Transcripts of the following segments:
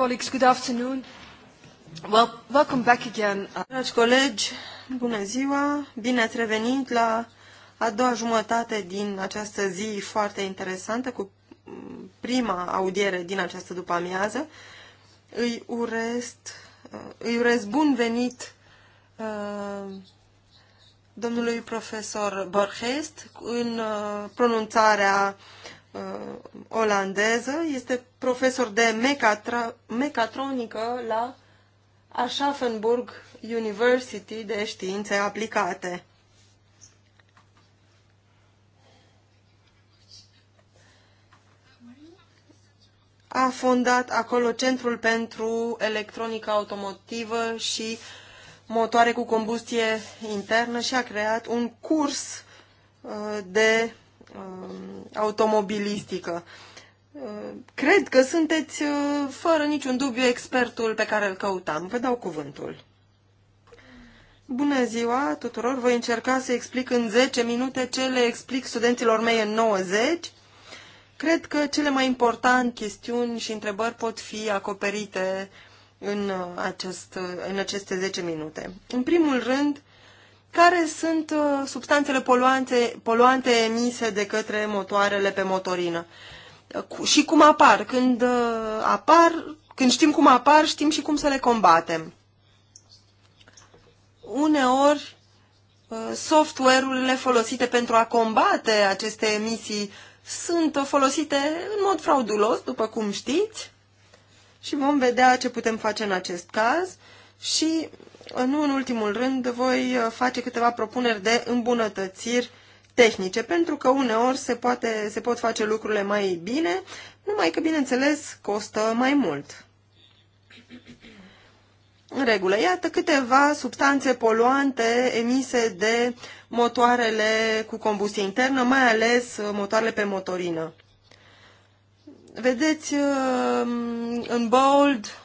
Colleagues, good afternoon. Well, welcome back again. Dragi colegi, bună ziua, bine ați revenit la a doua jumătate din această zi foarte interesantă cu prima audiere din această după-amiază. Îi urez, uh, îi urez bun venit uh, domnului profesor Borhest în uh, pronunțarea uh, uh, olandeză, este profesor de mecatra, mecatronică la Aschaffenburg University de Științe Aplicate. A fondat acolo Centrul pentru Electronică Automotivă și motoare cu combustie internă și a creat un curs uh, de Um, automobilistică. Uh, cred că sunteți, uh, fără niciun dubiu, expertul pe care îl căutam. Vă dau cuvântul. Bună ziua tuturor! Voi încerca să explic în 10 minute ce le explic studenților mei în 90. Cred că cele mai importante chestiuni și întrebări pot fi acoperite în, uh, acest, în aceste 10 minute. În primul rând, care sunt uh, substanțele poluante, poluante emise de către motoarele pe motorină. Și cum apar. Când uh, apar, când știm cum apar, știm și cum să le combatem. Uneori, uh, software-urile folosite pentru a combate aceste emisii sunt folosite în mod fraudulos, după cum știți, și vom vedea ce putem face în acest caz și nu în ultimul rând, voi uh, face câteva propuneri de îmbunătățiri tehnice, pentru că uneori se, poate, se pot face lucrurile mai bine, numai că, bineînțeles, costă mai mult. În regulă, iată câteva substanțe poluante emise de motoarele cu combustie internă, mai ales uh, motoarele pe motorină. Vedeți uh, în bold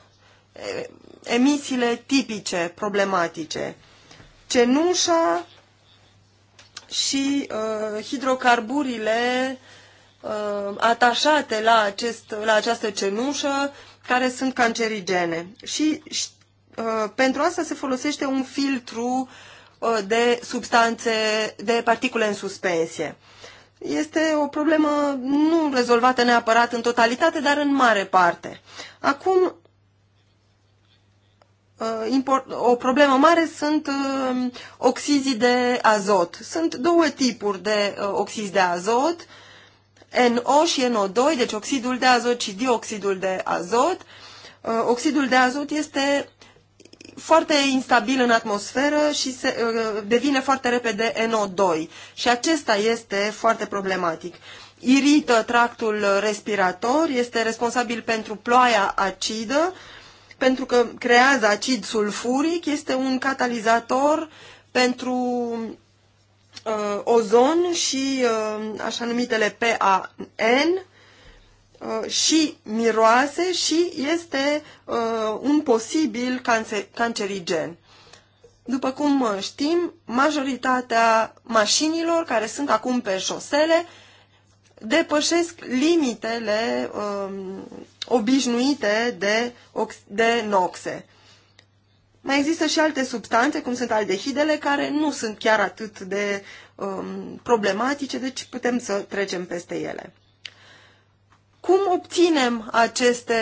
emisiile tipice problematice, cenușa și uh, hidrocarburile uh, atașate la, acest, la această cenușă care sunt cancerigene. Și uh, pentru asta se folosește un filtru uh, de substanțe, de particule în suspensie. Este o problemă nu rezolvată neapărat în totalitate, dar în mare parte. Acum Uh, o problemă mare sunt uh, oxizii de azot. Sunt două tipuri de uh, oxizi de azot, NO și NO2, deci oxidul de azot și dioxidul de azot. Oxidul de azot este foarte instabil în atmosferă și se, devine foarte repede NO2 și acesta este foarte problematic. Irită tractul respirator, este responsabil pentru ploaia acidă, pentru că creează acid sulfuric, este un catalizator pentru uh, ozon și uh, așa numitele PAN uh, și miroase și este uh, un posibil cancer cancerigen. După cum uh, știm, majoritatea mașinilor care sunt acum pe șosele depășesc limitele uh, obișnuite de, de noxe. Mai există și alte substanțe, cum sunt aldehidele, care nu sunt chiar atât de um, problematice, deci putem să trecem peste ele. Cum obținem aceste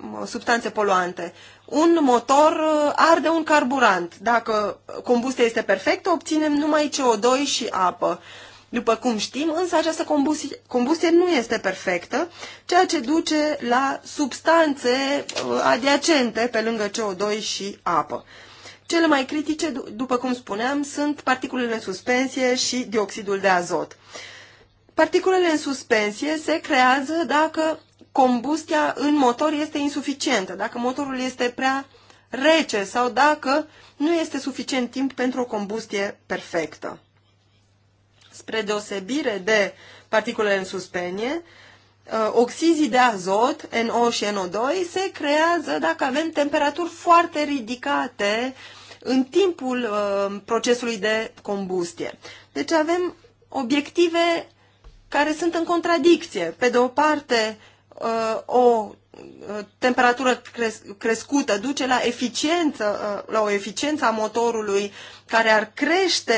um, substanțe poluante? Un motor uh, arde un carburant. Dacă combustia este perfectă, obținem numai CO2 și apă. Uh, după cum știm, însă această combustie, combustie nu este perfectă, ceea ce duce la substanțe uh, adiacente pe lângă CO2 și apă. Cele mai critice, după cum spuneam, sunt particulele în suspensie și dioxidul de azot. Particulele în suspensie se creează dacă combustia în motor este insuficientă, dacă motorul este prea rece sau dacă nu este suficient timp pentru o combustie perfectă spre deosebire de particulele în suspenie, uh, oxizii de azot, NO și NO2, se creează dacă avem temperaturi foarte ridicate în timpul uh, procesului de combustie. Deci avem obiective care sunt în contradicție. Pe de o parte, uh, o temperatură crescută duce la eficiență, la o eficiență a motorului care ar crește,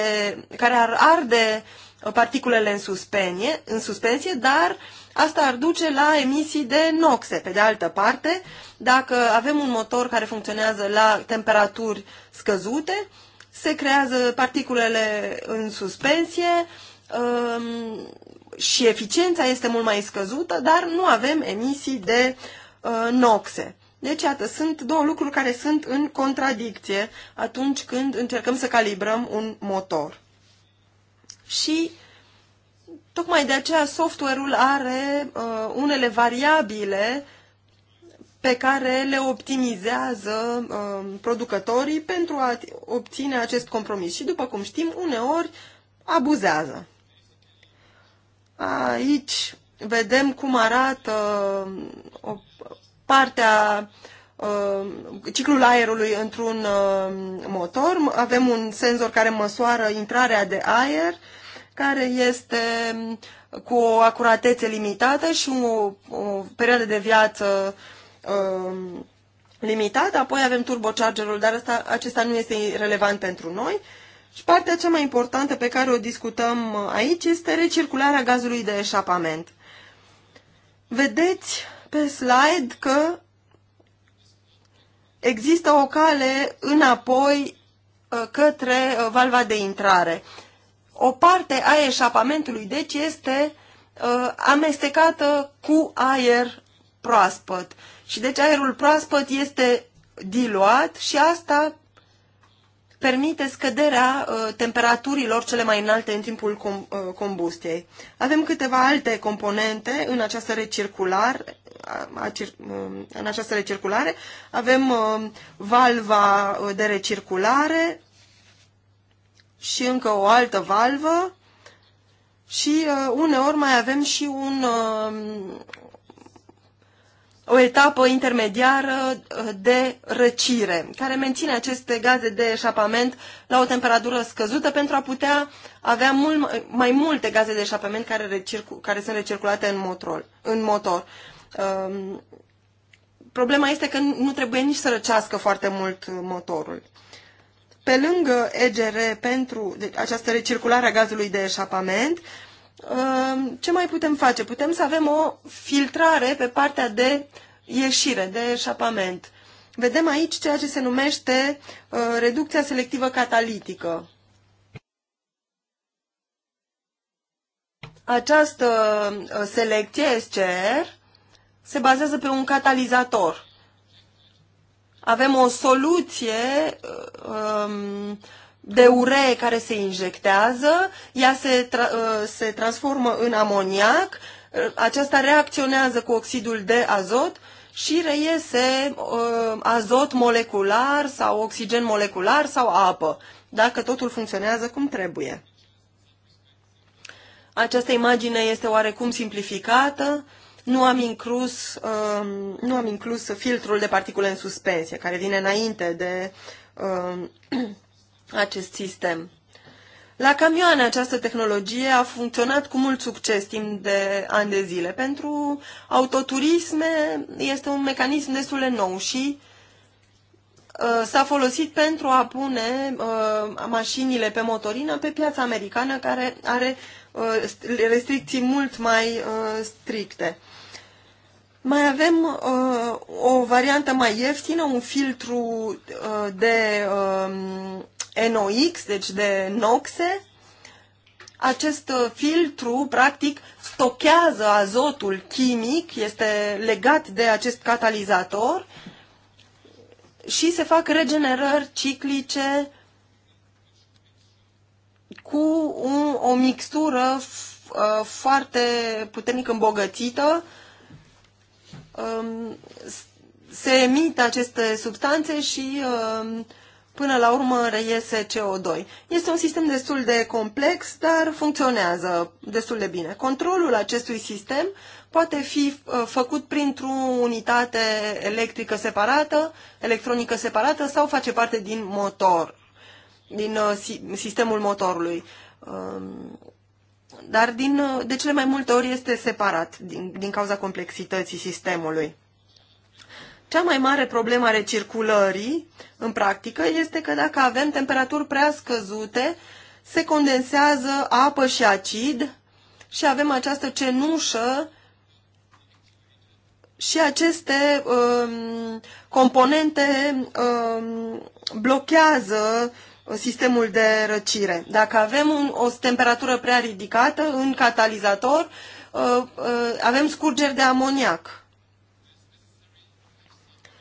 care ar arde particulele în, suspensie, în suspensie, dar asta ar duce la emisii de noxe. Pe de altă parte, dacă avem un motor care funcționează la temperaturi scăzute, se creează particulele în suspensie um, și eficiența este mult mai scăzută, dar nu avem emisii de uh, noxe. Deci, iată, sunt două lucruri care sunt în contradicție atunci când încercăm să calibrăm un motor și tocmai de aceea software-ul are uh, unele variabile pe care le optimizează uh, producătorii pentru a obține acest compromis. Și după cum știm, uneori abuzează. Aici vedem cum arată uh, o partea uh, Uh, ciclul aerului într-un uh, motor. Avem un senzor care măsoară intrarea de aer, care este uh, cu o acuratețe limitată și o, o perioadă de viață um, limitată. Apoi avem turbochargerul, dar asta, acesta nu este relevant pentru noi. Și partea cea mai importantă pe care o discutăm aici este recircularea gazului de eșapament. Vedeți pe slide că există o cale înapoi uh, către uh, valva de intrare. O parte a eșapamentului, deci, este uh, amestecată cu aer proaspăt. Și deci aerul proaspăt este diluat și asta permite scăderea uh, temperaturilor cele mai înalte în timpul com, uh, combustiei. Avem câteva alte componente în această recircular, a, în această recirculare. Avem uh, valva uh, de recirculare și încă o altă valvă și uh, uneori mai avem și un, o etapă intermediară de răcire, care menține aceste gaze de eșapament la o temperatură scăzută pentru a putea avea mult, mai multe gaze de eșapament care, recircu, care sunt recirculate în motor. În motor. Um, problema este că nu trebuie nici să răcească foarte mult motorul. Pe lângă EGR pentru această recirculare a gazului de eșapament, um, ce mai putem face? Putem să avem o filtrare pe partea de ieșire, de eșapament. Vedem aici ceea ce se numește uh, reducția selectivă catalitică. Această uh, selecție SCR se bazează pe un catalizator. Avem o soluție um, de uree care se injectează, ea se, tra uh, se transformă în amoniac, uh, aceasta reacționează cu oxidul de azot și reiese uh, azot molecular sau oxigen molecular sau apă, dacă totul funcționează cum trebuie. Această imagine este oarecum simplificată, nu am inclus, um, nu am inclus filtrul de particule în suspensie, care vine înainte de um, acest sistem. La camioane această tehnologie a funcționat cu mult succes timp de ani de zile. Pentru autoturisme este un mecanism destul de nou și uh, s-a folosit pentru a pune uh, mașinile pe motorină pe piața americană care are uh, restricții mult mai uh, stricte. Mai avem uh, o variantă mai ieftină, un filtru uh, de uh, um, NOx, deci de noxe. Acest uh, filtru, practic, stochează azotul chimic, este legat de acest catalizator și se fac regenerări ciclice cu un, o mixtură uh, foarte puternic îmbogățită uh, Um, se emit aceste substanțe și um, până la urmă reiese CO2. Este un sistem destul de complex, dar funcționează destul de bine. Controlul acestui sistem poate fi uh, făcut printr-o unitate electrică separată, electronică separată sau face parte din motor, din uh, sistemul motorului. Um, dar din, de cele mai multe ori este separat din, din cauza complexității sistemului. Cea mai mare problemă a recirculării, în practică, este că dacă avem temperaturi prea scăzute, se condensează apă și acid și avem această cenușă și aceste um, componente um, blochează sistemul de răcire. Dacă avem un, o temperatură prea ridicată în catalizator, uh, uh, avem scurgeri de amoniac.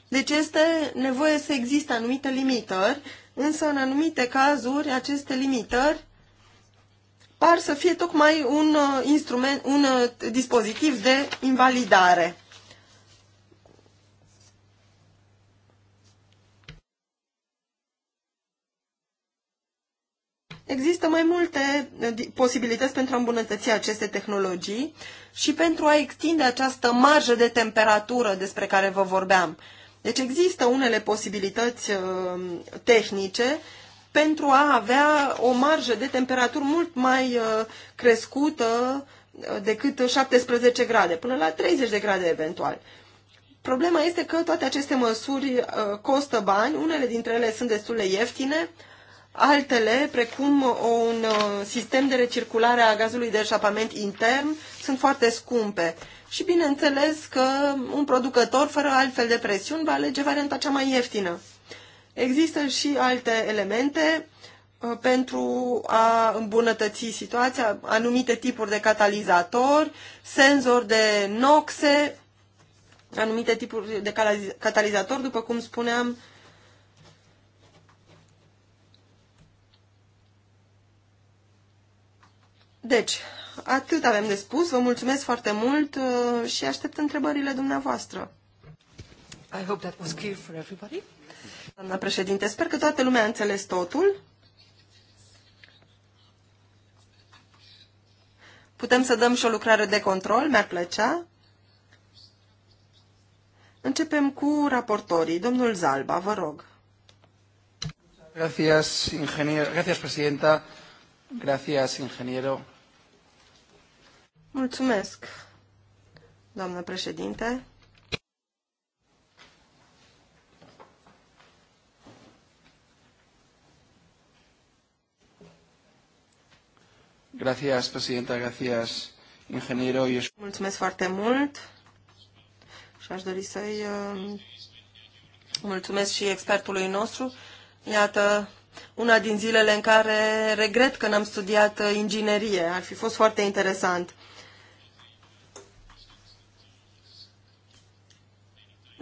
Deci este nevoie să existe anumite limitări, însă în anumite cazuri aceste limitări par să fie tocmai un uh, instrument, un dispozitiv de invalidare. Există mai multe eh, posibilități pentru a îmbunătăți aceste tehnologii și pentru a extinde această marjă de temperatură despre care vă vorbeam. Deci există unele posibilități eh, tehnice pentru a avea o marjă de temperatură mult mai eh, crescută decât 17 grade, până la 30 de grade eventual. Problema este că toate aceste măsuri costă bani, unele dintre ele sunt destul de ieftine, Altele, precum uh, un uh, sistem de recirculare a gazului de eșapament intern, sunt foarte scumpe. Și bineînțeles că un producător, fără altfel de presiuni, va alege varianta cea mai ieftină. Există și alte elemente uh, pentru a îmbunătăți situația, anumite tipuri de catalizatori, senzori de noxe, anumite tipuri de catalizator, după cum spuneam, Deci, atât avem de spus. Vă mulțumesc foarte mult uh, și aștept întrebările dumneavoastră. I hope that was clear for everybody. Doamna președinte, sper că toată lumea a înțeles totul. Putem să dăm și o lucrare de control, mi-ar plăcea. Începem cu raportorii. Domnul Zalba, vă rog. Gracias, ingeniero. Gracias, presidenta. Gracias, ingeniero. Mulțumesc, doamnă președinte. Gracias, presidenta, gracias, ingeniero. Mulțumesc foarte mult și aș dori să-i uh, mulțumesc și expertului nostru. Iată, una din zilele în care regret că n-am studiat uh, inginerie. Ar fi fost foarte interesant.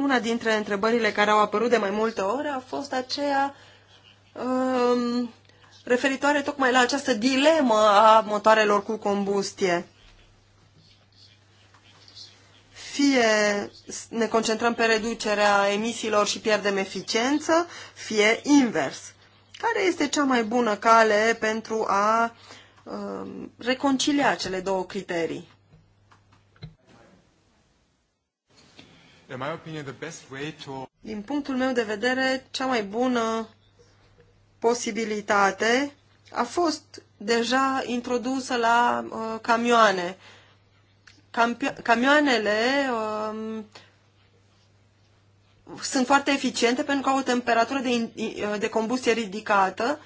Una dintre întrebările care au apărut de mai multe ori a fost aceea um, referitoare tocmai la această dilemă a motoarelor cu combustie. Fie ne concentrăm pe reducerea emisiilor și pierdem eficiență, fie invers. Care este cea mai bună cale pentru a um, reconcilia cele două criterii? Din punctul meu de vedere, cea mai bună posibilitate a fost deja introdusă la uh, camioane. Campio- camioanele uh, sunt foarte eficiente pentru că au o temperatură de, de combustie ridicată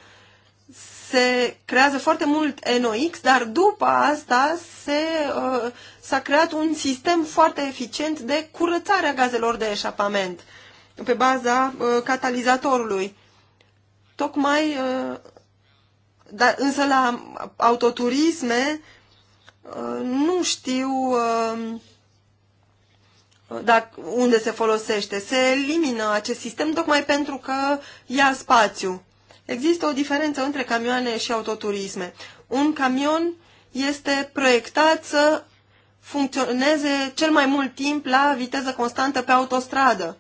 se creează foarte mult NOx, dar după asta se, uh, s-a creat un sistem foarte eficient de curățare a gazelor de eșapament pe baza uh, catalizatorului. Tocmai, uh, dar, însă la autoturisme uh, nu știu uh, dacă, unde se folosește. Se elimină acest sistem tocmai pentru că ia spațiu. Există o diferență între camioane și autoturisme. Un camion este proiectat să funcționeze cel mai mult timp la viteză constantă pe autostradă.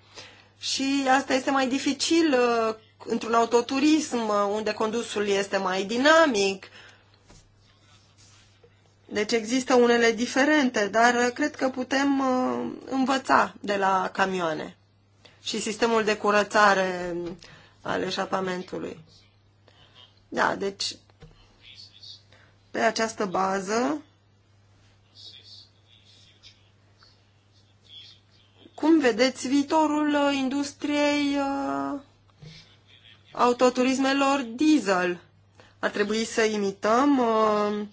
Și asta este mai dificil uh, într-un autoturism uh, unde condusul este mai dinamic. Deci există unele diferente, dar uh, cred că putem învăța de la camioane. Și sistemul de curățare al eșapamentului. Da, deci pe această bază cum vedeți viitorul uh, industriei uh, autoturismelor diesel? Ar trebui să imităm uh,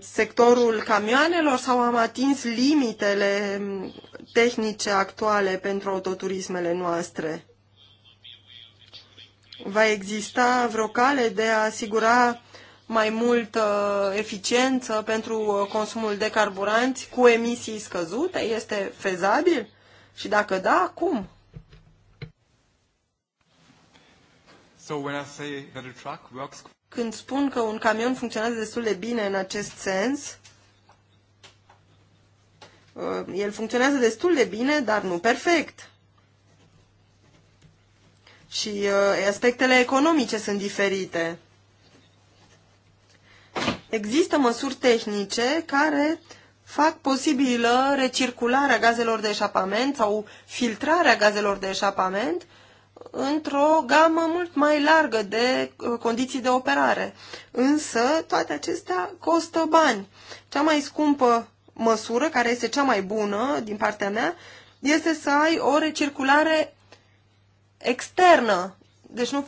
sectorul camioanelor sau am atins limitele tehnice actuale pentru autoturismele noastre? Va exista vreo cale de a asigura mai multă eficiență pentru consumul de carburanți cu emisii scăzute? Este fezabil? Și dacă da, cum? Când spun că un camion funcționează destul de bine în acest sens, Uh, el funcționează destul de bine, dar nu perfect. Și uh, aspectele economice sunt diferite. Există măsuri tehnice care fac posibilă recircularea gazelor de eșapament sau filtrarea gazelor de eșapament într-o gamă mult mai largă de uh, condiții de operare. Însă, toate acestea costă bani. Cea mai scumpă măsură, care este cea mai bună din partea mea, este să ai o recirculare externă, deci nu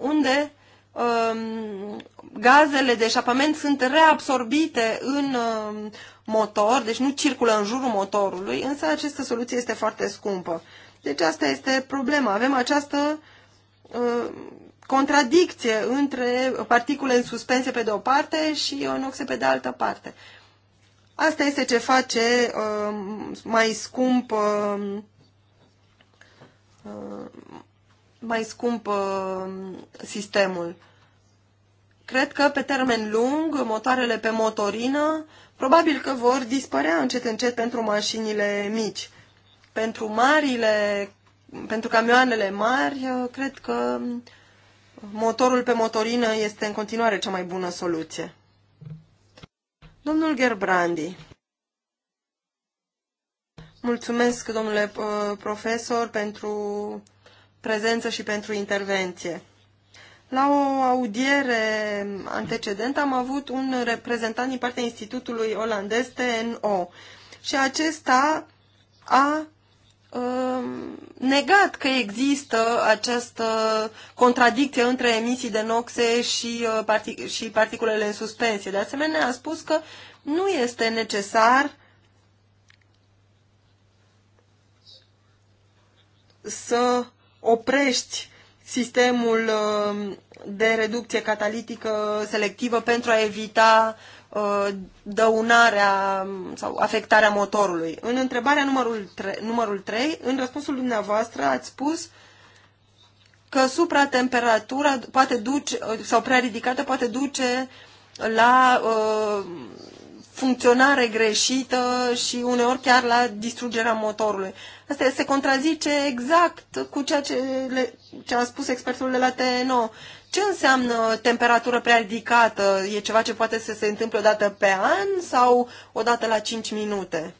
unde um, gazele de eșapament sunt reabsorbite în um, motor, deci nu circulă în jurul motorului, însă această soluție este foarte scumpă. Deci asta este problema. Avem această uh, contradicție între particule în suspensie pe de o parte și ionoxe pe de altă parte. Asta este ce face uh, mai scump uh, mai scump uh, sistemul. Cred că pe termen lung, motoarele pe motorină probabil că vor dispărea încet încet pentru mașinile mici. Pentru marile, pentru camioanele mari, uh, cred că motorul pe motorină este în continuare cea mai bună soluție. Domnul Gerbrandi. Mulțumesc, domnule uh, profesor, pentru prezență și pentru intervenție. La o audiere antecedentă am avut un reprezentant din partea Institutului Olandez TNO și acesta a Um, negat că există această contradicție între emisii de noxe și, uh, partic- și particulele în suspensie. De asemenea, a spus că nu este necesar să oprești sistemul um, de reducție catalitică selectivă pentru a evita uh, Uh, dăunarea sau afectarea motorului. În întrebarea numărul 3, numărul 3 în răspunsul dumneavoastră ați spus că supratemperatura poate duce, uh, sau prea ridicată poate duce la uh, funcționare greșită și uneori chiar la distrugerea motorului. Asta se contrazice exact cu ceea ce, le, ce a spus expertul de la TNO. Ce înseamnă temperatură prea ridicată? E ceva ce poate să se întâmple o dată pe an sau o dată la 5 minute?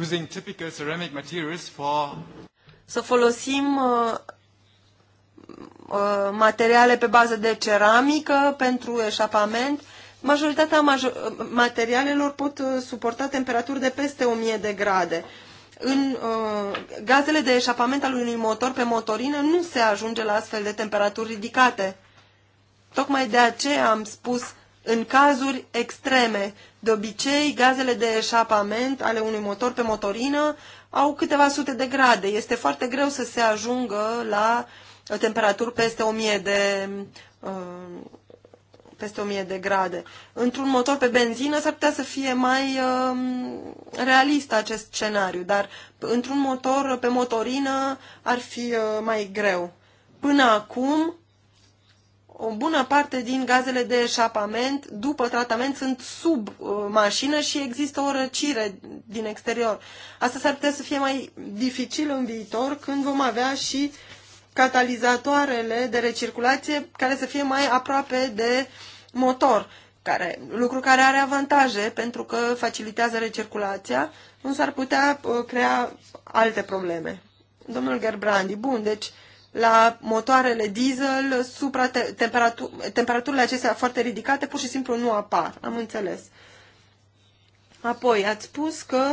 Using typical ceramic materials for... Să folosim uh, uh materiale pe bază de ceramică pentru eșapament Majoritatea major materialelor pot uh, suporta temperaturi de peste 1000 de grade. În uh, gazele de eșapament al unui motor pe motorină nu se ajunge la astfel de temperaturi ridicate. Tocmai de aceea am spus în cazuri extreme. De obicei, gazele de eșapament ale unui motor pe motorină au câteva sute de grade. Este foarte greu să se ajungă la uh, temperaturi peste 1000 de uh, peste 1000 de grade. Într-un motor pe benzină s-ar putea să fie mai uh, realist acest scenariu, dar într-un motor pe motorină ar fi uh, mai greu. Până acum, o bună parte din gazele de eșapament după tratament sunt sub uh, mașină și există o răcire din exterior. Asta s-ar putea să fie mai dificil în viitor când vom avea și catalizatoarele de recirculație care să fie mai aproape de motor, care, lucru care are avantaje pentru că facilitează recirculația, însă ar putea uh, crea alte probleme. Domnul Gerbrandi, bun, deci la motoarele diesel, supra te- temperatu- temperaturile acestea foarte ridicate pur și simplu nu apar. Am înțeles. Apoi, ați spus că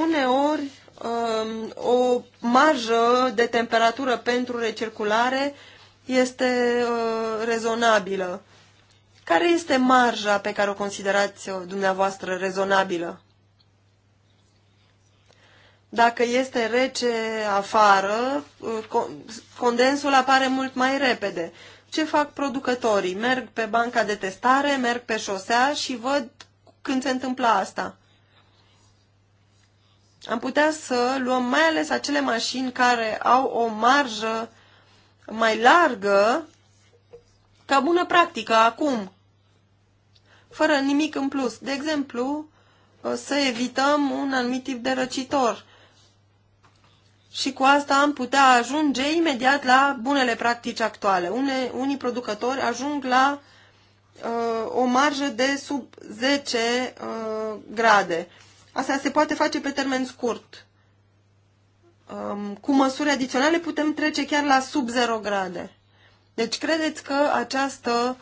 uneori um, o marjă de temperatură pentru recirculare este uh, rezonabilă. Care este marja pe care o considerați uh, dumneavoastră rezonabilă? Dacă este rece afară, uh, condensul apare mult mai repede. Ce fac producătorii? Merg pe banca de testare, merg pe șosea și văd când se întâmplă asta. Am putea să luăm mai ales acele mașini care au o marjă mai largă ca bună practică acum, fără nimic în plus. De exemplu, să evităm un anumit tip de răcitor. Și cu asta am putea ajunge imediat la bunele practici actuale. Une, unii producători ajung la uh, o marjă de sub 10 uh, grade. Asta se poate face pe termen scurt. Um, cu măsuri adiționale putem trece chiar la sub 0 grade. Deci credeți că această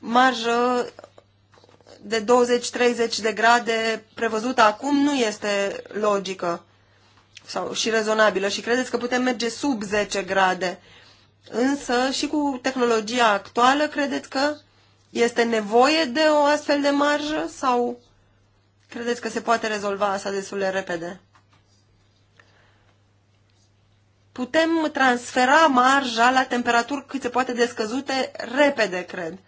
marjă de 20-30 de grade prevăzută acum nu este logică sau și rezonabilă și credeți că putem merge sub 10 grade. Însă și cu tehnologia actuală credeți că este nevoie de o astfel de marjă sau credeți că se poate rezolva asta destul de repede? putem transfera marja la temperaturi cât se poate descăzute repede, cred.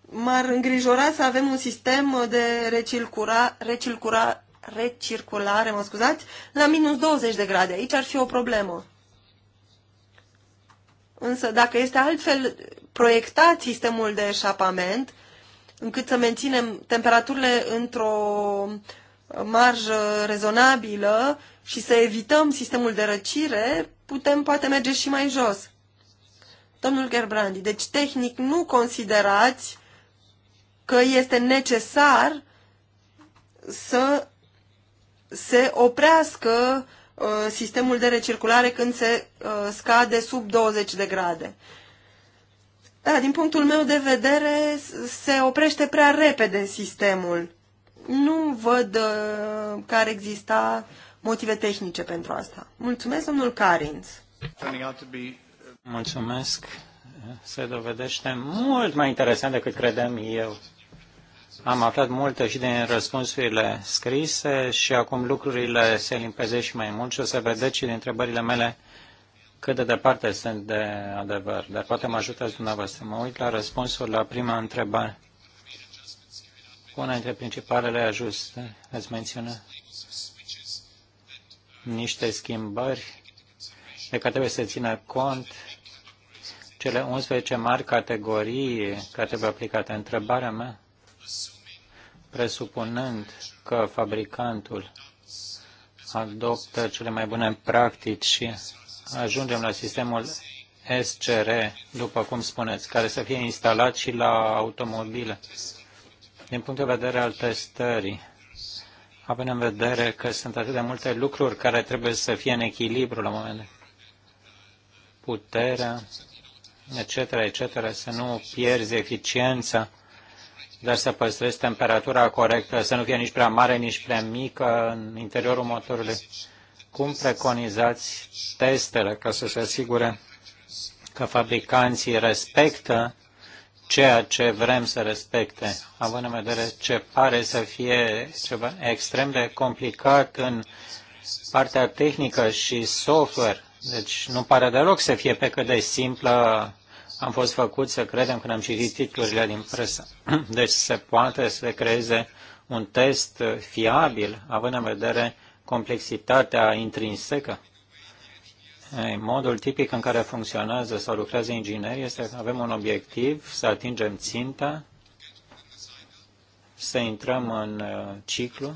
M-ar îngrijora să avem un sistem de recircura, recircura, recirculare, mă scuzați, la minus 20 de grade. Aici ar fi o problemă. Însă dacă este altfel proiectat sistemul de eșapament, încât să menținem temperaturile într-o marjă rezonabilă și să evităm sistemul de răcire, putem poate merge și mai jos. Domnul Gerbrandi, deci tehnic nu considerați că este necesar să se oprească uh, sistemul de recirculare când se uh, scade sub 20 de grade. Da, din punctul meu de vedere, se oprește prea repede sistemul. Nu văd uh, că ar exista motive tehnice pentru asta. Mulțumesc, domnul Carins. Uh, Mulțumesc. Se dovedește mult mai interesant decât credeam eu. Am aflat multe și din răspunsurile scrise și acum lucrurile se limpeze și mai mult și o să vedeți și din întrebările mele cât de departe sunt de adevăr. Dar poate mă ajutați dumneavoastră. Mă uit la răspunsul la prima întrebare. Una dintre principalele ajuste, ați menționat, niște schimbări de care trebuie să țină cont cele 11 mari categorii care trebuie aplicate. Întrebarea mea, presupunând că fabricantul adoptă cele mai bune practici și ajungem la sistemul SCR, după cum spuneți, care să fie instalat și la automobile. Din punct de vedere al testării, având în vedere că sunt atât de multe lucruri care trebuie să fie în echilibru la moment. Puterea, etc., etc., să nu pierzi eficiența, dar să păstrezi temperatura corectă, să nu fie nici prea mare, nici prea mică în interiorul motorului. Cum preconizați testele ca să se asigure că fabricanții respectă ceea ce vrem să respecte, având în vedere ce pare să fie ceva extrem de complicat în partea tehnică și software. Deci nu pare deloc să fie pe cât de simplă am fost făcut să credem când am citit titlurile din presă. Deci se poate să creeze un test fiabil, având în vedere complexitatea intrinsecă. Modul tipic în care funcționează sau lucrează inginerii este că avem un obiectiv, să atingem ținta, să intrăm în uh, ciclu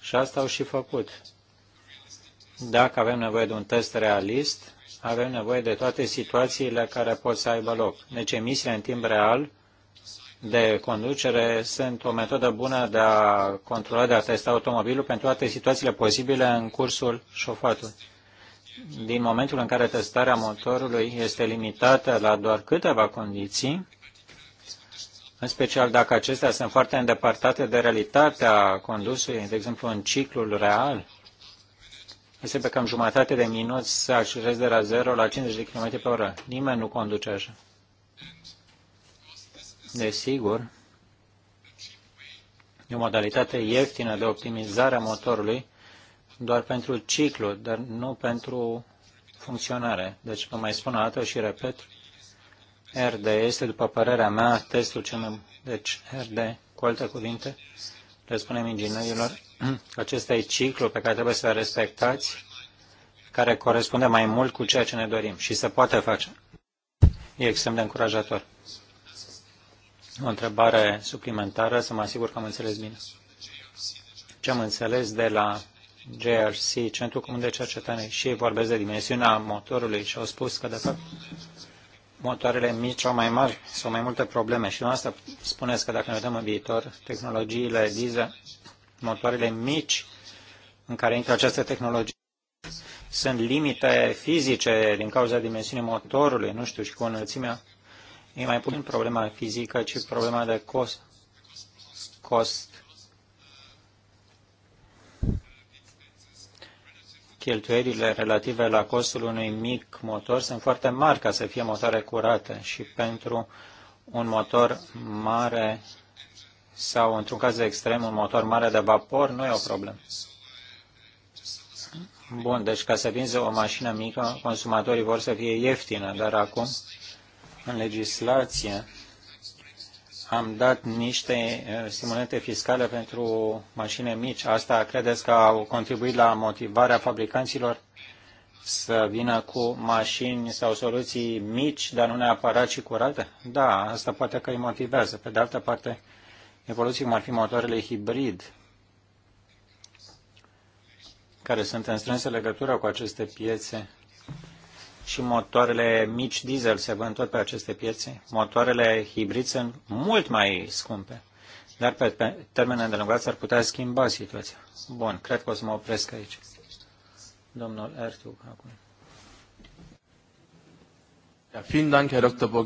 și asta au și făcut. Dacă avem nevoie de un test realist, avem nevoie de toate situațiile care pot să aibă loc. Deci emisiile în timp real de conducere sunt o metodă bună de a controla, de a testa automobilul pentru toate situațiile posibile în cursul șofatului din momentul în care testarea motorului este limitată la doar câteva condiții, în special dacă acestea sunt foarte îndepărtate de realitatea condusului, de exemplu în ciclul real, este pe cam jumătate de minut să accelerezi de la 0 la 50 de km pe oră. Nimeni nu conduce așa. Desigur, e o modalitate ieftină de optimizare a motorului doar pentru ciclu, dar nu pentru funcționare. Deci vă mai spun o dată și repet, RD este, după părerea mea, testul cel mai... Deci RD, cu alte cuvinte, le spunem inginerilor că acesta e ciclu pe care trebuie să-l respectați, care corespunde mai mult cu ceea ce ne dorim și se poate face. E extrem de încurajator. O întrebare suplimentară, să mă asigur că am înțeles bine. Ce am înțeles de la JRC, Centrul Comun de Cercetare, și ei vorbesc de dimensiunea motorului și au spus că, de fapt, motoarele mici au mai mari sau mai multe probleme. Și asta spuneți că dacă ne uităm în viitor, tehnologiile diesel, motoarele mici în care intră această tehnologie, sunt limite fizice din cauza dimensiunii motorului, nu știu, și cu înălțimea. E mai puțin problema fizică, ci problema de cost, cost cheltuierile relative la costul unui mic motor sunt foarte mari ca să fie motoare curate și pentru un motor mare sau, într-un caz extrem, un motor mare de vapor nu e o problemă. Bun, deci ca să vinzi o mașină mică, consumatorii vor să fie ieftină, dar acum, în legislație, am dat niște eh, stimulente fiscale pentru mașini mici. Asta credeți că au contribuit la motivarea fabricanților să vină cu mașini sau soluții mici, dar nu neapărat și curate? Da, asta poate că îi motivează. Pe de altă parte, evoluții cum ar fi motoarele hibrid, care sunt în strânsă legătură cu aceste piețe, și motoarele mici diesel se vând tot pe aceste piețe. Motoarele hibrid sunt mult mai scumpe, dar pe, termen îndelungat ar putea schimba situația. Bun, cred că o să mă opresc aici. Domnul Ertug, acum. Da,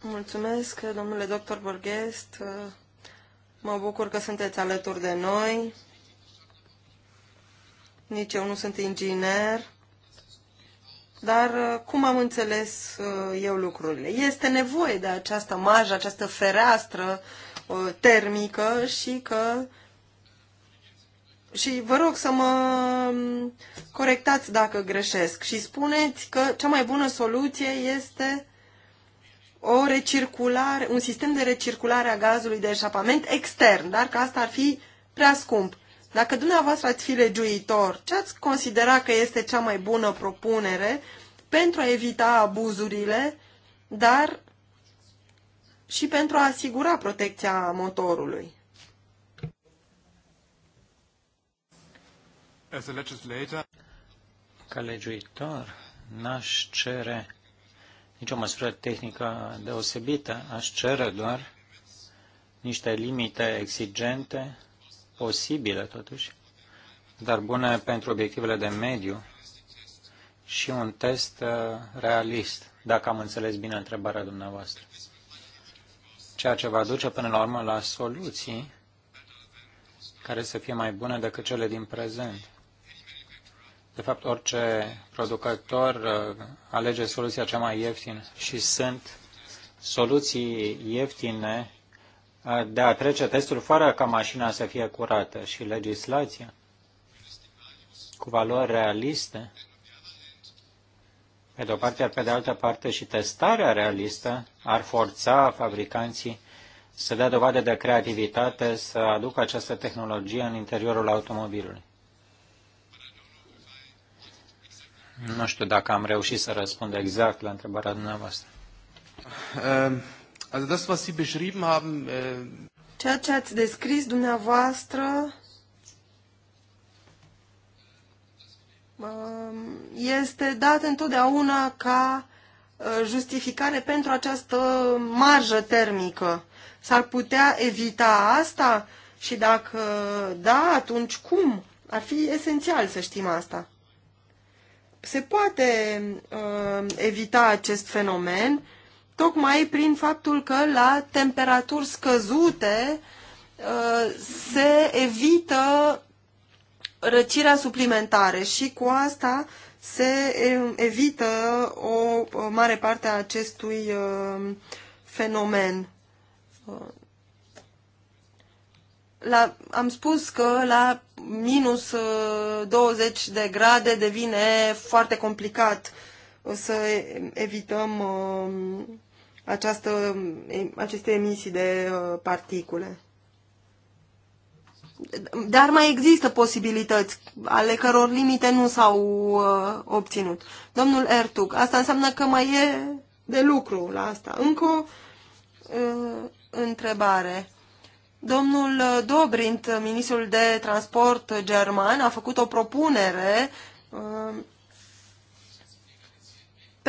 Mulțumesc, domnule doctor Borghest. Mă bucur că sunteți alături de noi. Nici eu nu sunt inginer dar uh, cum am înțeles uh, eu lucrurile? Este nevoie de această marjă, această fereastră uh, termică și că și vă rog să mă um, corectați dacă greșesc și spuneți că cea mai bună soluție este o recirculare, un sistem de recirculare a gazului de eșapament extern, dar că asta ar fi prea scump. Dacă dumneavoastră ați fi legiuitor, ce ați considera că este cea mai bună propunere pentru a evita abuzurile, dar și pentru a asigura protecția motorului? Ca legiuitor, n-aș cere nicio măsură tehnică deosebită, aș cere doar niște limite exigente posibile totuși, dar bune pentru obiectivele de mediu și un test uh, realist, dacă am înțeles bine întrebarea dumneavoastră. Ceea ce va duce până la urmă la soluții care să fie mai bune decât cele din prezent. De fapt, orice producător uh, alege soluția cea mai ieftină și sunt soluții ieftine de a trece testul fără ca mașina să fie curată și legislația cu valori realiste, pe de o parte, iar pe de altă parte și testarea realistă ar forța fabricanții să dea dovadă de creativitate, să aducă această tehnologie în interiorul automobilului. Nu știu dacă am reușit să răspund exact la întrebarea dumneavoastră. Ehm, Also das, was Sie beschrieben haben, äh, Ceea ce ați descris dumneavoastră um, este dat întotdeauna ca uh, justificare pentru această marjă termică. S-ar putea evita asta? Și dacă da, atunci cum? Ar fi esențial să știm asta. Se poate uh, evita acest fenomen tocmai prin faptul că la temperaturi scăzute uh, se evită răcirea suplimentare și cu asta se evită o mare parte a acestui uh, fenomen. Uh, la, am spus că la minus 20 de grade devine foarte complicat să evităm această, aceste emisii de uh, particule. Dar mai există posibilități ale căror limite nu s-au uh, obținut. Domnul Ertug, asta înseamnă că mai e de lucru la asta. Încă o uh, întrebare. Domnul Dobrint, ministrul de transport german, a făcut o propunere uh,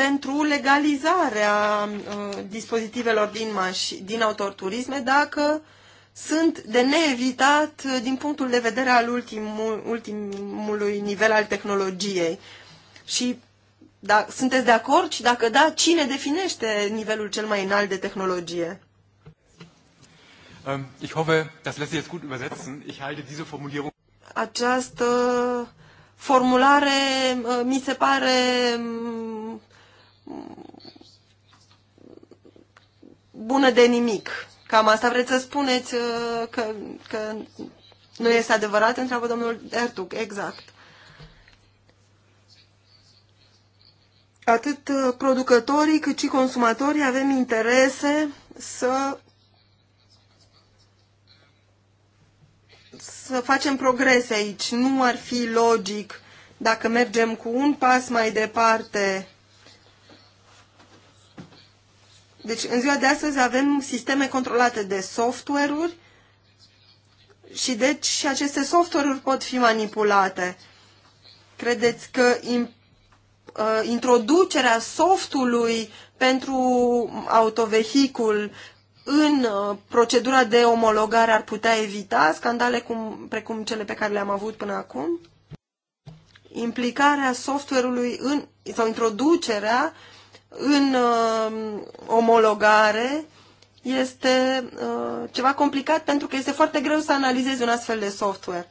pentru legalizarea uh, dispozitivelor din, maș- din autoturisme dacă sunt de neevitat uh, din punctul de vedere al ultimul, ultimului nivel al tehnologiei. Și da, sunteți de acord și dacă da, cine definește nivelul cel mai înalt de tehnologie? Um, ich hoffe, das lässt sich jetzt gut übersetzen. Ich halte diese Formulierung. Această formulare uh, mi se pare mm, bună de nimic. Cam asta vreți să spuneți uh, că, că nu este adevărat? Întreabă domnul Ertug. Exact. Atât uh, producătorii cât și consumatorii avem interese să să facem progrese aici. Nu ar fi logic dacă mergem cu un pas mai departe Deci, în ziua de astăzi avem sisteme controlate de software-uri și deci și aceste software-uri pot fi manipulate. Credeți că uh, introducerea softului pentru autovehicul în uh, procedura de omologare ar putea evita scandale cum, precum cele pe care le-am avut până acum? Implicarea software-ului în, sau introducerea în uh, omologare este uh, ceva complicat pentru că este foarte greu să analizezi un astfel de software.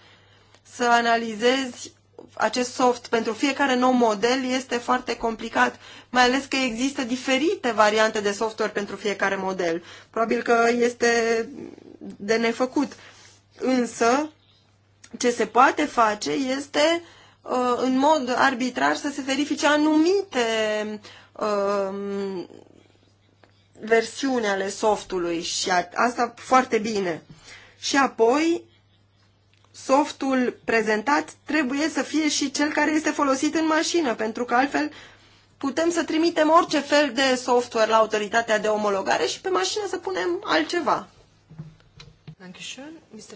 Să analizezi acest soft pentru fiecare nou model este foarte complicat, mai ales că există diferite variante de software pentru fiecare model. Probabil că este de nefăcut. Însă, ce se poate face este uh, în mod arbitrar să se verifice anumite Um, versiune ale softului și a, asta foarte bine. Și apoi softul prezentat trebuie să fie și cel care este folosit în mașină, pentru că altfel putem să trimitem orice fel de software la autoritatea de omologare și pe mașină să punem altceva. Mr.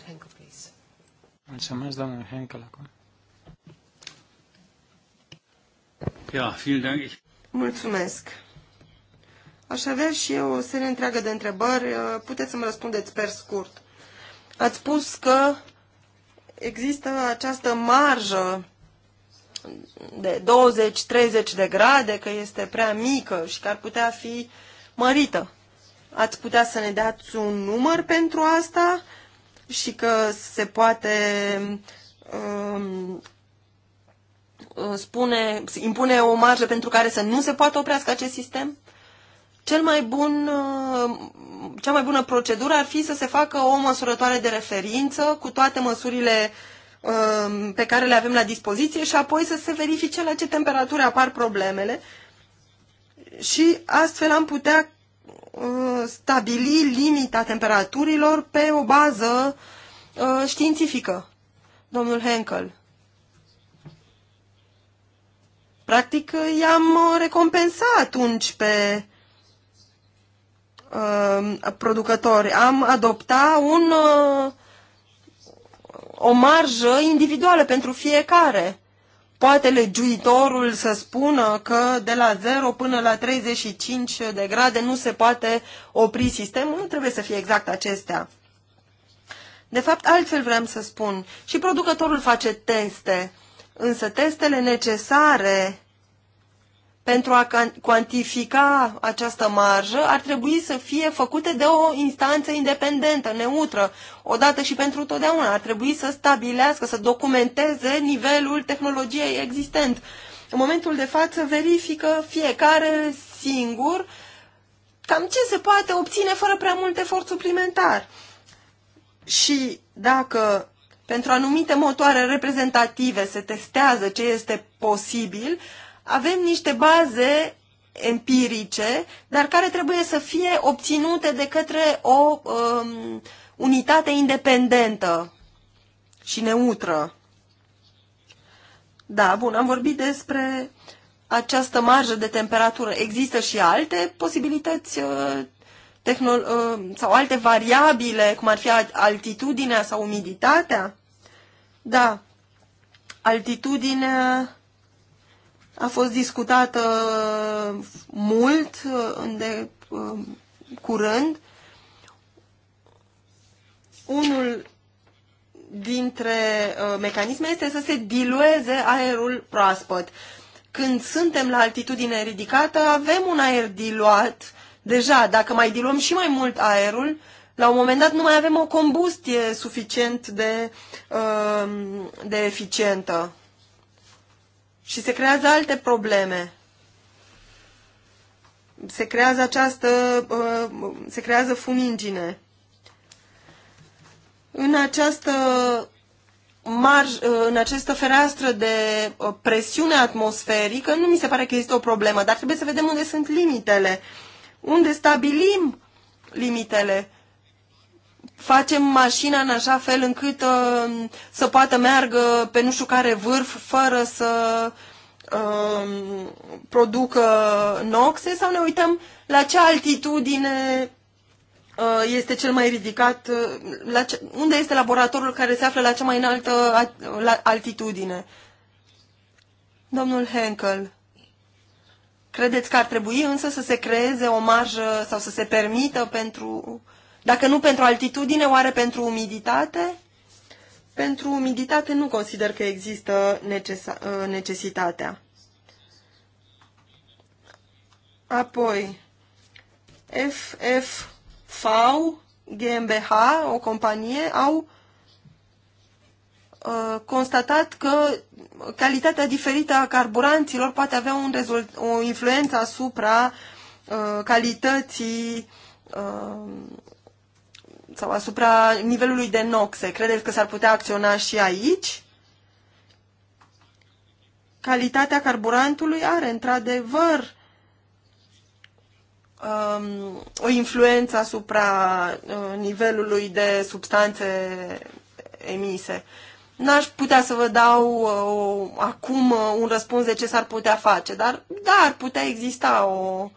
Henkel, please. Mulțumesc, domnul Henkel, acum. Ja, vielen Dank. Mulțumesc. Aș avea și eu o serie întreagă de întrebări. Uh, puteți să-mi răspundeți per scurt. Ați spus că există această marjă de 20-30 de grade, că este prea mică și că ar putea fi mărită. Ați putea să ne dați un număr pentru asta și că se poate um, Uh, spune, impune o marjă pentru care să nu se poată oprească acest sistem? Cel mai bun, uh, cea mai bună procedură ar fi să se facă o măsurătoare de referință cu toate măsurile uh, pe care le avem la dispoziție și apoi să se verifice la ce temperatură apar problemele și astfel am putea stabili limita temperaturilor pe o bază științifică. Domnul Henkel. Practic, i-am uh, recompensat atunci pe uh, producători. Am adoptat un, uh, o marjă individuală pentru fiecare. Poate legiuitorul să spună că de la 0 până la 35 de grade nu se poate opri sistemul, nu trebuie să fie exact acestea. De fapt, altfel vrem să spun. Și producătorul face teste. Însă testele necesare pentru a cuantifica această marjă ar trebui să fie făcute de o instanță independentă, neutră, odată și pentru totdeauna. Ar trebui să stabilească, să documenteze nivelul tehnologiei existent. În momentul de față verifică fiecare singur cam ce se poate obține fără prea mult efort suplimentar. Și dacă pentru anumite motoare reprezentative se testează ce este posibil, avem niște baze empirice, dar care trebuie să fie obținute de către o um, unitate independentă și neutră. Da, bun, am vorbit despre această marjă de temperatură. Există și alte posibilități uh, uh, sau alte variabile, cum ar fi altitudinea sau umiditatea? Da, altitudinea a fost discutată mult, de, uh, curând. Unul dintre uh, mecanisme este să se dilueze aerul proaspăt. Când suntem la altitudine ridicată, avem un aer diluat deja. Dacă mai diluăm și mai mult aerul, uh, la un moment dat nu mai avem o combustie suficient de, um, de eficientă. Și se creează alte probleme. Se creează această, uh, se creează fumingine. În această marj, uh, în această fereastră de uh, presiune atmosferică, nu mi se pare că este o problemă, dar trebuie să vedem unde sunt limitele. Unde stabilim limitele? facem mașina în așa fel încât uh, să poată meargă pe nu știu care vârf fără să uh, producă noxe sau ne uităm la ce altitudine uh, este cel mai ridicat, uh, la ce, unde este laboratorul care se află la cea mai înaltă la altitudine. Domnul Henkel. Credeți că ar trebui însă să se creeze o marjă sau să se permită pentru uh, dacă nu pentru altitudine, oare pentru umiditate? Pentru umiditate nu consider că există ă, necesitatea. Apoi, FFV GmbH, o companie, au ă, constatat că calitatea diferită a carburanților poate avea un rezult, o influență asupra uh, calității uh, sau asupra nivelului de noxe. Credeți că s-ar putea acționa și aici? Calitatea carburantului are într-adevăr um, o influență asupra uh, nivelului de substanțe emise. N-aș putea să vă dau uh, acum uh, un răspuns de ce s-ar putea face, dar da, ar putea exista o, uh,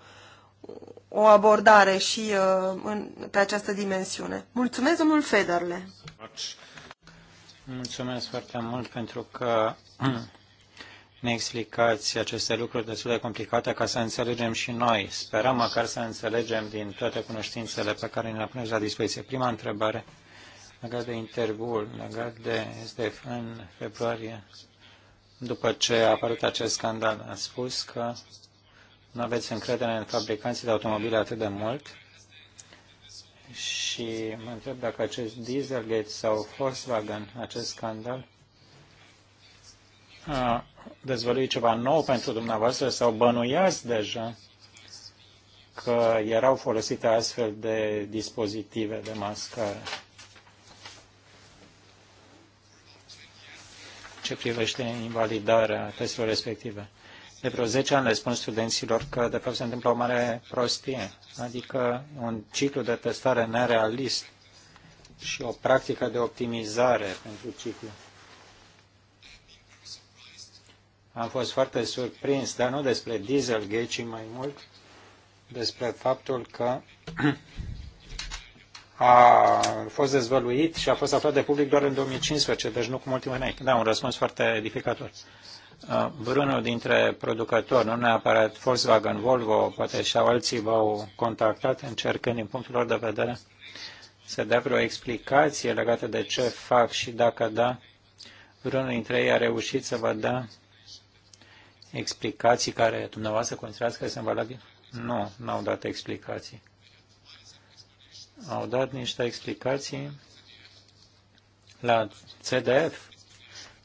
o abordare și uh, în, pe această dimensiune. Mulțumesc, domnul Federle. Mulțumesc foarte mult pentru că ne explicați aceste lucruri destul de complicate ca să înțelegem și noi. Sperăm măcar să înțelegem din toate cunoștințele pe care le puneți la dispoziție. Prima întrebare legat de interviul, legat de SDF în februarie, după ce a apărut acest scandal, a spus că nu aveți încredere în fabricanții de automobile atât de mult și mă întreb dacă acest Dieselgate sau Volkswagen, acest scandal, a dezvăluit ceva nou pentru dumneavoastră sau bănuiați deja că erau folosite astfel de dispozitive de mascare. Ce privește invalidarea testelor respective. De vreo 10 ani le spun studenților că de fapt se întâmplă o mare prostie, adică un ciclu de testare nerealist și o practică de optimizare pentru ciclu. Am fost foarte surprins, dar nu despre Dieselgate, ci mai mult despre faptul că a fost dezvăluit și a fost aflat de public doar în 2015, deci nu cu mult timp înainte. Da, un răspuns foarte edificator vreunul dintre producători, nu neapărat Volkswagen, Volvo, poate și alții v-au contactat încercând din punctul lor de vedere să dea vreo explicație legată de ce fac și dacă da, vreunul dintre ei a reușit să vă dea explicații care dumneavoastră considerați că sunt valabile? Nu, n-au dat explicații. Au dat niște explicații la CDF,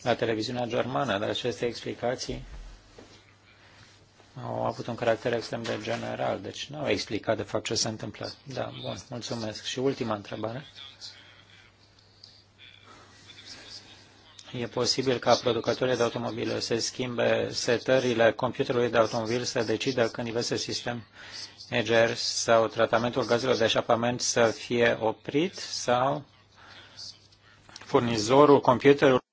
la televiziunea germană, dar aceste explicații au avut un caracter extrem de general, deci nu au explicat de fapt ce s-a întâmplat. Da, bun, mulțumesc. Și ultima întrebare. E posibil ca producătorii de automobile să schimbe setările computerului de automobil să decidă când diverse sistem EGR sau tratamentul gazelor de eșapament să fie oprit sau furnizorul computerului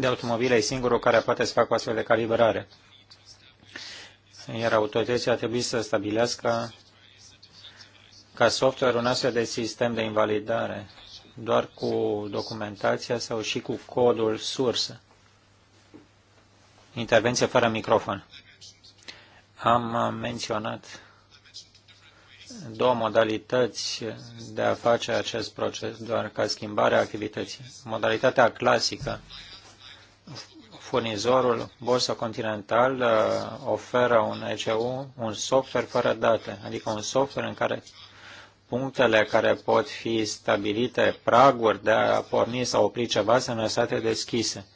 de automobile e singurul care poate să facă o astfel de calibrare. Iar autoritățile ar trebui să stabilească ca software un astfel de sistem de invalidare, doar cu documentația sau și cu codul sursă. Intervenție fără microfon. Am menționat două modalități de a face acest proces, doar ca schimbarea activității. Modalitatea clasică furnizorul Borsa Continental uh, oferă un ECU, un software fără date, adică un software în care punctele care pot fi stabilite, praguri de a porni sau opri ceva, sunt lăsate deschise,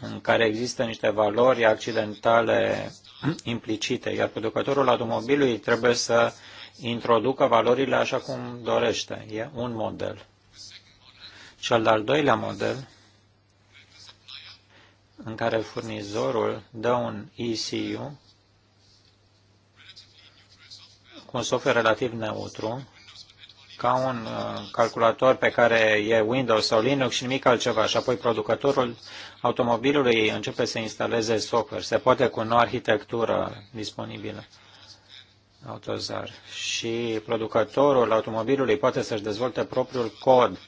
în care există niște valori accidentale implicite, iar producătorul automobilului trebuie să introducă valorile așa cum dorește. E un model. Cel de-al doilea model în care furnizorul dă un ECU cu un software relativ neutru, ca un uh, calculator pe care e Windows sau Linux și nimic altceva. Și apoi producătorul automobilului începe să instaleze software. Se poate cu noua arhitectură disponibilă. Autozar. Și producătorul automobilului poate să-și dezvolte propriul cod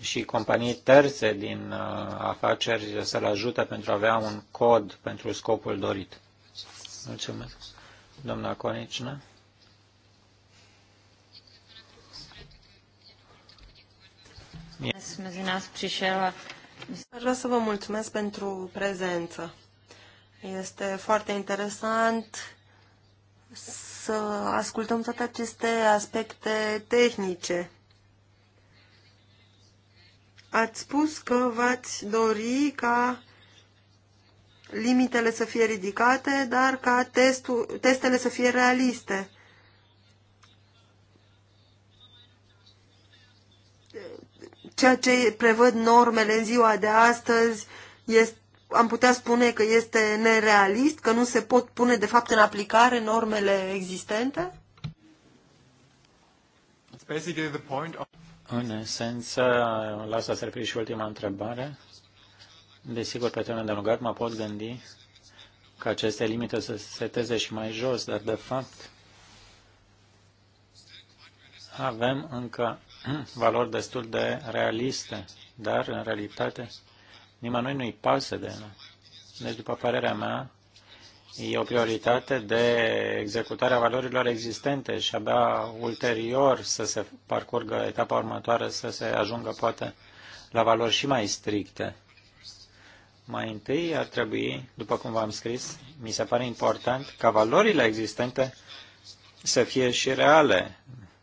și companii terțe din uh, afaceri să-l ajute pentru a avea un cod pentru scopul dorit. Mulțumesc. Doamna Conicină. Aș vrea să vă mulțumesc pentru prezență. Este foarte interesant să ascultăm toate aceste aspecte tehnice Ați spus că v-ați dori ca limitele să fie ridicate, dar ca testul, testele să fie realiste. Ceea ce prevăd normele în ziua de astăzi, este, am putea spune că este nerealist, că nu se pot pune de fapt în aplicare normele existente? It's basically the point of în esență, la asta se și ultima întrebare. Desigur, pe termen de lungat mă pot gândi că aceste limite să se seteze și mai jos, dar de fapt avem încă valori destul de realiste, dar în realitate nimănui nu-i pasă de noi. Deci, după părerea mea, E o prioritate de executarea valorilor existente și abia ulterior să se parcurgă etapa următoare, să se ajungă poate la valori și mai stricte. Mai întâi ar trebui, după cum v-am scris, mi se pare important ca valorile existente să fie și reale,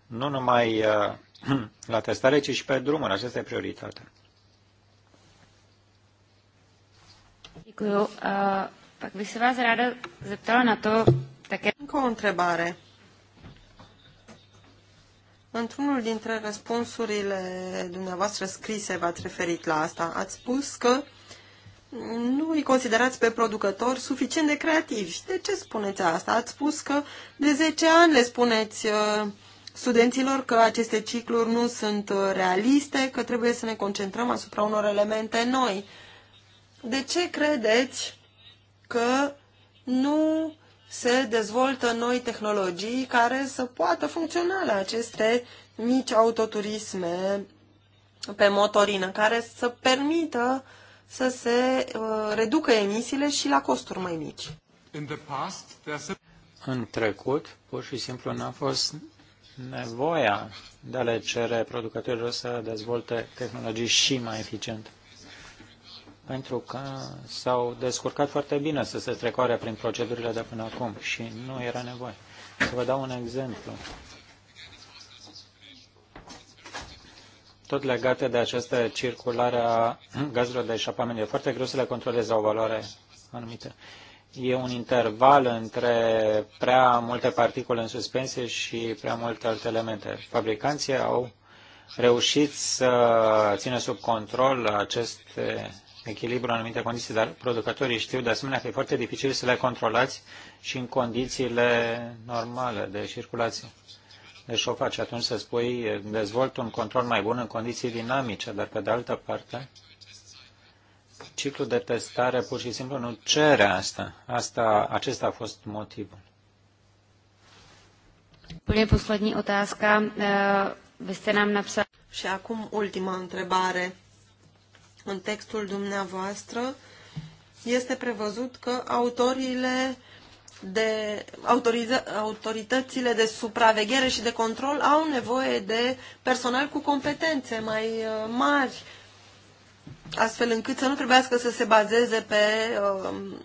nu numai uh, la testare, ci și pe drumuri. Aceasta e prioritatea. Pak bych se vás ráda zeptala na to také... Încă o întrebare. Într-unul dintre răspunsurile dumneavoastră scrise v-ați referit la asta. Ați spus că nu îi considerați pe producători suficient de creativi. De ce spuneți asta? Ați spus că de 10 ani le spuneți uh, studenților că aceste cicluri nu sunt uh, realiste, că trebuie să ne concentrăm asupra unor elemente noi. De ce credeți că nu se dezvoltă noi tehnologii care să poată funcționa la aceste mici autoturisme pe motorină, care să permită să se uh, reducă emisiile și la costuri mai mici. În trecut, pur și simplu n-a fost nevoia de a le cere producătorilor să dezvolte tehnologii și mai eficiente pentru că s-au descurcat foarte bine să se trecoare prin procedurile de până acum și nu era nevoie. Să vă dau un exemplu. Tot legate de această circulare a gazelor de eșapament, e foarte greu să le controlezi la o valoare anumită. E un interval între prea multe particule în suspensie și prea multe alte elemente. Fabricanții au reușit să țină sub control aceste echilibru în anumite condiții, dar producătorii știu de asemenea că e foarte dificil să le controlați și în condițiile normale de circulație. Deci o faci atunci să spui, dezvolt un control mai bun în condiții dinamice, dar pe de altă parte, ciclul de testare pur și simplu nu cere asta. asta acesta a fost motivul. Pune poslední otázka. Eh, vy jste nám napsal... Și acum ultima întrebare în textul dumneavoastră este prevăzut că autorile de autoritățile de supraveghere și de control au nevoie de personal cu competențe mai uh, mari, astfel încât să nu trebuiască să se bazeze pe um,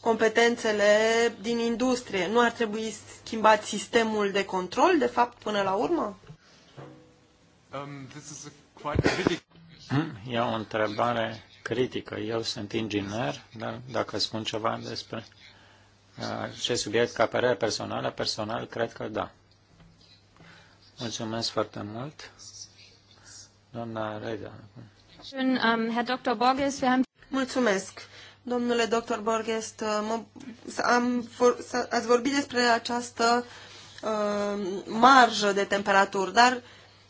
competențele din industrie. Nu ar trebui schimbat sistemul de control, de fapt, până la urmă? Um, this is a quite Hmm? E o întrebare critică. Eu sunt inginer, dar dacă spun ceva despre uh, acest subiect ca părere personală, personal cred că da. Mulțumesc foarte mult. Doamna Reda. Um, Mulțumesc. Domnule doctor Borges, uh, am, ați vorbit despre această uh, marjă de temperaturi, dar uh,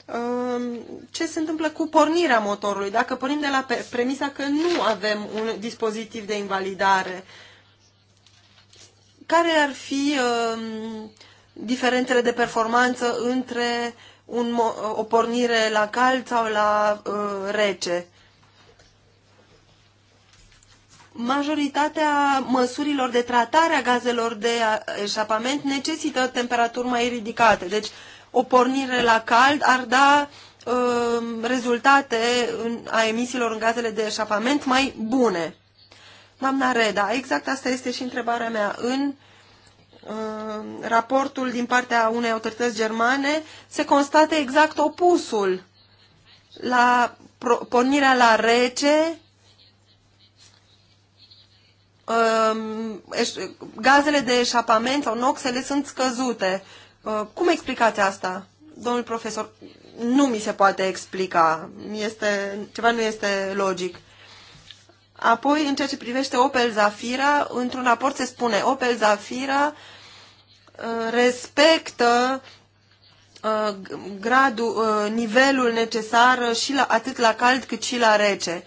Um, ce se întâmplă cu pornirea motorului. Dacă pornim de la premisa că nu avem un dispozitiv de invalidare, care ar fi um, diferențele de performanță între un, o pornire la cald sau la uh, rece? Majoritatea măsurilor de tratare a gazelor de eșapament necesită temperaturi mai ridicate. Deci, uh, o pornire la cald ar da uh, rezultate a emisiilor în gazele de eșapament mai bune. Doamna Reda, exact asta este și întrebarea mea. În uh, raportul din partea unei autorități germane se constată exact opusul. La pornirea la rece, uh, gazele de eșapament sau noxele sunt scăzute. Uh, Uh, cum explicați asta? Domnul profesor, nu mi se poate explica. Este, ceva nu este logic. Apoi, în ceea ce privește Opel Zafira, într-un raport se spune Opel Zafira uh, respectă uh, gradul, nivelul necesar și la, atât la cald cât și la rece.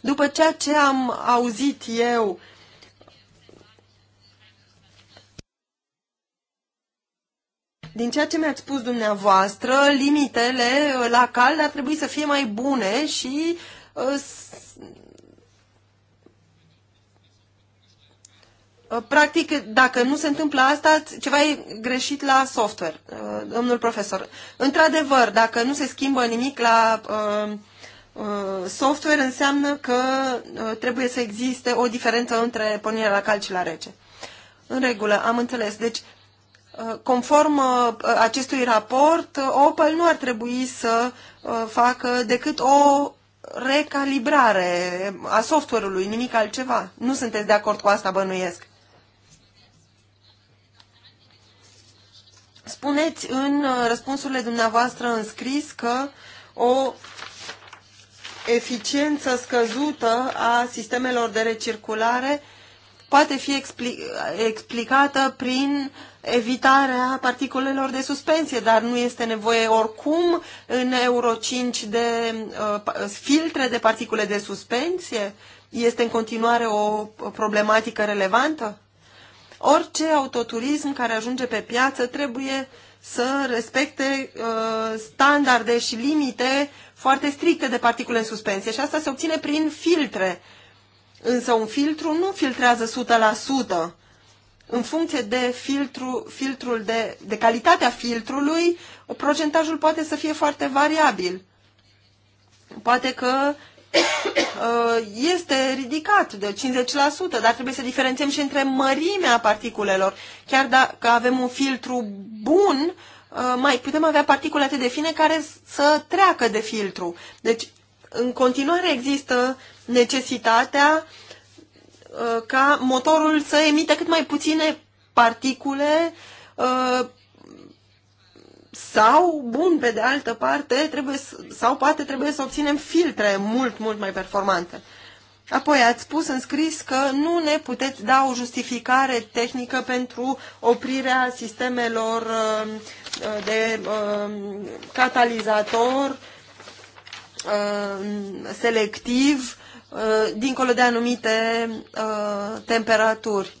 După ceea ce am auzit eu Din ceea ce mi-ați spus dumneavoastră, limitele la cald ar trebui să fie mai bune și uh, uh, practic, dacă nu se întâmplă asta, ceva e greșit la software, uh, domnul profesor. Într-adevăr, dacă nu se schimbă nimic la software, înseamnă că trebuie să existe o diferență între pornirea la cal și la rece. În regulă, am înțeles. Deci, Uh, conform uh, acestui raport, uh, Opel nu ar trebui să facă decât o recalibrare a software-ului, nimic altceva. Nu sunteți de acord cu asta, bănuiesc. Spuneți în răspunsurile dumneavoastră în scris că o eficiență scăzută a sistemelor de recirculare uh, poate fi expli explicată prin evitarea particulelor de suspensie, dar nu este nevoie oricum în Euro 5 de uh, filtre de particule de suspensie? Este în continuare o problematică relevantă? Orice autoturism care ajunge pe piață trebuie să respecte uh, standarde și limite foarte stricte de particule în suspensie și asta se obține prin filtre uh, Însă un filtru nu filtrează 100%. În funcție de, filtru, filtrul de, de calitatea filtrului, procentajul poate să fie foarte variabil. Poate că uh, este ridicat de 50%, dar trebuie să diferențiem și între mărimea particulelor. Chiar dacă avem un filtru bun, uh, mai putem avea particule atât de fine care să treacă de filtru. Deci, în continuare există necesitatea uh, ca motorul să emite cât mai puține particule uh, sau, bun, pe de altă parte, trebuie, sau poate trebuie să obținem filtre mult, mult mai performante. Apoi ați spus în scris că nu ne puteți da o justificare tehnică pentru oprirea sistemelor uh, de catalizator selectiv Uh, dincolo de anumite uh, temperaturi.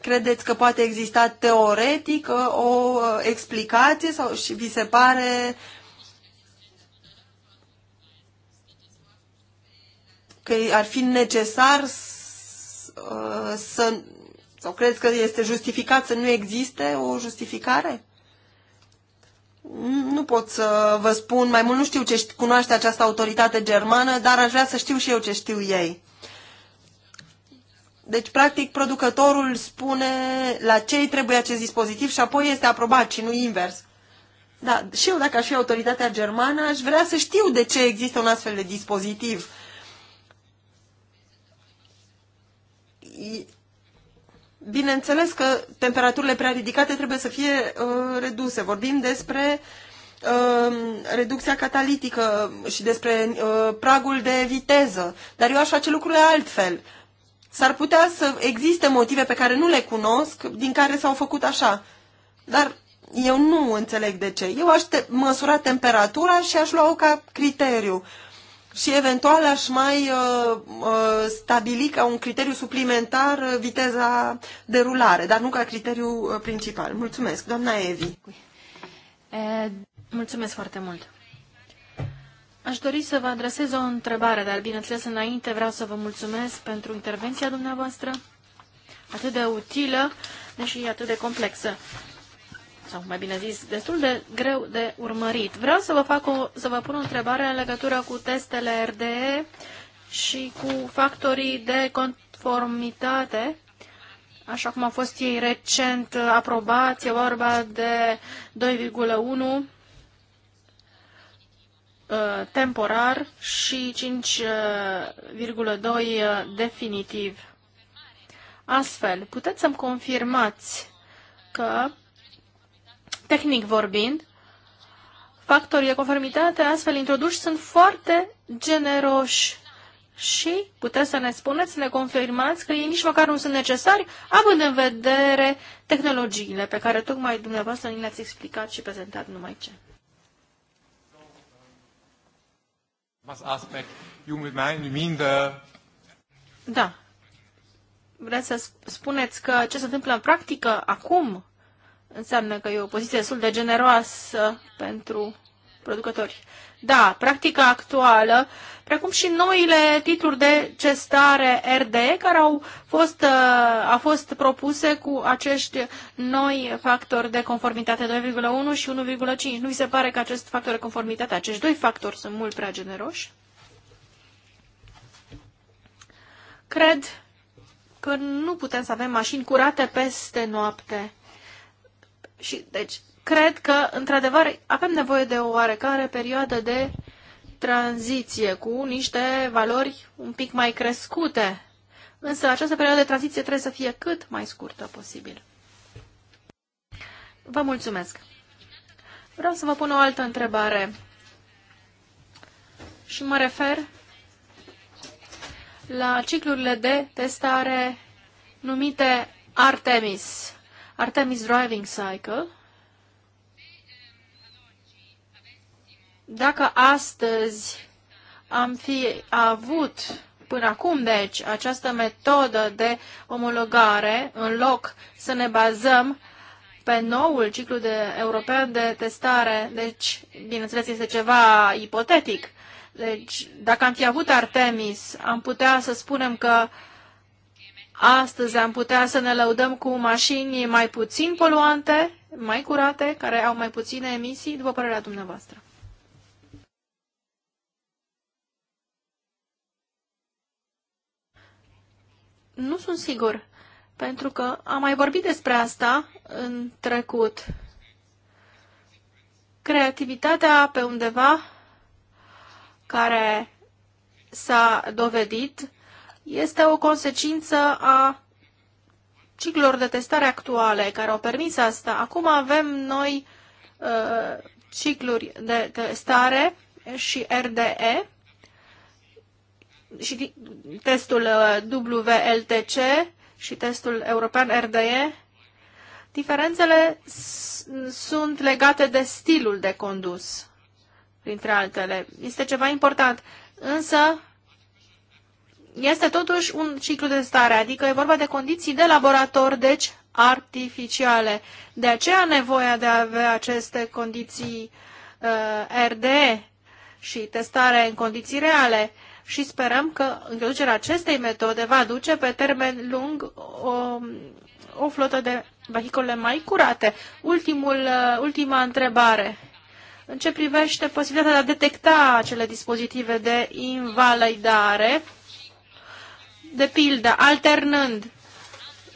Credeți că poate exista teoretic uh, o explicație sau și vi se pare că ar fi necesar să sau credeți că este justificat să nu existe o justificare? nu pot să vă spun, mai mult nu știu ce cunoaște această autoritate germană, dar aș vrea să știu și eu ce știu ei. Deci, practic, producătorul spune la ce îi trebuie acest dispozitiv și apoi este aprobat și nu invers. Da, și eu, dacă aș fi autoritatea germană, aș vrea să știu de ce există un astfel de dispozitiv. Bineînțeles că temperaturile prea ridicate trebuie să fie uh, reduse. Vorbim despre uh, reducția catalitică și despre uh, pragul de viteză, dar eu aș face lucrurile altfel. S-ar putea să existe motive pe care nu le cunosc, din care s-au făcut așa. Dar eu nu înțeleg de ce. Eu aș măsura temperatura și aș lua-o ca criteriu. Uh, și eventual aș mai uh, uh, stabili ca un criteriu suplimentar uh, viteza de rulare, dar nu ca criteriu uh, principal. Mulțumesc, doamna Evi. Eh, mulțumesc foarte mult. Aș dori să vă adresez o întrebare, dar bineînțeles înainte vreau să vă mulțumesc pentru intervenția dumneavoastră, atât de utilă, deși atât de complexă sau mai bine zis, destul de greu de urmărit. Vreau să vă, fac o, să vă pun o întrebare în legătură cu testele RDE și cu factorii de conformitate, așa cum au fost ei recent aprobați, e vorba de 2,1 uh, temporar și 5,2 uh, definitiv. Astfel, puteți să-mi confirmați că tehnic vorbind, factorii de conformitate astfel introduși sunt foarte generoși și puteți să ne spuneți, să ne confirmați că ei nici măcar nu sunt necesari, având în vedere tehnologiile pe care tocmai dumneavoastră ni le-ați explicat și prezentat numai ce. Da. Vreți să spuneți că ce se întâmplă în practică acum Înseamnă că e o poziție destul de generoasă pentru producători. Da, practica actuală, precum și noile titluri de cestare RDE care au fost, uh, a fost propuse cu acești noi factori de conformitate 2,1 și 1,5. Nu vi se pare că acest factor de conformitate, acești doi factori sunt mult prea generoși? Cred că nu putem să avem mașini curate peste noapte și, deci, cred că, într-adevăr, avem nevoie de o oarecare perioadă de tranziție cu niște valori un pic mai crescute. Însă această perioadă de tranziție trebuie să fie cât mai scurtă posibil. Vă mulțumesc. Vreau să vă pun o altă întrebare. Și mă refer la ciclurile de testare numite Artemis. Artemis Driving Cycle. Dacă astăzi am fi avut până acum, deci, această metodă de omologare, în loc să ne bazăm pe noul ciclu de european de testare, deci, bineînțeles, este ceva ipotetic. Deci, dacă am fi avut Artemis, am putea să spunem că uh, Astăzi am putea să ne lăudăm cu mașini mai puțin poluante, mai curate, care au mai puține emisii, după părerea dumneavoastră. Nu sunt sigur, pentru că am mai vorbit despre asta în trecut. Creativitatea pe undeva care s-a dovedit este o consecință a ciclurilor de testare actuale care au permis asta. Acum avem noi uh, cicluri de testare și RDE și testul uh, WLTC și testul european RDE. Diferențele sunt legate de stilul de condus, printre altele. Este ceva important. Însă, este totuși un ciclu de stare, adică e vorba de condiții de laborator, deci artificiale. De aceea nevoia de a avea aceste condiții uh, RDE și testare în condiții reale și sperăm că introducerea acestei metode va duce pe termen lung o, o flotă de vehicule mai curate. Ultimul, uh, ultima întrebare. În ce privește posibilitatea de a detecta acele dispozitive de invalidare, de pildă, alternând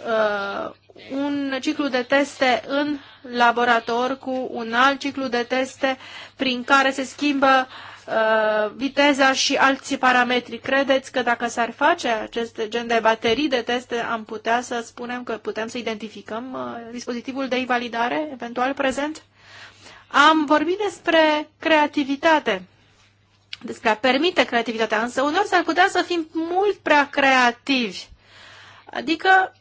uh, un ciclu de teste în laborator cu un alt ciclu de teste prin care se schimbă uh, viteza și alții parametri. Credeți că dacă s-ar face acest gen de baterii de teste, am putea să spunem că putem să identificăm uh, dispozitivul de invalidare eventual prezent? Am vorbit despre creativitate despre a permite creativitatea, însă uneori s-ar putea să fim mult prea creativi. Adică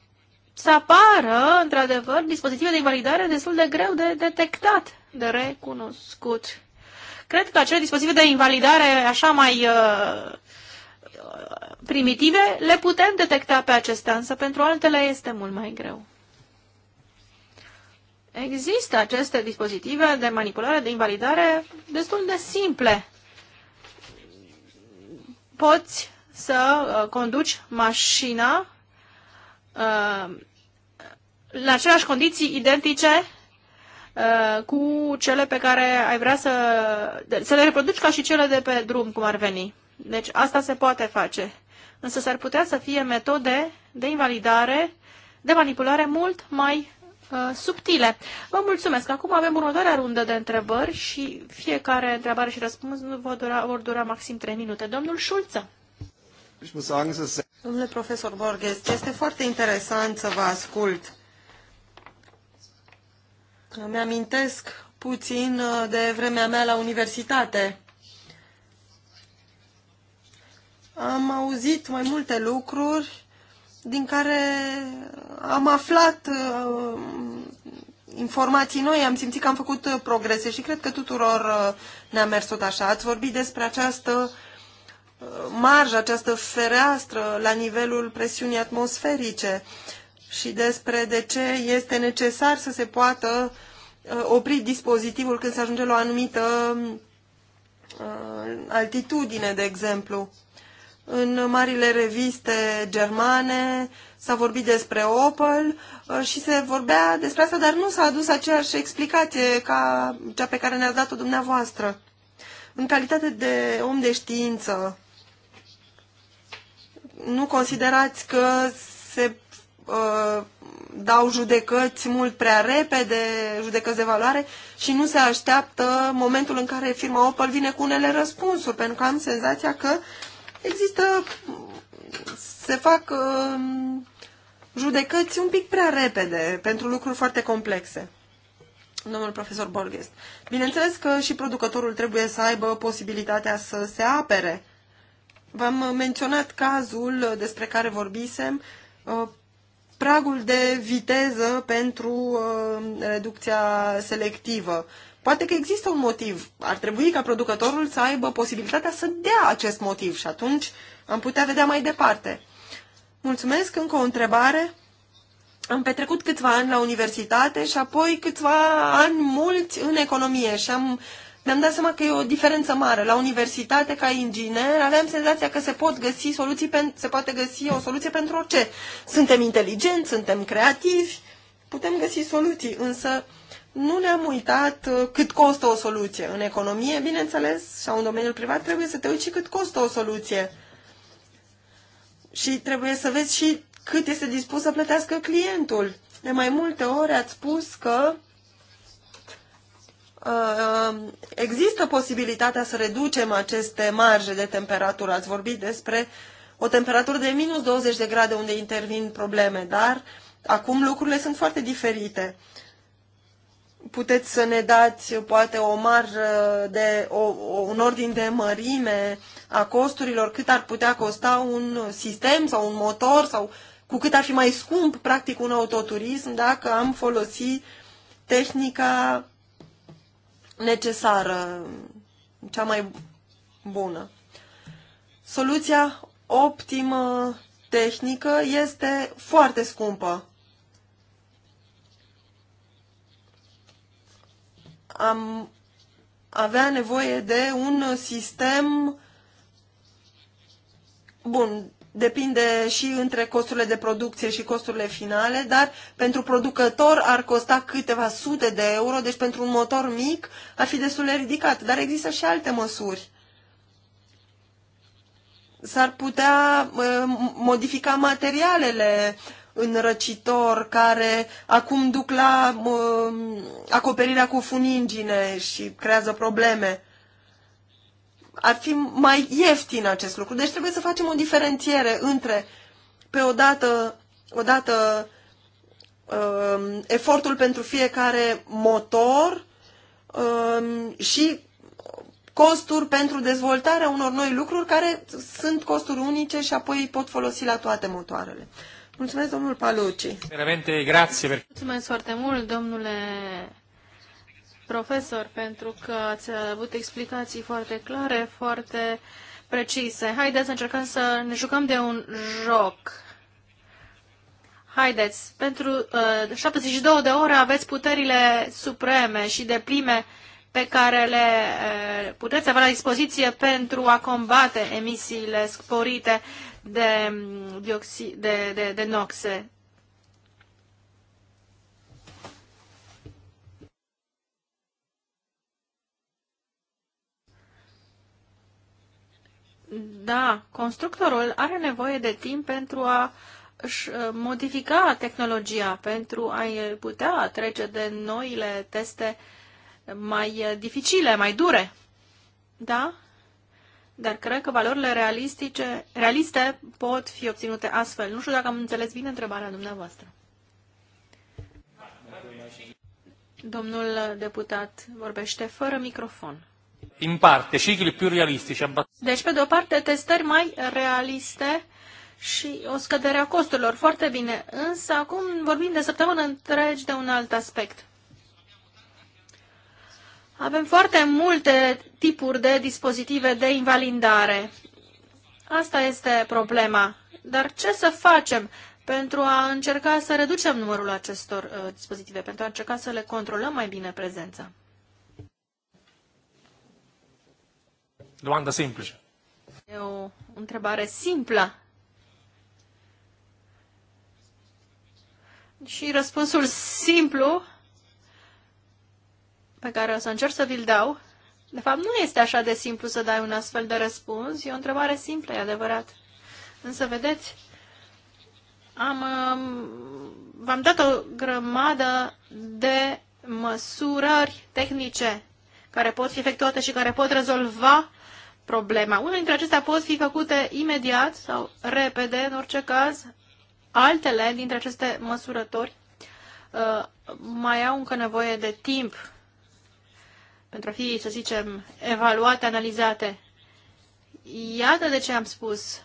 să apară, într-adevăr, dispozitive de invalidare destul de greu de detectat, de recunoscut. Cred că acele dispozitive de invalidare așa mai uh, primitive le putem detecta pe acestea, însă pentru altele este mult mai greu. Există aceste dispozitive de manipulare, de invalidare destul de simple poți să uh, conduci mașina uh, în aceleași condiții identice uh, cu cele pe care ai vrea să, să le reproduci ca și cele de pe drum, cum ar veni. Deci asta se poate face. Însă s-ar putea să fie metode de invalidare, de manipulare mult mai Uh, subtile. Vă mulțumesc. Acum avem următoarea rundă de întrebări și fiecare întrebare și răspuns vor dura, vor dura maxim 3 minute. Domnul Șulță. Domnule profesor Borges, este foarte interesant să vă ascult. Îmi amintesc puțin uh, de vremea mea la universitate. Am auzit mai multe lucruri din care am aflat uh, informații noi, am simțit că am făcut uh, progrese și cred că tuturor uh, ne-a mers tot așa. Ați vorbit despre această uh, marjă, această fereastră la nivelul presiunii atmosferice și despre de ce este necesar să se poată opri dispozitivul când se ajunge la o anumită altitudine, de exemplu. În marile reviste germane s-a vorbit despre Opel uh, și se vorbea despre asta, dar nu s-a adus aceeași explicație ca cea pe care ne-a dat-o dumneavoastră. În calitate de om de știință, nu considerați că se uh, dau judecăți mult prea repede, judecăți de valoare și nu se așteaptă momentul în care firma Opel vine cu unele răspunsuri, pentru că am senzația că există, se fac um, judecăți un pic prea repede pentru lucruri foarte complexe. Domnul profesor Borges. Bineînțeles că și producătorul trebuie să aibă posibilitatea să se apere. V-am menționat cazul despre care vorbisem, uh, pragul de viteză pentru uh, reducția selectivă. Poate că există un motiv. Ar trebui ca producătorul să aibă posibilitatea să dea acest motiv și atunci am putea vedea mai departe. Mulțumesc, încă o întrebare. Am petrecut câțiva ani la universitate și apoi câțiva ani mulți în economie și am, mi-am dat seama că e o diferență mare. La universitate, ca inginer, aveam senzația că se pot găsi soluții, pen, se poate găsi o soluție pentru orice. Suntem inteligenți, suntem creativi, putem găsi soluții, însă nu ne-am uitat uh, cât costă o soluție. În economie, bineînțeles, sau în domeniul privat, trebuie să te uiți și cât costă o soluție. Și trebuie să vezi și cât este dispus să plătească clientul. De mai multe ori ați spus că uh, există posibilitatea să reducem aceste marje de temperatură. Ați vorbit despre o temperatură de minus 20 de grade unde intervin probleme, dar acum lucrurile sunt foarte diferite puteți să ne dați poate o marjă de o, un ordin de mărime a costurilor, cât ar putea costa un sistem sau un motor sau cu cât ar fi mai scump practic un autoturism dacă am folosit tehnica necesară, cea mai bună. Soluția optimă tehnică este foarte scumpă am avea nevoie de un sistem bun, depinde și între costurile de producție și costurile finale, dar pentru producător ar costa câteva sute de euro, deci pentru un motor mic ar fi destul de ridicat. Dar există și alte măsuri. S-ar putea uh, modifica materialele înrăcitor care acum duc la uh, acoperirea cu funingine și creează probleme. Ar fi mai ieftin acest lucru. Deci trebuie să facem o diferențiere între, pe o dată, o dată uh, efortul pentru fiecare motor uh, și costuri pentru dezvoltarea unor noi lucruri care sunt costuri unice și apoi pot folosi la toate motoarele. Mulțumesc, domnul Paluci. Veramente, grație. Per... Mulțumesc foarte mult, domnule profesor, pentru că ați avut explicații foarte clare, foarte precise. Haideți să încercăm să ne jucăm de un joc. Haideți, pentru uh, 72 de ore aveți puterile supreme și de prime pe care le uh, puteți avea la dispoziție pentru a combate emisiile sporite de, dioxi, de, de, de noxe. Da, constructorul are nevoie de timp pentru a își uh, modifica tehnologia, pentru a putea trece de noile teste mai uh, dificile, mai dure. Da? dar cred că valorile realistice, realiste pot fi obținute astfel. Nu știu dacă am înțeles bine întrebarea dumneavoastră. Domnul deputat vorbește fără microfon. În parte, cicli più realistici. Deci, pe de o parte, testări mai realiste și o scădere a costurilor. Foarte bine. Însă, acum vorbim de săptămână întregi de un alt aspect. Avem foarte multe tipuri de dispozitive de invalidare. Asta este problema. Dar ce să facem pentru a încerca să reducem numărul acestor uh, dispozitive, pentru a încerca să le controlăm mai bine prezența? Doamna simplă. E o întrebare simplă. Și răspunsul simplu pe care o să încerc să vi-l dau, de fapt nu este așa de simplu să dai un astfel de răspuns, e o întrebare simplă, e adevărat. Însă, vedeți, am, v-am dat o grămadă de măsurări tehnice care pot fi efectuate și care pot rezolva problema. Unele dintre acestea pot fi făcute imediat sau repede, în orice caz. Altele dintre aceste măsurători uh, mai au încă nevoie de timp pentru a fi, să zicem, evaluate, analizate. Iată de ce am spus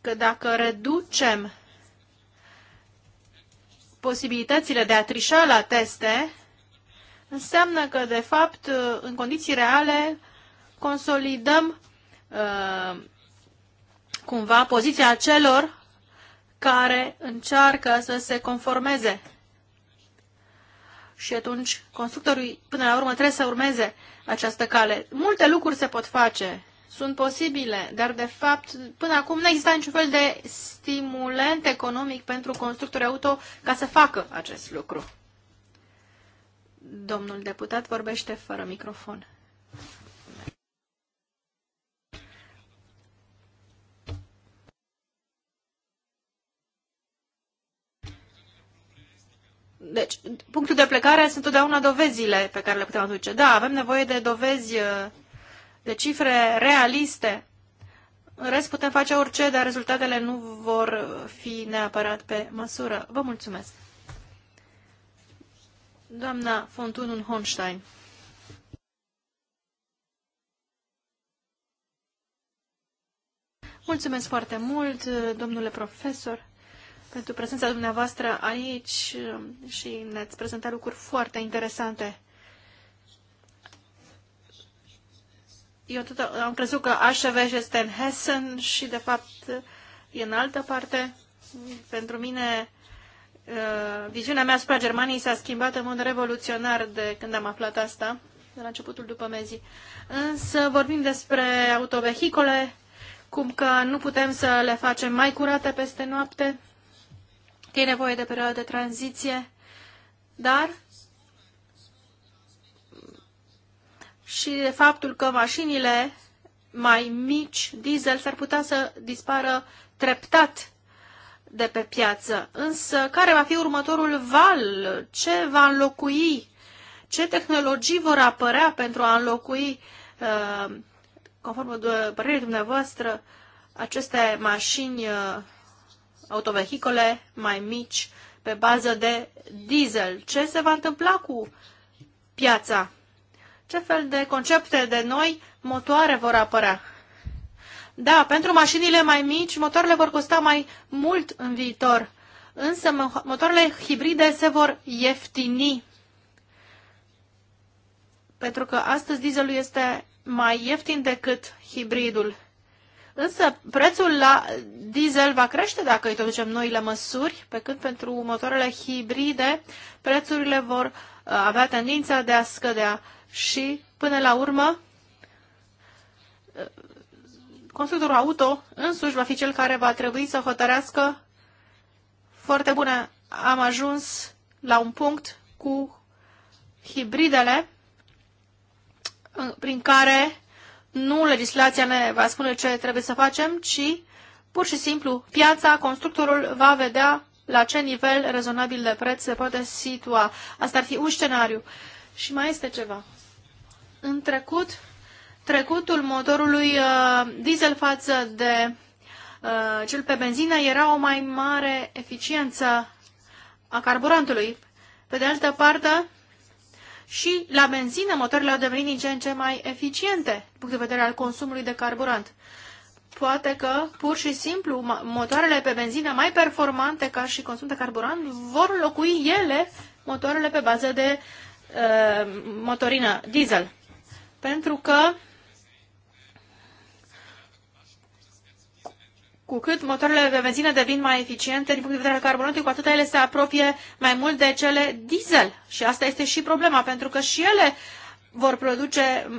că dacă reducem posibilitățile de a trișa la teste, înseamnă că, de fapt, în condiții reale, consolidăm uh, cumva poziția celor care încearcă să se conformeze și atunci constructorul până la urmă trebuie să urmeze această cale. Multe lucruri se pot face, sunt posibile, dar de fapt până acum nu există niciun fel de stimulent economic pentru constructori auto ca să facă acest lucru. Domnul deputat vorbește fără microfon. Deci, punctul de plecare sunt întotdeauna dovezile pe care le putem aduce. Da, avem nevoie de dovezi, uh, de cifre realiste. În rest, putem face orice, dar rezultatele nu vor fi neapărat pe măsură. Vă mulțumesc. Doamna Fontunun Honstein. Mulțumesc foarte mult, domnule profesor pentru prezența dumneavoastră aici um, și ne-ați prezentat lucruri foarte interesante. Eu tot am crezut că vezi este în Hessen și, de fapt, e în altă parte. Pentru mine, uh, viziunea mea asupra Germaniei s-a schimbat în mod revoluționar de când am aflat asta, de la începutul după mezii. Însă vorbim despre autovehicole, cum că nu putem să le facem mai curate peste noapte, că e nevoie de perioadă de tranziție, dar și de faptul că mașinile mai mici, diesel, s-ar putea să dispară treptat de pe piață. Însă, care va fi următorul val? Ce va înlocui? Ce tehnologii vor apărea pentru a înlocui, uh, conform uh, părerii dumneavoastră, aceste mașini uh, autovehicole mai mici pe bază de diesel. Ce se va întâmpla cu piața? Ce fel de concepte de noi motoare vor apărea? Da, pentru mașinile mai mici, motoarele vor costa mai mult în viitor, însă motoarele hibride se vor ieftini. Pentru că astăzi dieselul este mai ieftin decât hibridul. Însă prețul la diesel va crește dacă introducem noile măsuri, pe cât pentru motoarele hibride prețurile vor uh, avea tendința de a scădea și până la urmă uh, constructorul auto însuși va fi cel care va trebui să hotărească foarte bune. Am ajuns la un punct cu hibridele uh, prin care nu legislația ne va spune ce trebuie să facem, ci pur și simplu piața, constructorul va vedea la ce nivel rezonabil de preț se poate situa. Asta ar fi un scenariu. Și mai este ceva. În trecut, trecutul motorului uh, diesel față de uh, cel pe benzină era o mai mare eficiență a carburantului. Pe de altă parte, și la benzină motoarele au devenit din ce în ce mai eficiente, din punct de vedere al consumului de carburant. Poate că, pur și simplu, motoarele pe benzină mai performante ca și consum de carburant vor locui ele motoarele pe bază de uh, motorină diesel. Pentru că cu cât motoarele de benzină devin mai eficiente din punct de vedere al carbonatului, cu atât ele se apropie mai mult de cele diesel. Și asta este și problema, pentru că și ele vor produce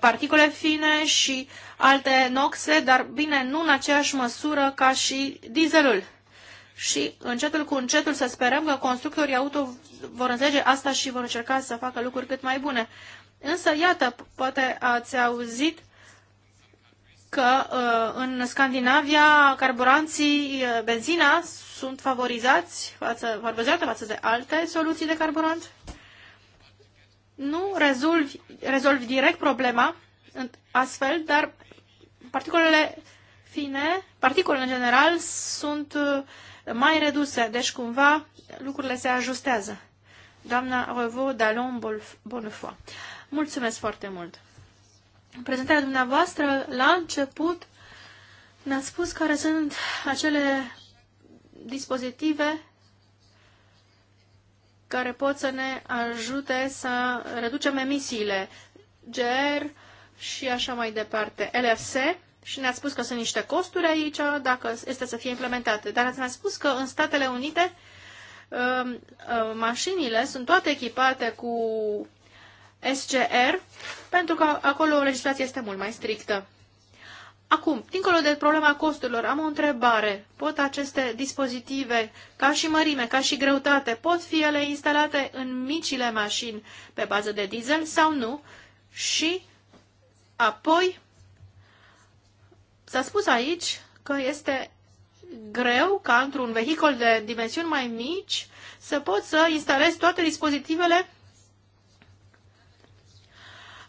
particule fine și alte noxe, dar bine, nu în aceeași măsură ca și dieselul. Și încetul cu încetul să sperăm că constructorii auto vor înțelege asta și vor încerca să facă lucruri cât mai bune. Însă, iată, poate ați auzit că uh, în Scandinavia carburanții, uh, benzina, sunt favorizați față, favorizate față de alte soluții de carburant? Nu rezolvi, rezolvi direct problema astfel, dar particulele fine, particulele în general sunt uh, mai reduse, deci cumva lucrurile se ajustează. Doamna Revo Dalon Bonnefoy. Mulțumesc foarte mult! În prezentarea dumneavoastră, la început, ne a spus care sunt acele dispozitive care pot să ne ajute să reducem emisiile, GR și așa mai departe, LFC, și ne a spus că sunt niște costuri aici, dacă este să fie implementate. Dar ne a spus că în Statele Unite um, uh, mașinile sunt toate echipate cu SCR, pentru că acolo legislația este mult mai strictă. Acum, dincolo de problema costurilor, am o întrebare. Pot aceste dispozitive, ca și mărime, ca și greutate, pot fi ele instalate în micile mașini pe bază de diesel sau nu? Și apoi, s-a spus aici că este greu ca într-un vehicul de dimensiuni mai mici să poți să instalezi toate dispozitivele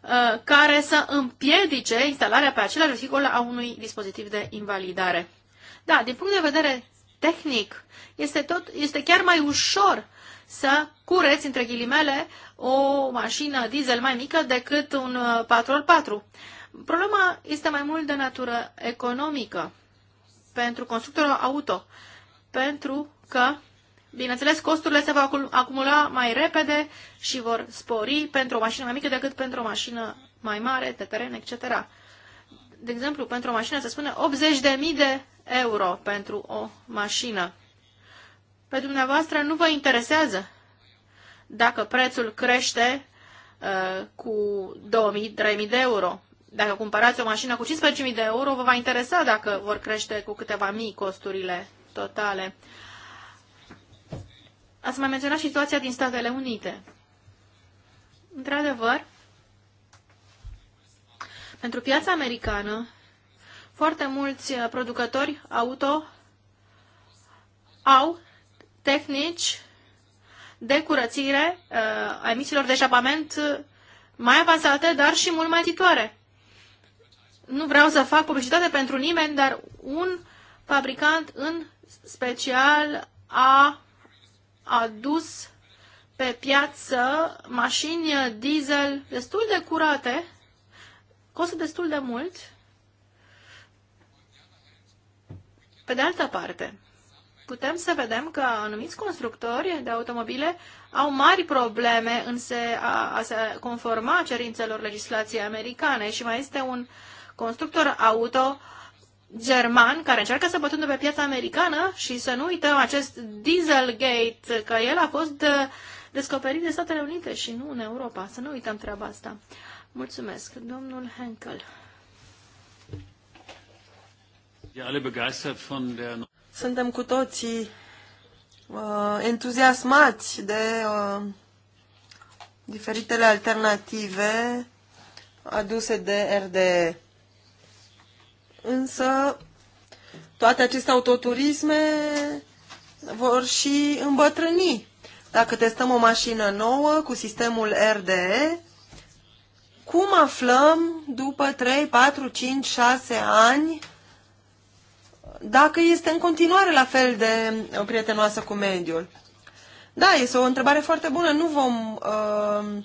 Uh, care să împiedice instalarea pe același vehicul a unui dispozitiv de invalidare. Da, din punct de vedere tehnic, este, tot, este chiar mai ușor să cureți, între ghilimele, o mașină diesel mai mică decât un 4x4. Uh, Problema este mai mult de natură economică pentru constructorul auto, pentru că Bineînțeles, costurile se vor acumula mai repede și vor spori pentru o mașină mai mică decât pentru o mașină mai mare, de teren, etc. De exemplu, pentru o mașină se spune 80.000 de euro pentru o mașină. Pe dumneavoastră nu vă interesează dacă prețul crește uh, cu 2.000-3.000 de euro. Dacă cumpărați o mașină cu 15.000 de euro, vă va interesa dacă vor crește cu câteva mii costurile totale. Uh, Ați mai menționat situația din Statele Unite. Într-adevăr, pentru piața americană, foarte mulți uh, producători auto au tehnici de curățire uh, a emisiilor de eșapament uh, mai avansate, dar și mult mai titoare. Nu vreau să fac publicitate pentru nimeni, dar un fabricant în special a a dus pe piață mașini diesel destul de curate, costă destul de mult. Pe de altă parte, putem să vedem că anumiți constructori de automobile au mari probleme în se, a, a se conforma cerințelor legislației americane și mai este un constructor auto uh, german care încearcă să pătrundă pe piața americană și să nu uităm acest Dieselgate, că el a fost uh, descoperit de Statele Unite și nu în Europa. Să nu uităm treaba asta. Mulțumesc, domnul Henkel. Suntem cu toții uh, entuziasmați de uh, diferitele alternative aduse de RDE însă toate aceste autoturisme vor și îmbătrâni. Dacă testăm o mașină nouă cu sistemul RDE, cum aflăm după 3, 4, 5, 6 ani dacă este în continuare la fel de prietenoasă cu mediul? Da, este o întrebare foarte bună. Nu vom uh,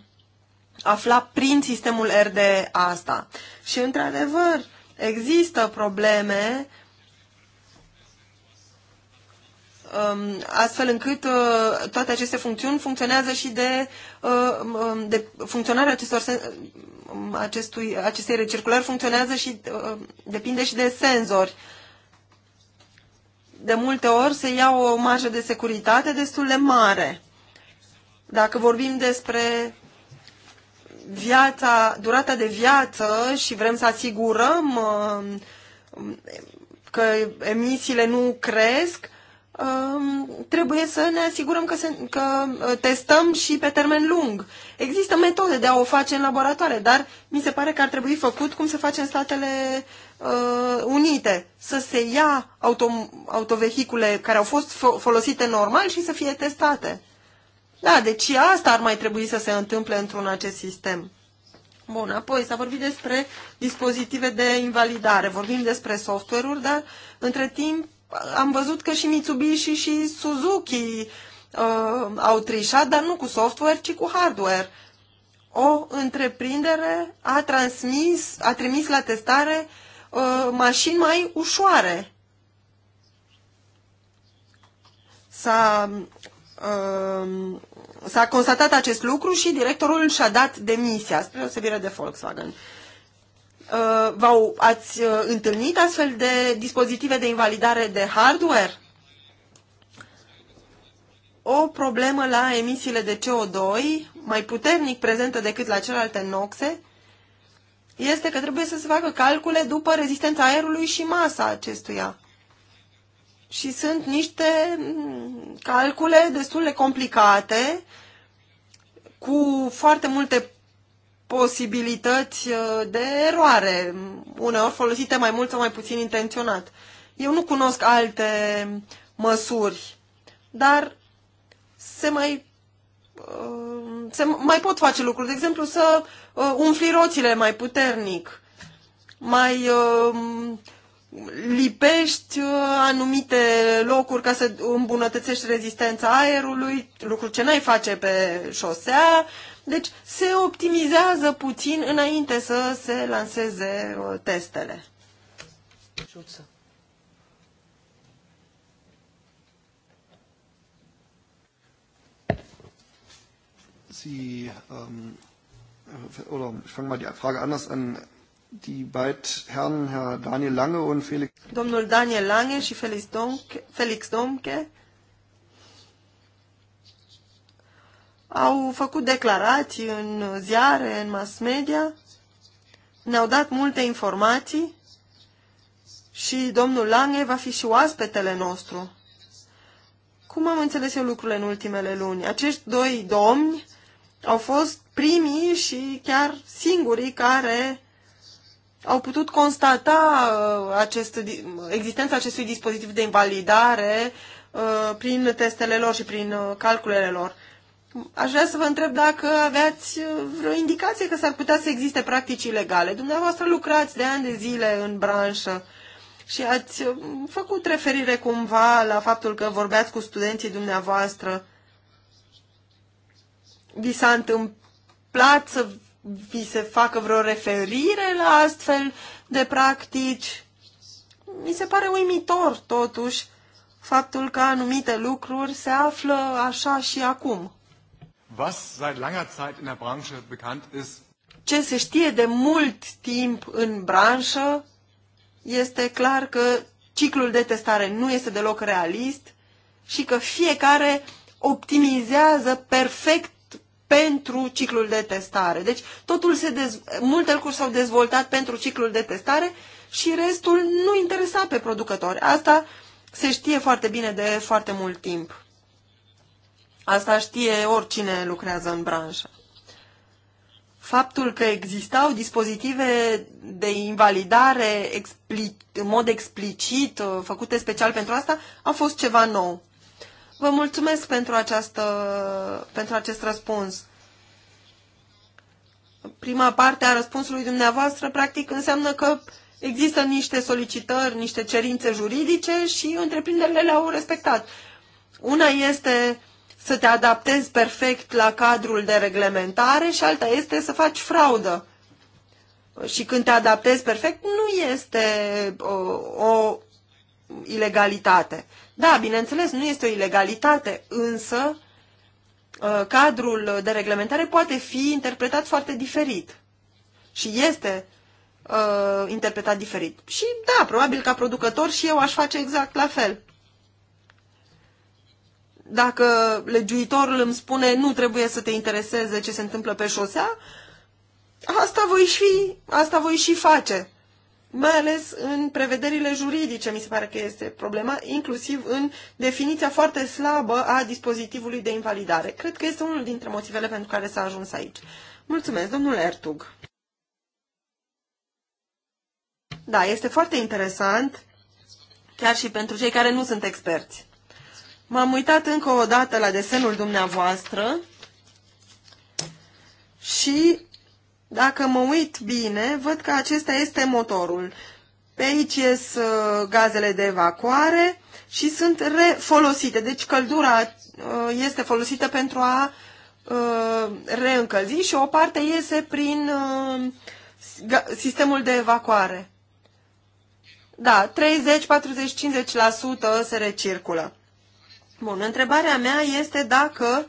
afla prin sistemul RDE asta. Și, într-adevăr, Există probleme um, astfel încât uh, toate aceste funcțiuni funcționează și de, uh, um, um, de funcționarea acestor acestui, acestei recirculări funcționează și uh, depinde și de senzori. De multe ori se ia o marjă de securitate destul de mare. Dacă vorbim despre viața, durata de viață și vrem să asigurăm um, că emisiile nu cresc, um, trebuie să ne asigurăm că, se, că uh, testăm și pe termen lung. Există metode de a o face în laboratoare, dar mi se pare că ar trebui făcut cum se face în Statele uh, Unite, să se ia auto, autovehicule care au fost folosite normal și să fie testate. Da, deci asta ar mai trebui să se întâmple într-un acest sistem. Bun, apoi s-a vorbit despre dispozitive de invalidare, vorbim despre software-uri, dar între timp am văzut că și Mitsubishi și Suzuki uh, au trișat, dar nu cu software, ci cu hardware. O întreprindere a transmis, a trimis la testare uh, mașini mai ușoare. S-a Ehm, s-a constatat acest lucru și directorul și-a dat demisia, spre deosebire de Volkswagen. Uh, v-au, ați uh, întâlnit astfel de dispozitive de invalidare de hardware? O problemă la emisiile de CO2, mai puternic prezentă decât la celelalte noxe, este că trebuie să se facă calcule după rezistența aerului și masa acestuia și sunt niște mm, calcule destul de complicate cu foarte multe posibilități uh, de eroare, uneori folosite mai mult sau mai puțin intenționat. Eu nu cunosc alte măsuri, dar se mai, uh, se mai pot face lucruri. De exemplu, să uh, umfli roțile mai puternic, mai lipești uh, anumite locuri ca să îmbunătățești rezistența aerului, lucru ce n-ai face pe șosea. Deci se optimizează puțin înainte să se lanseze uh, testele. Sie, ähm, oder ich fange mal die Frage anders an die beiden Herren, Herr Daniel Lange und Felix... Domnul Daniel Lange și Felix Domke, Felix Domke au făcut declarații în ziare, în mass media, ne-au dat multe informații și domnul Lange va fi și oaspetele nostru. Cum am înțeles eu lucrurile în ultimele luni? Acești doi domni au fost primii și chiar singurii care au putut constata uh, acest, existența acestui dispozitiv de invalidare uh, prin testele lor și prin uh, calculele lor. Aș vrea să vă întreb dacă aveați vreo indicație că s-ar putea să existe practici ilegale. Dumneavoastră lucrați de ani de zile în branșă și ați făcut referire cumva la faptul că vorbeați cu studenții dumneavoastră. Vi s-a întâmplat să vi se facă vreo referire la astfel de practici. Mi se pare uimitor, totuși, faptul că anumite lucruri se află așa și acum. Was seit langer Zeit in der Branche bekannt ist, ce se știe de mult timp în branșă, este clar că ciclul de testare nu este deloc realist și că fiecare optimizează perfect pentru ciclul de testare. Deci totul se dez... multe lucruri s-au dezvoltat pentru ciclul de testare și restul nu interesa pe producători. Asta se știe foarte bine de foarte mult timp. Asta știe oricine lucrează în branșă. Faptul că existau dispozitive de invalidare expli- în mod explicit, uh, făcute special pentru asta, a fost ceva nou. Vă mulțumesc pentru, această, pentru acest răspuns. Prima parte a răspunsului dumneavoastră, practic, înseamnă că există niște solicitări, niște cerințe juridice și întreprinderile le-au respectat. Una este să te adaptezi perfect la cadrul de reglementare și alta este să faci fraudă. Și când te adaptezi perfect, nu este uh, o, o ilegalitate. Da, bineînțeles, nu este o ilegalitate, însă uh, cadrul de reglementare poate fi interpretat foarte diferit. Și este uh, interpretat diferit. Și da, probabil ca producător și eu aș face exact la fel. Dacă legiuitorul îmi spune nu trebuie să te intereseze ce se întâmplă pe șosea, asta voi și, asta voi și face mai ales în prevederile juridice, mi se pare că este problema, inclusiv în definiția foarte slabă a dispozitivului de invalidare. Cred că este unul dintre motivele pentru care s-a ajuns aici. Mulțumesc, domnule Ertug. Da, este foarte interesant, chiar și pentru cei care nu sunt experți. M-am uitat încă o dată la desenul dumneavoastră și dacă mă uit bine, văd că acesta este motorul. Pe aici ies uh, gazele de evacuare și sunt refolosite. Deci căldura uh, este folosită pentru a uh, reîncălzi și o parte iese prin sistemul de evacuare. Da, 30, 40, 50% se recirculă. Bun, întrebarea mea este dacă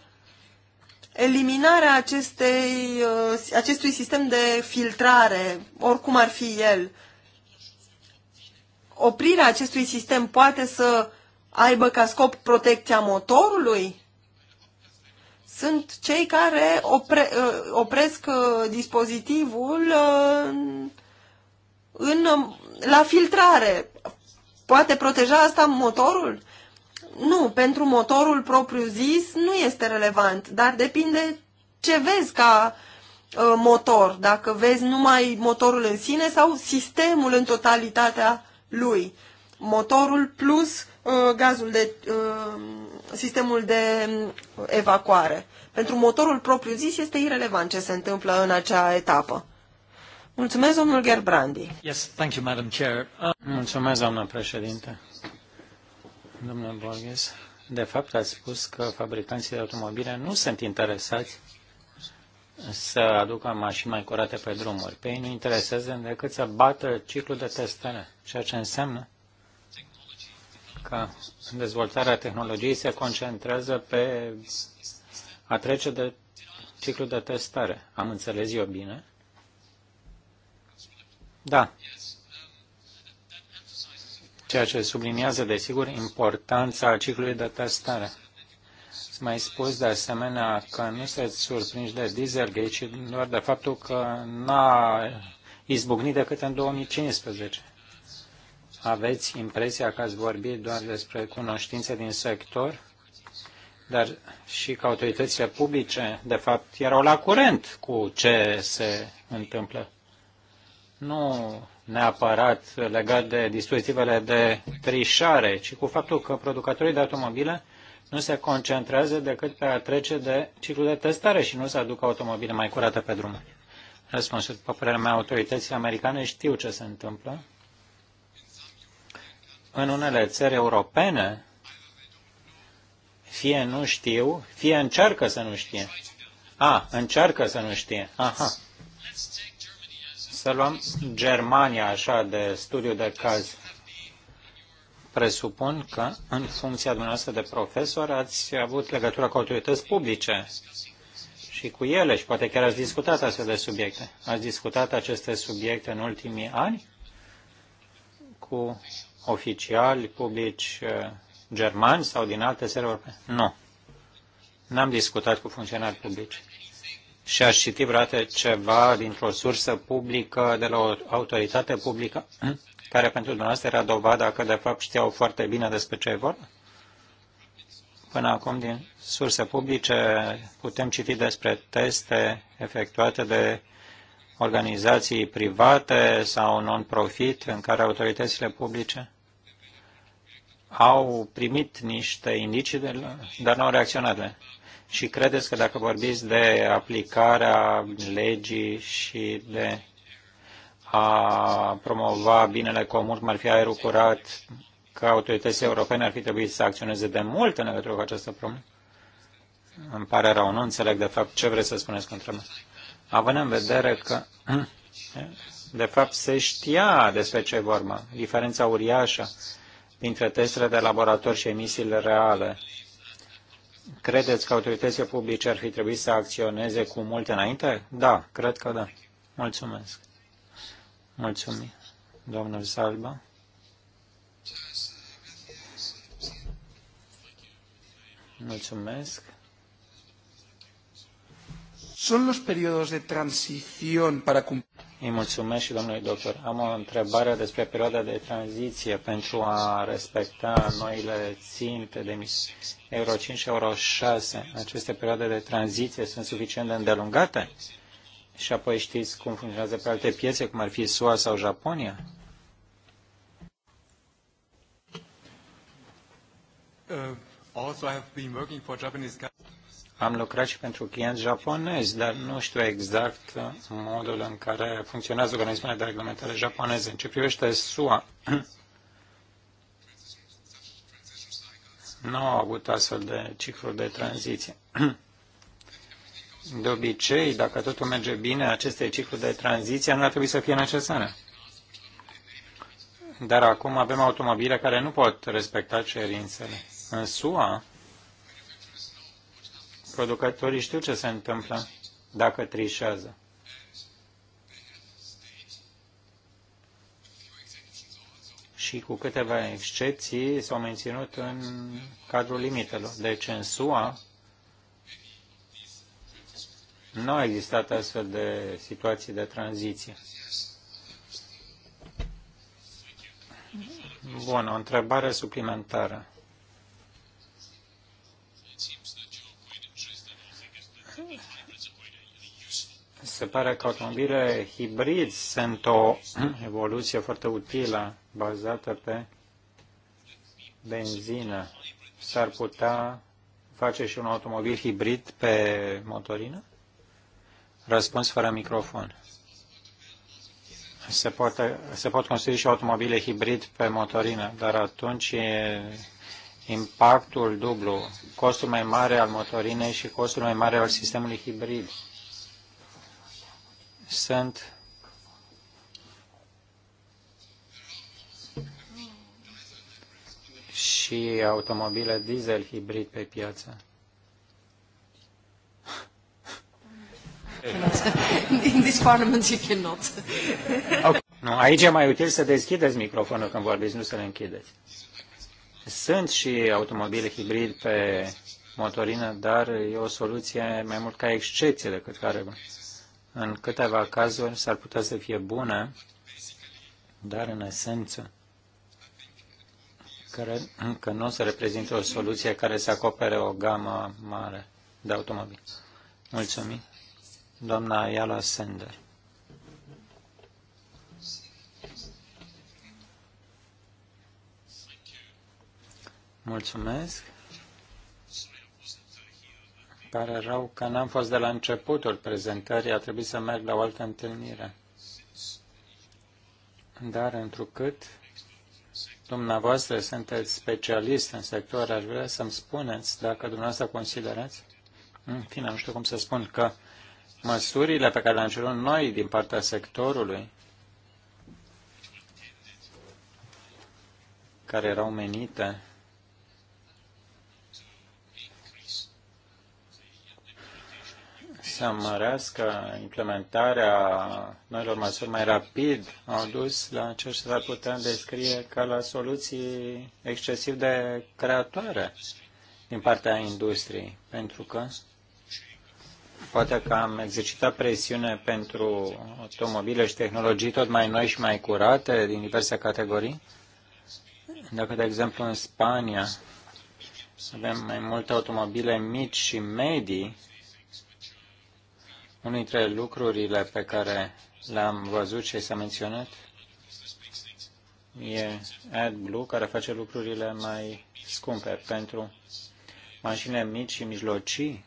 eliminarea acestei, uh, acestui sistem de filtrare, oricum ar fi el, oprirea acestui sistem poate să aibă ca scop protecția motorului? Sunt cei care opre, uh, opresc uh, dispozitivul în, la filtrare. Poate proteja asta motorul? nu, pentru motorul propriu-zis nu este relevant, dar depinde ce vezi ca uh, motor, dacă vezi numai motorul în sine sau sistemul în totalitatea lui. Motorul plus uh, gazul de uh, sistemul de uh, evacuare. Pentru motorul propriu-zis este irrelevant ce se întâmplă în acea etapă. Mulțumesc, domnul Gerbrandi. Yes, thank you, Madam Chair. Uh... Mulțumesc, doamnă președinte domnul Borges. De fapt, ați spus că fabricanții de automobile nu sunt interesați să aducă mașini mai curate pe drumuri. Pe ei nu interesează decât să bată ciclul de testare, ceea ce înseamnă că dezvoltarea tehnologiei se concentrează pe a trece de ciclul de testare. Am înțeles eu bine? Da, ceea ce subliniază, desigur, importanța ciclului de testare. S mai spus de asemenea că nu se surprinși de Dieselgate, ci doar de faptul că n-a izbucnit decât în 2015. Aveți impresia că ați vorbit doar despre cunoștințe din sector, dar și că autoritățile publice, de fapt, erau la curent cu ce se întâmplă. Nu neapărat legat de dispozitivele de trișare, ci cu faptul că producătorii de automobile nu se concentrează decât pe a trece de ciclul de testare și nu să aducă automobile mai curate pe drum. Răspunsul, după părerea mea, autoritățile americane știu ce se întâmplă. În unele țări europene, fie nu știu, fie încearcă să nu știe. A, încearcă să nu știe. Aha. Să luăm Germania așa de studiu de caz. Presupun că în funcția dumneavoastră de profesor ați avut legătură cu autorități publice și cu ele și poate chiar ați discutat astfel de subiecte. Ați discutat aceste subiecte în ultimii ani cu oficiali publici uh, germani sau din alte țări europene? Nu. N-am discutat cu funcționari publici și aș citi vreodată ceva dintr-o sursă publică, de la o autoritate publică, care pentru dumneavoastră era dovada că de fapt știau foarte bine despre ce e vorba? Până acum, din surse publice, putem citi despre teste efectuate de organizații private sau non-profit în care autoritățile publice au primit niște indicii, dar nu au reacționat. Și credeți că dacă vorbiți de aplicarea legii și de a promova binele comun, cum ar fi aerul curat, că autoritățile europene ar fi trebuit să acționeze de mult în legătură cu această problemă? Îmi pare rău, nu înțeleg de fapt ce vreți să spuneți contra mea. Având în vedere că, de fapt, se știa despre ce e vorba, diferența uriașă dintre testele de laborator și emisiile reale Credeți că autoritățile publice ar fi trebuit să acționeze cu multe înainte? Da, cred că da. Mulțumesc. Mulțumim, domnul Salba. Mulțumesc. Sunt los periodos de transición para cumplir. Îi mulțumesc și domnului doctor. Am o întrebare despre perioada de tranziție pentru a respecta noile ținte de Euro 5 și Euro 6. Aceste perioade de tranziție sunt suficient de îndelungate? Și apoi știți cum funcționează pe alte piețe, cum ar fi SUA sau Japonia? Uh, also I have been working for Japanese... Am lucrat și pentru clienți japonezi, dar nu știu exact uh, modul în care funcționează organismele de reglementare japoneze. În ce privește SUA, nu au avut astfel de cicluri de tranziție. De obicei, dacă totul merge bine, aceste cicluri de tranziție nu ar trebui să fie necesare. Dar acum avem automobile care nu pot respecta cerințele. În SUA, Producătorii știu ce se întâmplă dacă trișează. Și cu câteva excepții s-au menținut în cadrul limitelor. Deci în SUA nu a existat astfel de situații de tranziție. Bun, o întrebare suplimentară. Se pare că automobile hibrid sunt o evoluție foarte utilă bazată pe benzină. S-ar putea face și un automobil hibrid pe motorină? Răspuns fără microfon. Se, poate, se pot construi și automobile hibrid pe motorină, dar atunci e impactul dublu, costul mai mare al motorinei și costul mai mare al sistemului hibrid sunt și automobile diesel hibrid pe piață. In this parliament you cannot. okay. Nu, aici e mai util să deschideți microfonul când vorbiți, nu să le închideți. Sunt și automobile hibrid pe motorină, dar e o soluție mai mult ca excepție decât ca regulă în câteva cazuri s-ar putea să fie bună, dar în esență cred că nu se reprezintă o soluție care să acopere o gamă mare de automobile. Mulțumim. Doamna Ayala Sender. Mulțumesc pare rău că n-am fost de la începutul prezentării, a trebuit să merg la o altă întâlnire. Dar întrucât dumneavoastră sunteți specialist în sector, aș vrea să-mi spuneți dacă dumneavoastră considerați, în fine, nu știu cum să spun, că măsurile pe care le-am cerut noi din partea sectorului, care erau menite să mărească implementarea noilor măsuri mai rapid au dus la ce s-ar putea descrie ca la soluții excesiv de creatoare din partea industriei, pentru că poate că am exercitat presiune pentru automobile și tehnologii tot mai noi și mai curate din diverse categorii. Dacă, de exemplu, în Spania avem mai multe automobile mici și medii, unul dintre lucrurile pe care l-am văzut și s-a menționat e AdBlue, care face lucrurile mai scumpe pentru mașinile mici și mijlocii.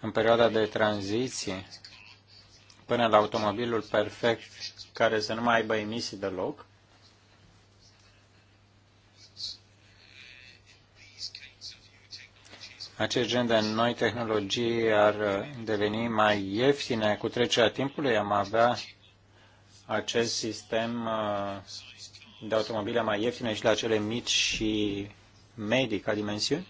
În perioada de tranziție, până la automobilul perfect, care să nu mai aibă emisii deloc, acest gen de noi tehnologii ar uh, deveni mai ieftine cu trecerea timpului, am avea acest sistem uh, de automobile mai ieftine și la cele mici și medii ca dimensiuni,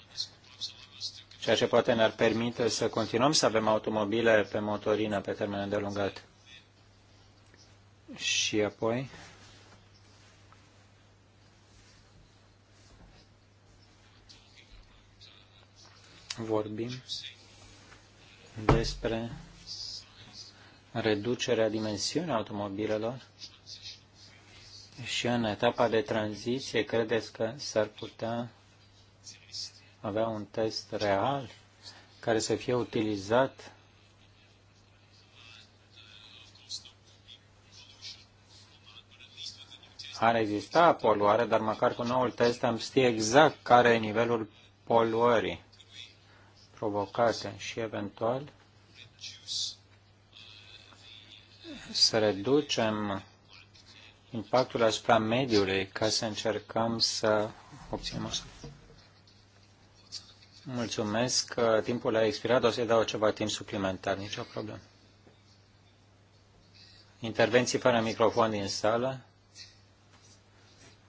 ceea ce poate ne-ar permite să continuăm să avem automobile pe motorină pe termen îndelungat. Și apoi vorbim despre reducerea dimensiunii automobilelor și în etapa de tranziție credeți că s-ar putea avea un test real care să fie utilizat ar exista poluare, dar măcar cu noul test am ști exact care e nivelul poluării provocate și eventual să reducem impactul asupra mediului ca să încercăm să obținem asta. Mulțumesc că timpul a expirat, o să-i dau ceva timp suplimentar, nicio problemă. Intervenții fără microfon din sală.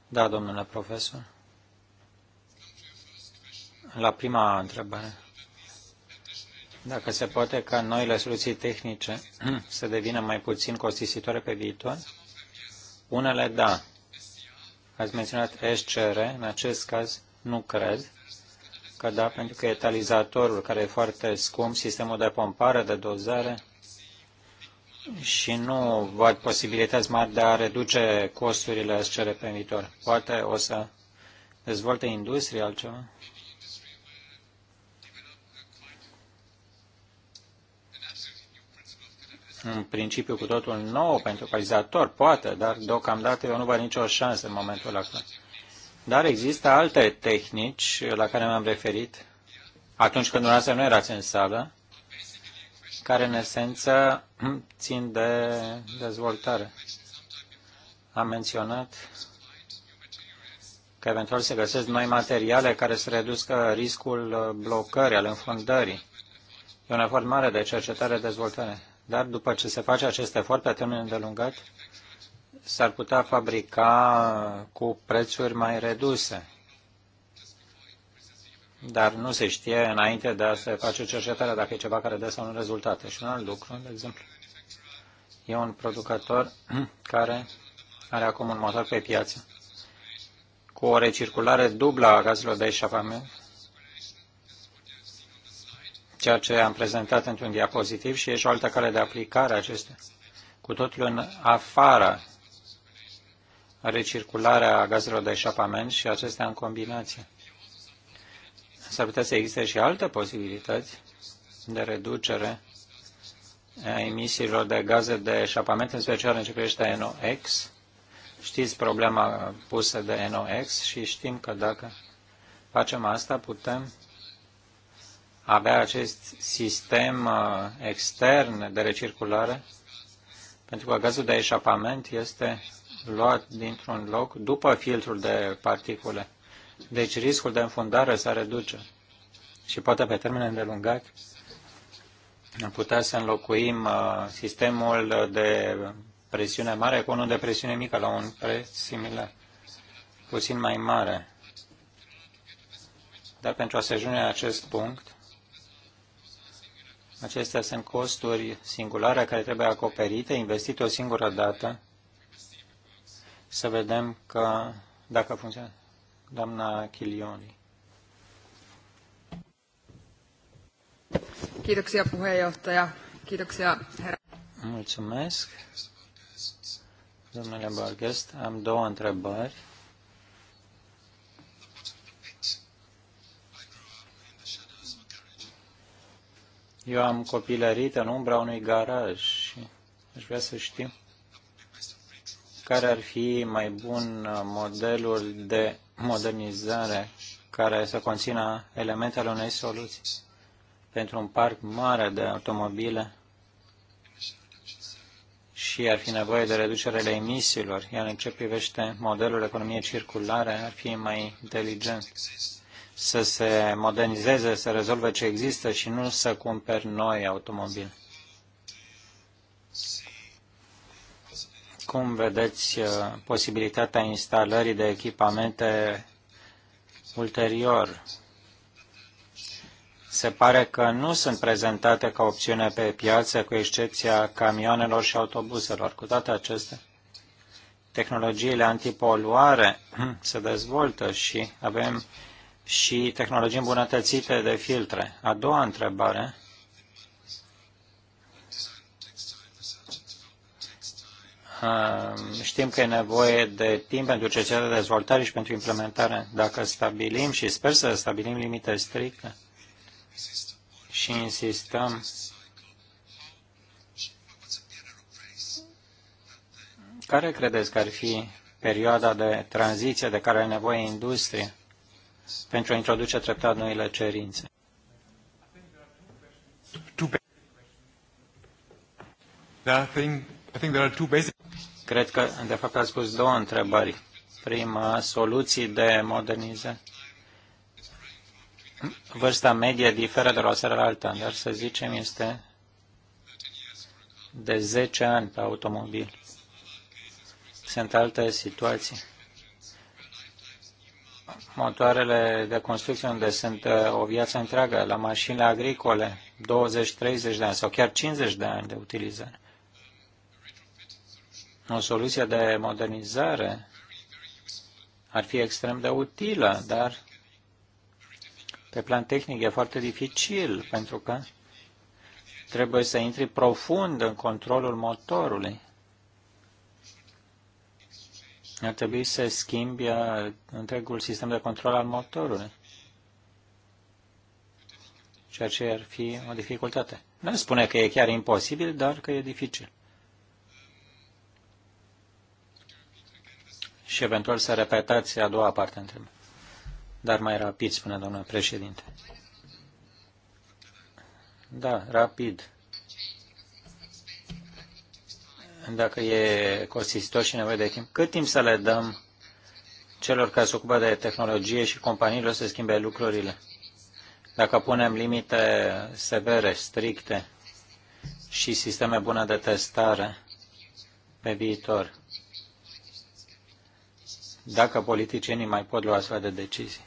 Da, domnule profesor. La prima întrebare dacă se poate ca noile soluții tehnice să devină mai puțin costisitoare pe viitor? Unele da. Ați menționat SCR, în acest caz nu cred că da, pentru că etalizatorul care e foarte scump, sistemul de pompare, de dozare și nu văd posibilități mari de a reduce costurile SCR pe viitor. Poate o să dezvolte industria altceva? în principiu cu totul nou pentru calizator, poate, dar deocamdată eu nu văd nicio șansă în momentul acesta. Dar există alte tehnici la care m am referit atunci când dumneavoastră nu erați în sală, care în esență țin de dezvoltare. Am menționat că eventual se găsesc noi materiale care să reducă riscul blocării, al înfundării. E un efort mare de cercetare-dezvoltare. Dar după ce se face acest efort pe termen îndelungat, s-ar putea fabrica cu prețuri mai reduse. Dar nu se știe înainte de a se face cercetarea dacă e ceva care dă sau nu rezultate. Și un alt lucru, de exemplu, e un producător care are acum un motor pe piață cu o recirculare dublă a gazelor de eșapament ceea ce am prezentat într-un diapozitiv și e și o altă cale de aplicare a acestea, cu totul în afara recircularea gazelor de eșapament și acestea în combinație. S-ar putea să existe și alte posibilități de reducere a emisiilor de gaze de eșapament, în special în ce privește NOx. Știți problema pusă de NOx și știm că dacă facem asta, putem avea acest sistem uh, extern de recirculare, pentru că gazul de eșapament este luat dintr-un loc după filtrul de particule. Deci riscul de înfundare se reduce și poate pe termen îndelungat am putea să înlocuim uh, sistemul de presiune mare cu unul de presiune mică la un preț similar, puțin mai mare. Dar pentru a se ajunge la acest punct, Acestea sunt costuri singulare care trebuie acoperite, investite o singură dată, să vedem că dacă funcționează. Doamna Chilioni. Kiitoksia puheenjohtaja. Kiitoksia herra. Mulțumesc. Domnule Borghest, am două întrebări. Eu am copilărit în umbra unui garaj și aș vrea să știu care ar fi mai bun modelul de modernizare care să conțină elementele unei soluții pentru un parc mare de automobile și ar fi nevoie de reducerele emisiilor, iar în ce privește modelul economiei circulare, ar fi mai inteligent să se modernizeze, să rezolve ce există și nu să cumperi noi automobile. Cum vedeți uh, posibilitatea instalării de echipamente ulterior? Se pare că nu sunt prezentate ca opțiune pe piață, cu excepția camioanelor și autobuzelor. Cu toate acestea, tehnologiile antipoluare se dezvoltă și avem și tehnologii îmbunătățite de filtre. A doua întrebare. Um, știm că e nevoie de timp pentru cercetare, de dezvoltare și pentru implementare. Dacă stabilim și sper să stabilim limite stricte și insistăm care credeți că ar fi perioada de tranziție de care are nevoie industrie pentru a introduce treptat noile cerințe. Cred că, de fapt, ați spus două întrebări. Prima, soluții de modernizare. Vârsta medie diferă de la o seară la alta, dar să zicem este de 10 ani pe automobil. Sunt alte situații motoarele de construcție unde sunt uh, o viață întreagă, la mașinile agricole, 20-30 de ani sau chiar 50 de ani de utilizare. O soluție de modernizare ar fi extrem de utilă, dar pe plan tehnic e foarte dificil, pentru că trebuie să intri profund în controlul motorului ar trebui să schimbi uh, întregul sistem de control al motorului, ceea ce ar fi o dificultate. Nu spune că e chiar imposibil, dar că e dificil. Și eventual să repetați a doua parte întrebării. Dar mai rapid, spune domnul președinte. Da, rapid. dacă e costisitor și nevoie de timp, cât timp să le dăm celor care se ocupă de tehnologie și companiilor să schimbe lucrurile? Dacă punem limite severe, stricte și sisteme bune de testare pe viitor, dacă politicienii mai pot lua astfel de decizii.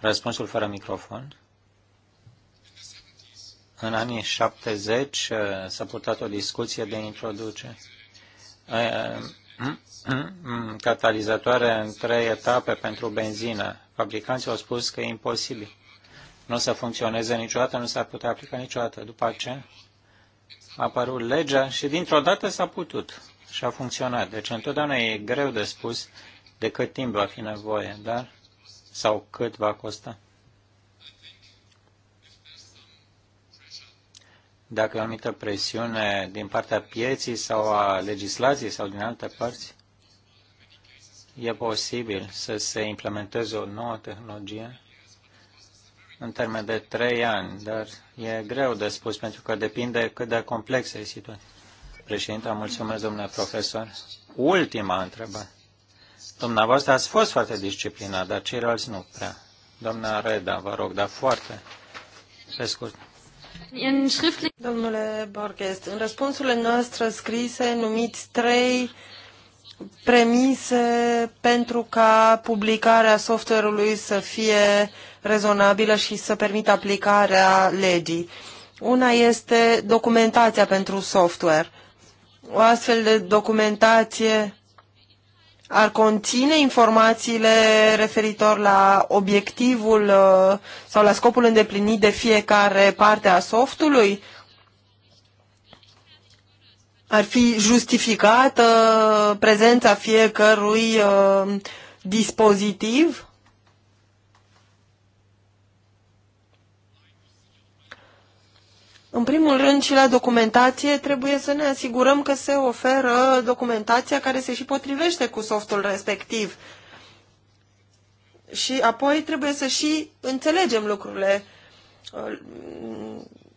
Răspunsul fără microfon. În anii 70 uh, s-a purtat o discuție de introduce uh, catalizatoare în trei etape pentru benzină. Fabricanții au spus că e imposibil. Nu o să funcționeze niciodată, nu s-ar putea aplica niciodată. După ce a apărut legea și dintr-o dată s-a putut și a funcționat. Deci întotdeauna e greu de spus de cât timp va fi nevoie, dar sau cât va costa. dacă e o anumită presiune din partea pieții sau a legislației sau din alte părți, e posibil să se implementeze o nouă tehnologie în termen de trei ani, dar e greu de spus pentru că depinde cât de complexă e situația. Președinte, mulțumesc, domnule profesor. Ultima întrebare. Dumneavoastră ați fost foarte disciplinat, dar ceilalți nu prea. Doamna Reda, vă rog, dar foarte pe scurt. Domnule Borges, în răspunsurile noastre scrise numiți trei premise pentru ca publicarea software-ului să fie rezonabilă și să permită aplicarea legii. Una este documentația pentru software. O astfel de documentație ar conține informațiile referitor la obiectivul uh, sau la scopul îndeplinit de fiecare parte a softului? Ar fi justificată prezența fiecărui uh, dispozitiv? În primul rând și la documentație trebuie să ne asigurăm că se oferă documentația care se și potrivește cu softul respectiv. Și apoi trebuie să și înțelegem lucrurile.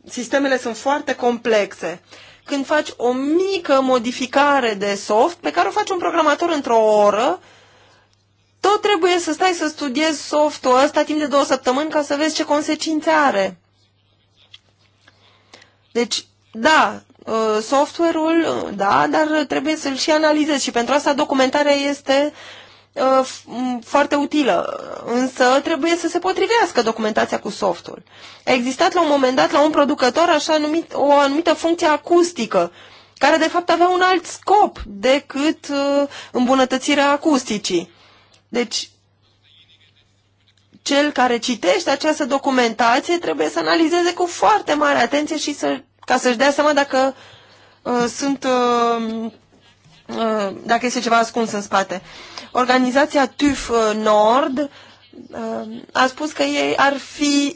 Sistemele sunt foarte complexe. Când faci o mică modificare de soft, pe care o faci un programator într-o oră, tot trebuie să stai să studiezi softul ăsta timp de două săptămâni ca să vezi ce consecințe are. Deci, da, uh, software-ul, da, dar trebuie să-l și analizezi și pentru asta documentarea este uh, foarte utilă, însă trebuie să se potrivească documentația cu softul. A existat la un moment dat la un producător așa numit, o anumită funcție acustică, care de fapt avea un alt scop decât uh, îmbunătățirea acusticii. Deci, cel care citește această documentație trebuie să analizeze cu foarte mare atenție și să ca să-și dea seama dacă uh, sunt uh, uh, dacă este ceva ascuns în spate. Organizația TÜV uh, Nord uh, a spus că ei ar fi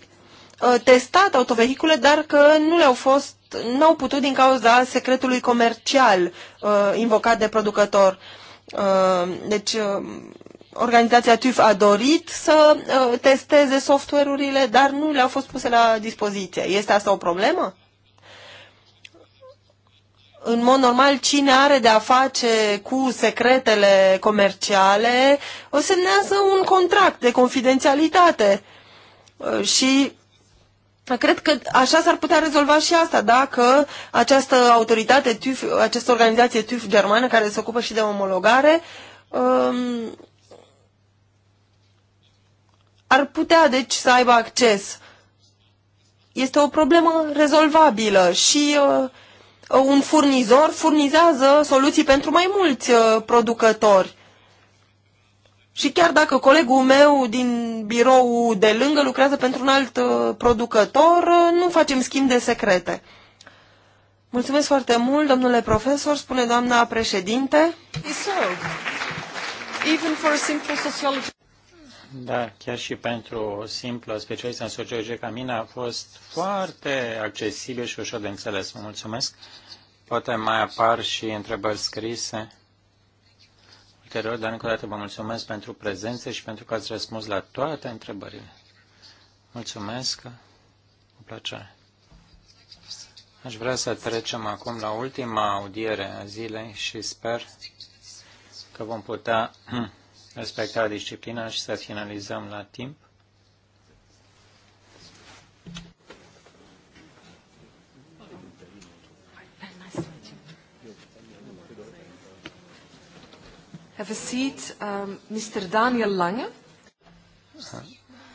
uh, testat autovehicule, dar că nu le-au fost nu au putut din cauza secretului comercial uh, invocat de producător. Uh, deci uh, organizația TÜV a dorit să uh, testeze software-urile, dar nu le-au fost puse la dispoziție. Este asta o problemă? în mod normal, cine are de-a face cu secretele comerciale o semnează un contract de confidențialitate. Uh, și cred că așa s-ar putea rezolva și asta, dacă această autoritate TÜV, această organizație TÜV germană, care se ocupă și de omologare, um, ar putea, deci, să aibă acces. Este o problemă rezolvabilă și uh, Uh, un furnizor furnizează soluții pentru mai mulți uh, producători. Și chiar dacă colegul meu din birou de lângă lucrează pentru un alt uh, producător, nu facem schimb de secrete. Mulțumesc foarte mult, domnule profesor, spune doamna președinte. Da, chiar și pentru o simplă specialistă în sociologie ca mine a fost foarte accesibil și ușor de înțeles. mulțumesc. Poate mai apar și întrebări scrise ulterior, dar încă o dată vă mulțumesc pentru prezență și pentru că ați răspuns la toate întrebările. Mulțumesc, cu plăcere. Aș vrea să trecem acum la ultima audiere a zilei și sper că vom putea respecta disciplina și să finalizăm la timp. have a seat, um, Mr. Daniel Lange.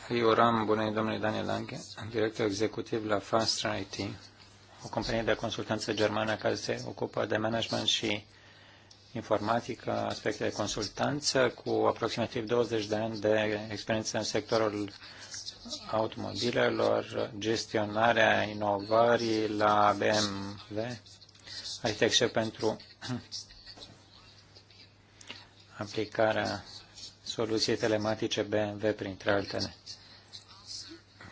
Eu am bunei domnului Daniel Lange, director executiv la Fast IT, o companie de consultanță germană care se ocupă de management și informatică, aspecte de consultanță, cu aproximativ 20 de ani de experiență în sectorul automobilelor, gestionarea inovării la BMW, arhitecție pentru aplicarea soluției telematice BMW, printre altele.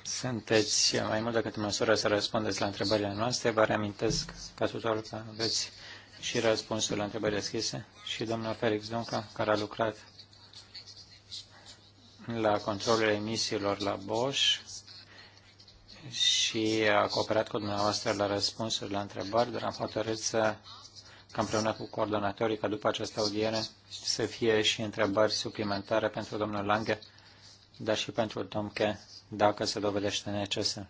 Sunteți mai mult decât în măsură să răspundeți la întrebările noastre. Vă reamintesc ca tuturor că aveți și răspunsul la întrebări deschise și domnul Felix Dunca, care a lucrat la controlul emisiilor la Bosch și a cooperat cu dumneavoastră la răspunsuri la întrebări, dar am hotărât să ca împreună cu coordonatorii ca după această audiere să fie și întrebări suplimentare pentru domnul Lange, dar și pentru Domche, dacă se dovedește necesar.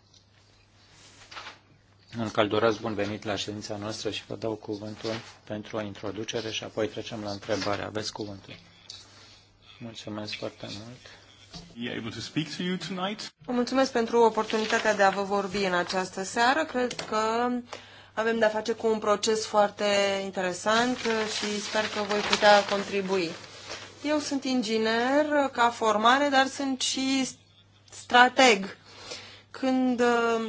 În călduros bun venit la ședința noastră și vă dau cuvântul pentru o introducere și apoi trecem la întrebare. Aveți cuvântul. Mulțumesc foarte mult. Mulțumesc pentru oportunitatea de a vă vorbi în această seară. Cred că avem de-a face cu un proces foarte interesant și sper că voi putea contribui. Eu sunt inginer ca formare, dar sunt și strateg. Când uh,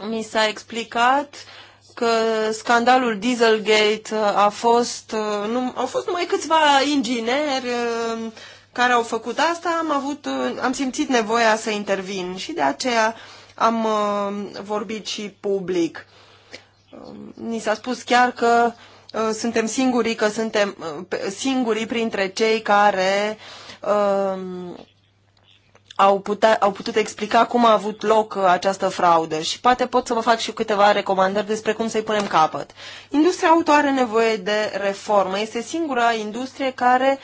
mi s-a explicat că scandalul Dieselgate uh, a fost, uh, nu, au fost numai câțiva ingineri care au făcut asta, am, avut, am simțit nevoia să intervin și de aceea am vorbit și public. Um, ni s-a spus chiar că uh, suntem singurii, că suntem uh, singurii printre cei care um, au, putea, au putut explica cum a avut loc uh, această fraudă și poate pot să vă fac și câteva recomandări despre cum să-i punem capăt. Industria auto are nevoie de reformă. Este singura industrie care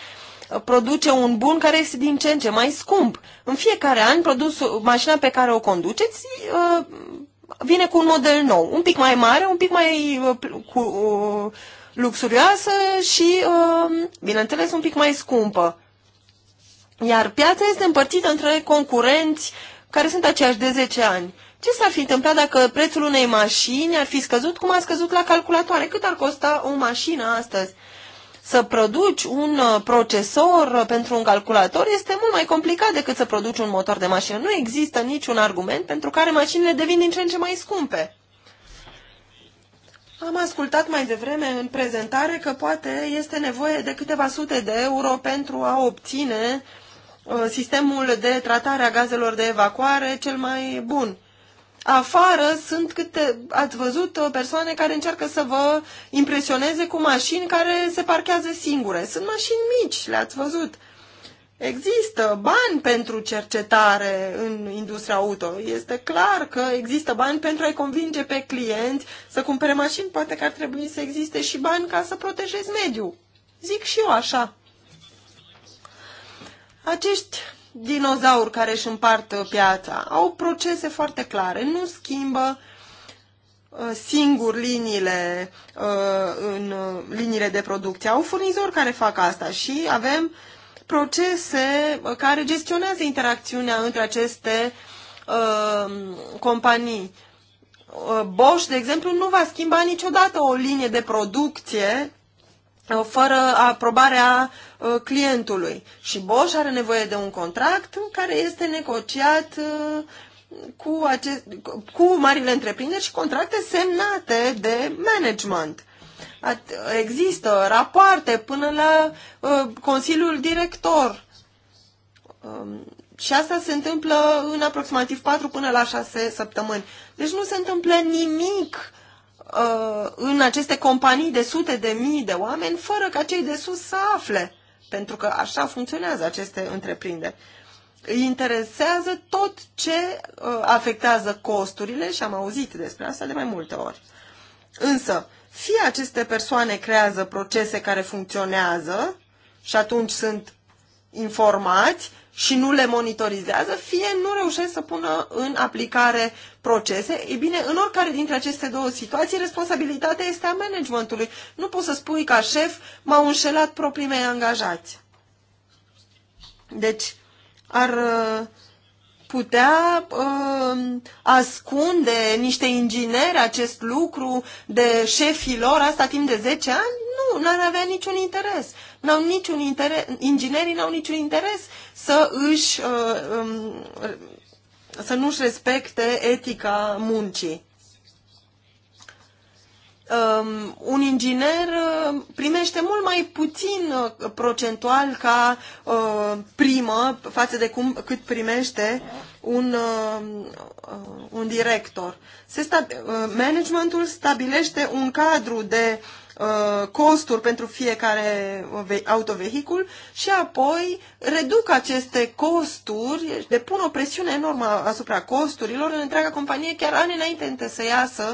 produce un bun care este din ce în ce mai scump. În fiecare an, produsul, mașina pe care o conduceți vine cu un model nou, un pic mai mare, un pic mai uh, cu, uh, luxurioasă și, uh, bineînțeles, un pic mai scumpă. Iar piața este împărțită între concurenți care sunt aceiași de 10 ani. Ce s-ar fi întâmplat dacă prețul unei mașini ar fi scăzut cum a scăzut la calculatoare? Cât ar costa o mașină astăzi? să produci un uh, procesor pentru un calculator este mult mai complicat decât să produci un motor de mașină. Nu există niciun argument pentru care mașinile devin din ce în ce mai scumpe. Am ascultat mai devreme în prezentare că poate este nevoie de câteva sute de euro pentru a obține uh, sistemul de tratare a gazelor de evacuare cel mai bun afară sunt câte, ați văzut, uh, persoane care încearcă să vă impresioneze cu mașini care se parchează singure. Sunt mașini mici, le-ați văzut. Există bani pentru cercetare în industria auto. Este clar că există bani pentru a-i convinge pe clienți să cumpere mașini. Poate că ar trebui să existe și bani ca să protejezi mediul. Zic și eu așa. Acești dinozauri care își împart piața. Au procese foarte clare, nu schimbă uh, singur liniile uh, în uh, liniile de producție. Au furnizori care fac asta și avem procese care gestionează interacțiunea între aceste companii. Bosch, de exemplu, nu va schimba niciodată o linie de producție fără aprobarea uh, clientului. Și Bosch are nevoie de un contract care este negociat uh, cu, acest, cu marile întreprinderi și contracte semnate de management. Există rapoarte până la uh, Consiliul Director. Um, și asta se întâmplă în aproximativ 4 până la 6 săptămâni. Deci nu se întâmplă nimic Uh, în aceste companii de sute de mii de oameni fără ca cei de sus să afle. Pentru că așa funcționează aceste întreprinderi. Îi interesează tot ce uh, afectează costurile și am auzit despre asta de mai multe ori. Însă, fie aceste persoane creează procese care funcționează și atunci sunt informați, și nu le monitorizează, fie nu reușesc să pună în aplicare procese. E bine, în oricare dintre aceste două situații, responsabilitatea este a managementului. Nu poți să spui ca șef, m-au înșelat proprii mei angajați. Deci, ar uh, putea uh, ascunde niște ingineri acest lucru de șefii lor, asta timp de 10 ani? Nu, n-ar avea niciun interes. N-au niciun interes, inginerii n-au niciun interes să își, uh, um, să nu-și respecte etica muncii. Um, un inginer uh, primește mult mai puțin uh, procentual ca uh, primă față de cum, cât primește un, uh, uh un director. Se stabi- managementul stabilește un cadru de Uh, costuri pentru fiecare autovehicul și apoi reduc aceste costuri, depun o presiune enormă asupra costurilor în întreaga companie chiar ani înainte să iasă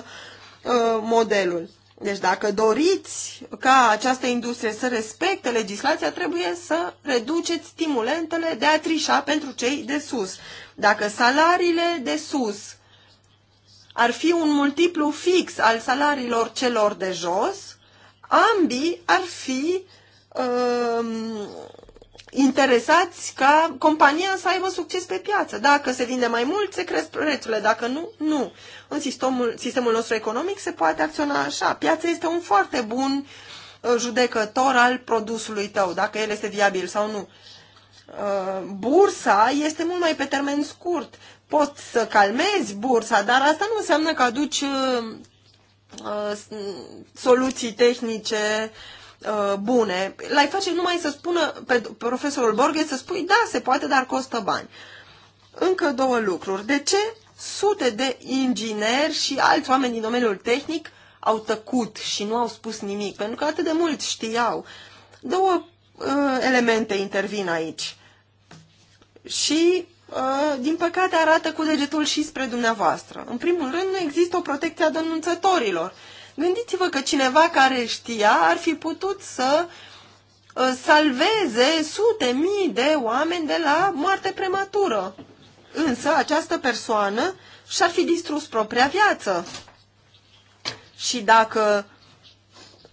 uh, modelul. Deci dacă doriți ca această industrie să respecte legislația, trebuie să reduceți stimulentele de a trișa pentru cei de sus. Dacă salariile de sus ar fi un multiplu fix al salariilor celor de jos, ambii ar fi uh, interesați ca compania să aibă succes pe piață. Dacă se vinde mai mult, se cresc prețurile, dacă nu, nu. În sistemul, sistemul nostru economic se poate acționa așa. Piața este un foarte bun uh, judecător al produsului tău, dacă el este viabil sau nu. Uh, bursa este mult mai pe termen scurt. Poți să calmezi bursa, dar asta nu înseamnă că aduci uh, Uh, soluții tehnice uh, bune. L-ai face numai să spună pe profesorul Borghe să spui, da, se poate, dar costă bani. Încă două lucruri. De ce sute de ingineri și alți oameni din domeniul tehnic au tăcut și nu au spus nimic? Pentru că atât de mult știau. Două uh, elemente intervin aici. Și Uh, din păcate, arată cu degetul și spre dumneavoastră. În primul rând, nu există o protecție a denunțătorilor. Gândiți-vă că cineva care știa ar fi putut să uh, salveze sute mii de oameni de la moarte prematură. Însă această persoană și-ar fi distrus propria viață. Și dacă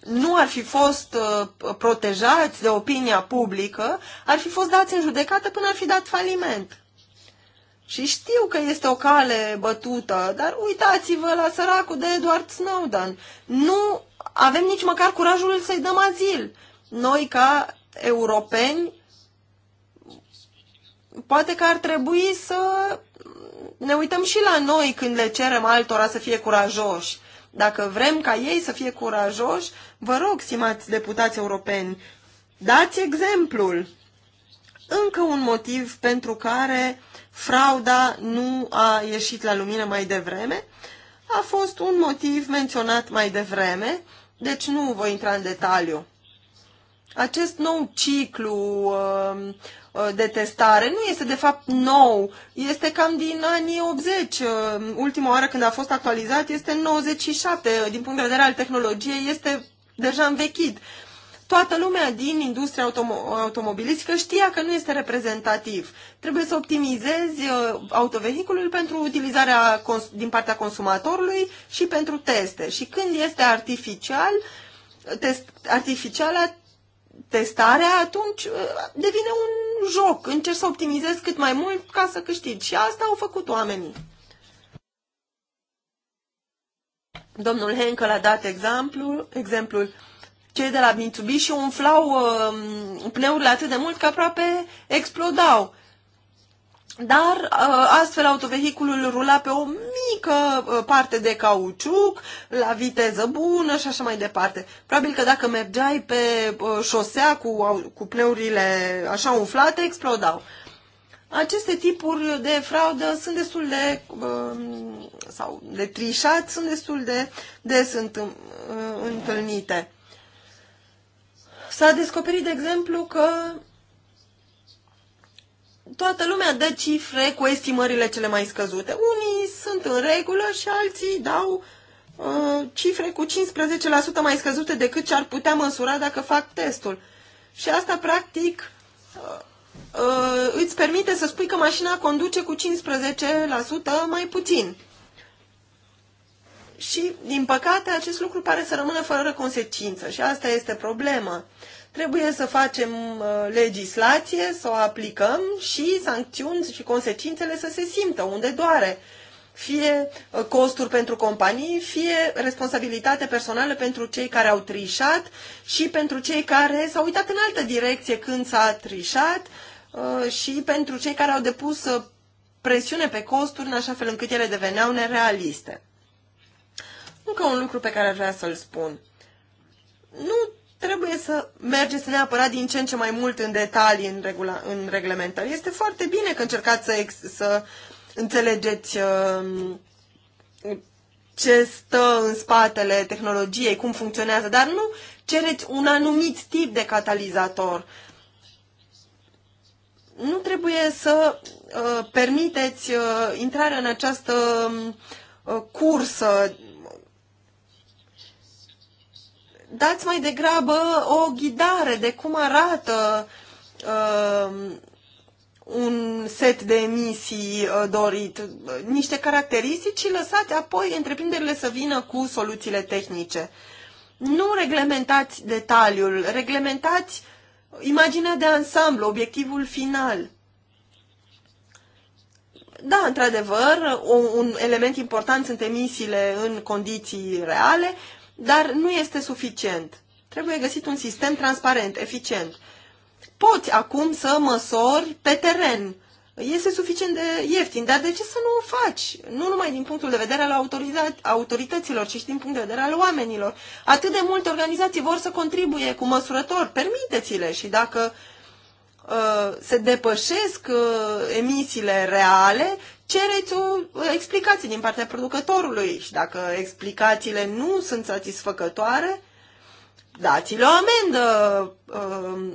nu ar fi fost uh, protejați de opinia publică, ar fi fost dați în judecată până ar fi dat faliment. Și știu că este o cale bătută, dar uitați-vă la săracul de Edward Snowden. Nu avem nici măcar curajul să-i dăm azil. Noi, ca europeni, poate că ar trebui să ne uităm și la noi când le cerem altora să fie curajoși. Dacă vrem ca ei să fie curajoși, vă rog, stimați deputați europeni, dați exemplul. Încă un motiv pentru care frauda nu a ieșit la lumină mai devreme, a fost un motiv menționat mai devreme, deci nu voi intra în detaliu. Acest nou ciclu um, uh, de testare nu este de fapt nou, este cam din anii 80. Uh, ultima oară când a fost actualizat este în 97. Din punct de vedere al tehnologiei este deja învechit toată lumea din industria autom- automobilistică știa că nu este reprezentativ. Trebuie să optimizezi uh, autovehiculul pentru utilizarea din partea consumatorului și pentru teste. Și când este artificial, test, artificiala testarea, atunci uh, devine un joc. Încerci să optimizezi cât mai mult ca să câștigi. Și asta au făcut oamenii. Domnul Henkel a dat exemplul, exemplul cei de la Mitsubishi umflau uh, pneurile atât de mult că aproape explodau. Dar uh, astfel autovehiculul rula pe o mică uh, parte de cauciuc, la viteză bună și așa mai departe. Probabil că dacă mergeai pe uh, șosea cu, cu pneurile așa umflate, explodau. Aceste tipuri de fraudă sunt destul de, um, sau de trișat, sunt destul de des uh, întâlnite. S-a descoperit, de exemplu, că toată lumea dă cifre cu estimările cele mai scăzute. Unii sunt în regulă și alții dau uh, cifre cu 15% mai scăzute decât ce ar putea măsura dacă fac testul. Și asta, practic, uh, uh, îți permite să spui că mașina conduce cu 15% mai puțin. Și, din păcate, acest lucru pare să rămână fără consecință și asta este problema. Trebuie să facem uh, legislație, să o aplicăm și sancțiuni și consecințele să se simtă unde doare. Fie uh, costuri pentru companii, fie responsabilitate personală pentru cei care au trișat și pentru cei care s-au uitat în altă direcție când s-a trișat uh, și pentru cei care au depus presiune pe costuri în așa fel încât ele deveneau nerealiste. Încă un lucru pe care vrea să-l spun. Nu trebuie să mergeți neapărat din ce în ce mai mult în detalii în, regula, în reglementări. Este foarte bine că încercați să, ex, să înțelegeți um, ce stă în spatele tehnologiei, cum funcționează, dar nu cereți un anumit tip de catalizator. Nu trebuie să uh, permiteți uh, intrarea în această um, uh, cursă dați mai degrabă o ghidare de cum arată uh, un set de emisii uh, dorit, uh, niște caracteristici și lăsați apoi întreprinderile să vină cu soluțiile tehnice. Nu reglementați detaliul, reglementați imaginea de ansamblu, obiectivul final. Da, într-adevăr, un element important sunt emisiile în condiții reale, dar nu este suficient. Trebuie găsit un sistem transparent, eficient. Poți acum să măsori pe teren. Este suficient de ieftin, dar de ce să nu o faci? Nu numai din punctul de vedere al autorităților, ci și din punct de vedere al oamenilor. Atât de multe organizații vor să contribuie cu măsurători. Permiteți-le și dacă uh, Uh, se depășesc uh, emisiile reale, cereți o uh, explicație din partea producătorului și dacă explicațiile nu sunt satisfăcătoare, dați-le o amendă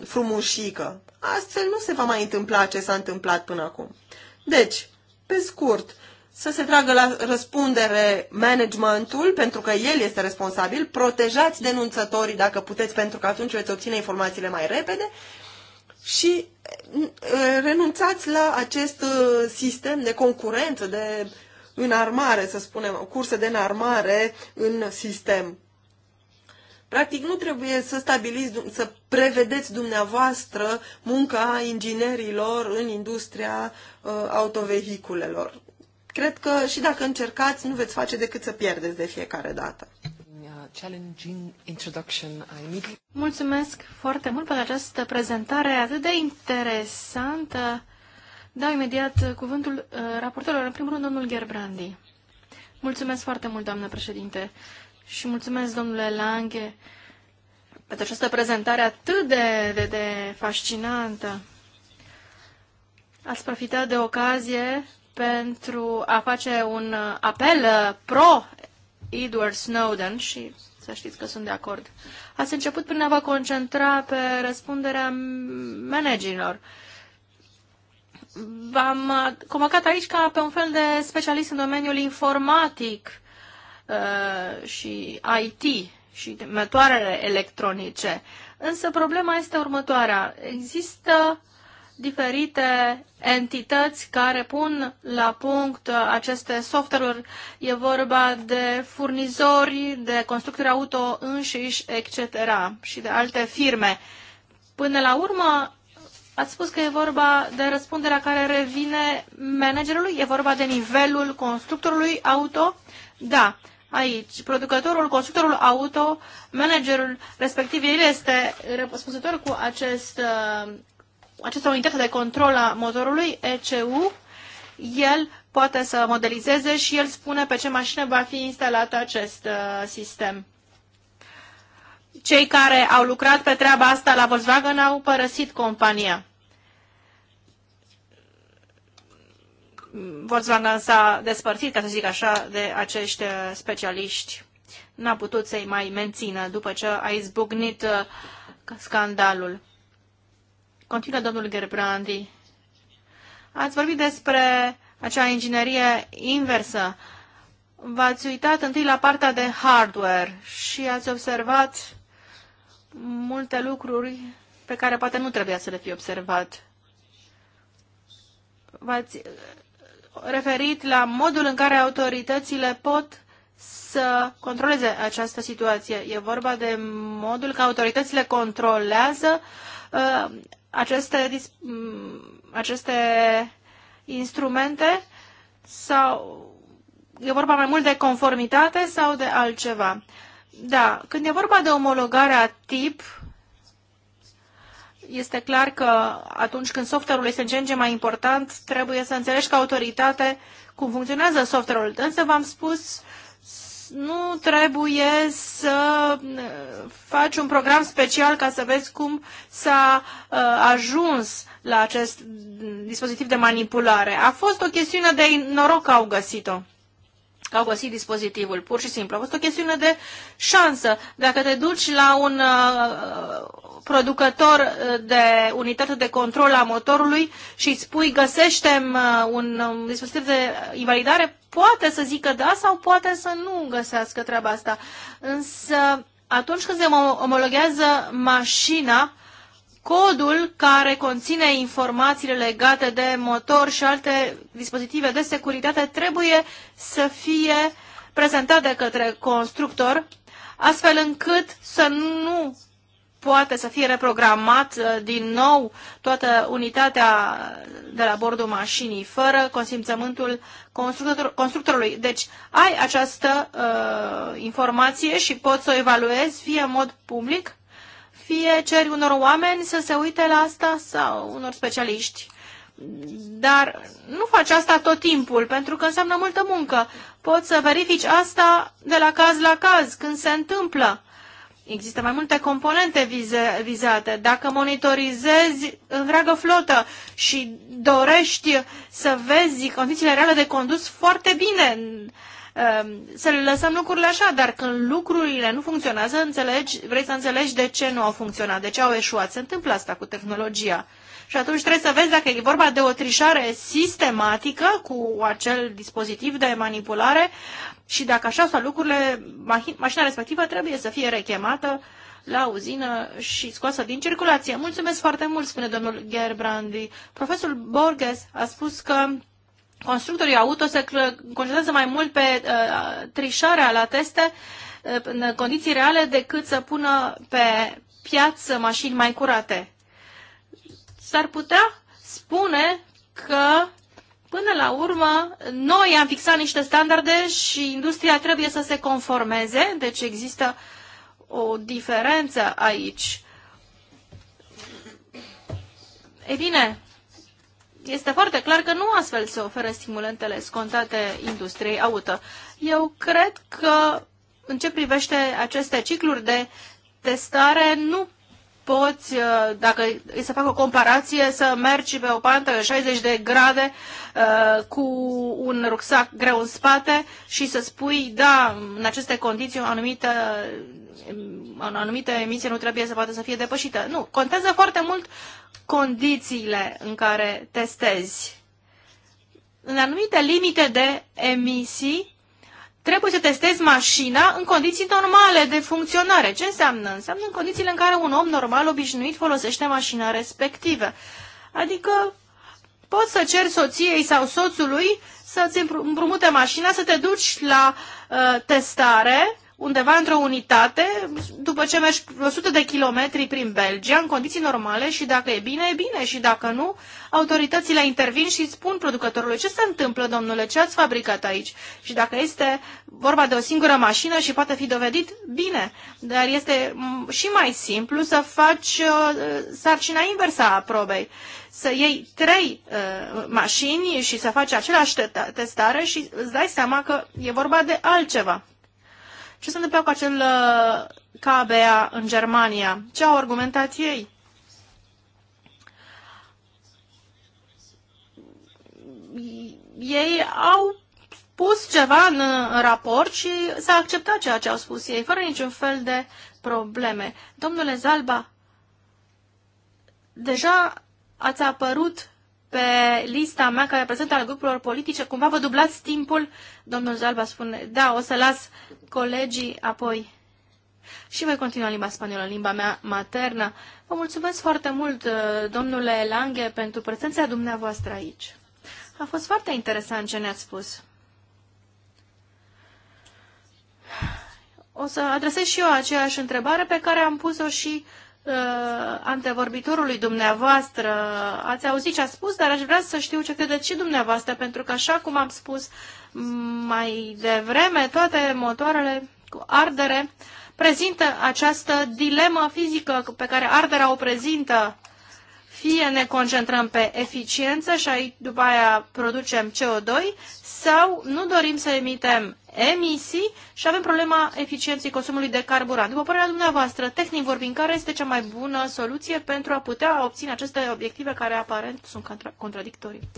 frumușică. Astfel nu se va mai întâmpla ce s-a întâmplat până acum. Deci, pe scurt, să se tragă la răspundere managementul, pentru că el este responsabil, protejați denunțătorii dacă puteți, pentru că atunci veți obține informațiile mai repede și uh, renunțați la acest uh, sistem de concurență, de înarmare, să spunem, curse de înarmare în sistem. Practic nu trebuie să stabiliți, să prevedeți dumneavoastră munca inginerilor în industria uh, autovehiculelor. Cred că și dacă încercați, nu veți face decât să pierdeți de fiecare dată challenging introduction. Mulțumesc foarte mult pentru această prezentare atât de interesantă. Dau imediat cuvântul uh, raportorilor, în primul rând domnul Gerbrandi. Mulțumesc foarte mult, doamnă președinte, și mulțumesc, domnule Lange, pentru această prezentare atât de, de, de fascinantă. Ați profitat de ocazie pentru a face un apel pro Edward Snowden și să știți că sunt de acord. Ați început prin a vă concentra pe răspunderea managerilor. V-am convocat aici ca pe un fel de specialist în domeniul informatic uh, și IT și metoarele electronice. Însă problema este următoarea. Există uh, diferite entități care pun la punct aceste software-uri. E vorba de furnizori, de constructori auto înșiși, etc. și de alte firme. Până la urmă, ați spus că e vorba de răspunderea care revine managerului, e vorba de nivelul constructorului auto? Da, aici. Producătorul, constructorul auto, managerul respectiv, el este răspunzător cu acest uh, această o unitate de control a motorului, ECU, el poate să modelizeze și el spune pe ce mașină va fi instalat acest uh, sistem. Cei care au lucrat pe treaba asta la Volkswagen au părăsit compania. Volkswagen s-a despărțit, ca să zic așa, de acești uh, specialiști. N-a putut să-i mai mențină după ce a izbucnit uh, scandalul. Continuă domnul Gerbrandi. Ați vorbit despre acea inginerie inversă. V-ați uitat întâi la partea de hardware și ați observat multe lucruri pe care poate nu trebuia să le fi observat. V-ați referit la modul în care autoritățile pot să controleze această situație. E vorba de modul că autoritățile controlează uh, aceste, aceste instrumente sau e vorba mai mult de conformitate sau de altceva? Da, când e vorba de omologarea tip, este clar că atunci când software-ul este în ce în ce mai important, trebuie să înțelegi ca autoritate cum funcționează software-ul. Însă v-am spus nu trebuie să uh, faci un program special ca să vezi cum s-a uh, ajuns la acest dispozitiv de manipulare. A fost o chestiune de noroc că au găsit-o au găsit dispozitivul, pur și simplu. A fost o chestiune de șansă. Dacă te duci la un uh, producător uh, de unitate de control a motorului și îi spui găseștem uh, un um, dispozitiv de invalidare, poate să zică da sau poate să nu găsească treaba asta. Însă atunci când se omologează mașina, uh, codul care conține informațiile legate de motor și alte dispozitive de securitate trebuie să fie prezentat de către constructor, astfel încât să nu poate să fie reprogramat uh, din nou toată unitatea de la bordul mașinii, fără consimțământul constructor, constructorului. Deci ai această uh, informație și poți să o evaluezi fie în mod public, fie ceri unor oameni să se uite la asta sau unor specialiști. Dar nu faci asta tot timpul, pentru că înseamnă multă muncă. Poți să verifici asta de la caz la caz, când se întâmplă. Există mai multe componente vize, vizate. Dacă monitorizezi întreagă flotă și dorești să vezi condițiile reale de condus foarte bine, Ehm, să le lăsăm lucrurile așa, dar când lucrurile nu funcționează, înțelegi, vrei să înțelegi de ce nu au funcționat, de ce au eșuat. Se întâmplă asta cu tehnologia. Și atunci trebuie să vezi dacă e vorba de o trișare sistematică cu acel dispozitiv de manipulare și dacă așa sau lucrurile, mașina respectivă trebuie să fie rechemată la uzină și scoasă din circulație. Mulțumesc foarte mult, spune domnul Gerbrandi. Profesorul Borges a spus că constructorii auto se concentrează mai mult pe uh, trișarea la teste uh, în condiții reale decât să pună pe piață mașini mai curate. S-ar putea spune că Până la urmă, noi am fixat niște standarde și industria trebuie să se conformeze, deci există o diferență aici. E bine, este foarte clar că nu astfel se oferă stimulentele scontate industriei auto. Eu cred că în ce privește aceste cicluri de testare, nu poți, uh, dacă e să fac o comparație, să mergi pe o pantă de 60 de grade uh, cu un rucsac greu în spate și să spui, da, în aceste condiții o anumită, în um, anumite emisie nu trebuie să poată să fie depășită. Nu, contează foarte mult condițiile în care testezi. În anumite limite de emisii, trebuie să testezi mașina în condiții normale de funcționare. Ce înseamnă? Înseamnă în condițiile în care un om normal, obișnuit, folosește mașina respectivă. Adică poți să ceri soției sau soțului să-ți împrumute mașina, să te duci la uh, testare undeva într-o unitate, după ce mergi 100 de kilometri prin Belgia, în condiții normale și dacă e bine, e bine și dacă nu, autoritățile intervin și spun producătorului ce se întâmplă, domnule, ce ați fabricat aici. Și dacă este vorba de o singură mașină și poate fi dovedit, bine, dar este mm, și mai simplu să faci uh, sarcina inversă a probei să iei trei uh, mașini și să faci același testare și îți dai seama că e vorba de altceva. Ce se întâmplă cu acel uh, KBA în Germania? Ce au argumentat ei? Ei au pus ceva în, uh, în raport și s-a acceptat ceea ce au spus ei, fără niciun fel de probleme. Domnule Zalba, deja ați apărut pe lista mea care reprezintă al grupurilor politice, cumva vă dublați timpul? Domnul Zalba spune, da, o să las colegii apoi. Și voi continua limba spaniolă, limba mea maternă. Vă mulțumesc foarte mult, uh, domnule Lange, pentru prezența dumneavoastră aici. A fost foarte interesant ce ne-ați spus. O să adresez și eu aceeași întrebare pe care am pus-o și uh, uh, antevorbitorului dumneavoastră. Ați auzit ce a spus, dar aș vrea să știu ce credeți și dumneavoastră, pentru că așa cum am spus mai devreme, toate motoarele cu ardere prezintă această dilemă fizică pe care arderea o prezintă. Fie ne concentrăm pe eficiență și aici după aia producem CO2, sau nu dorim să emitem emisii și avem problema eficienței consumului de carburant. După părerea dumneavoastră, tehnic vorbind, care este cea mai bună soluție pentru a putea obține aceste obiective care aparent sunt contra contradictorii?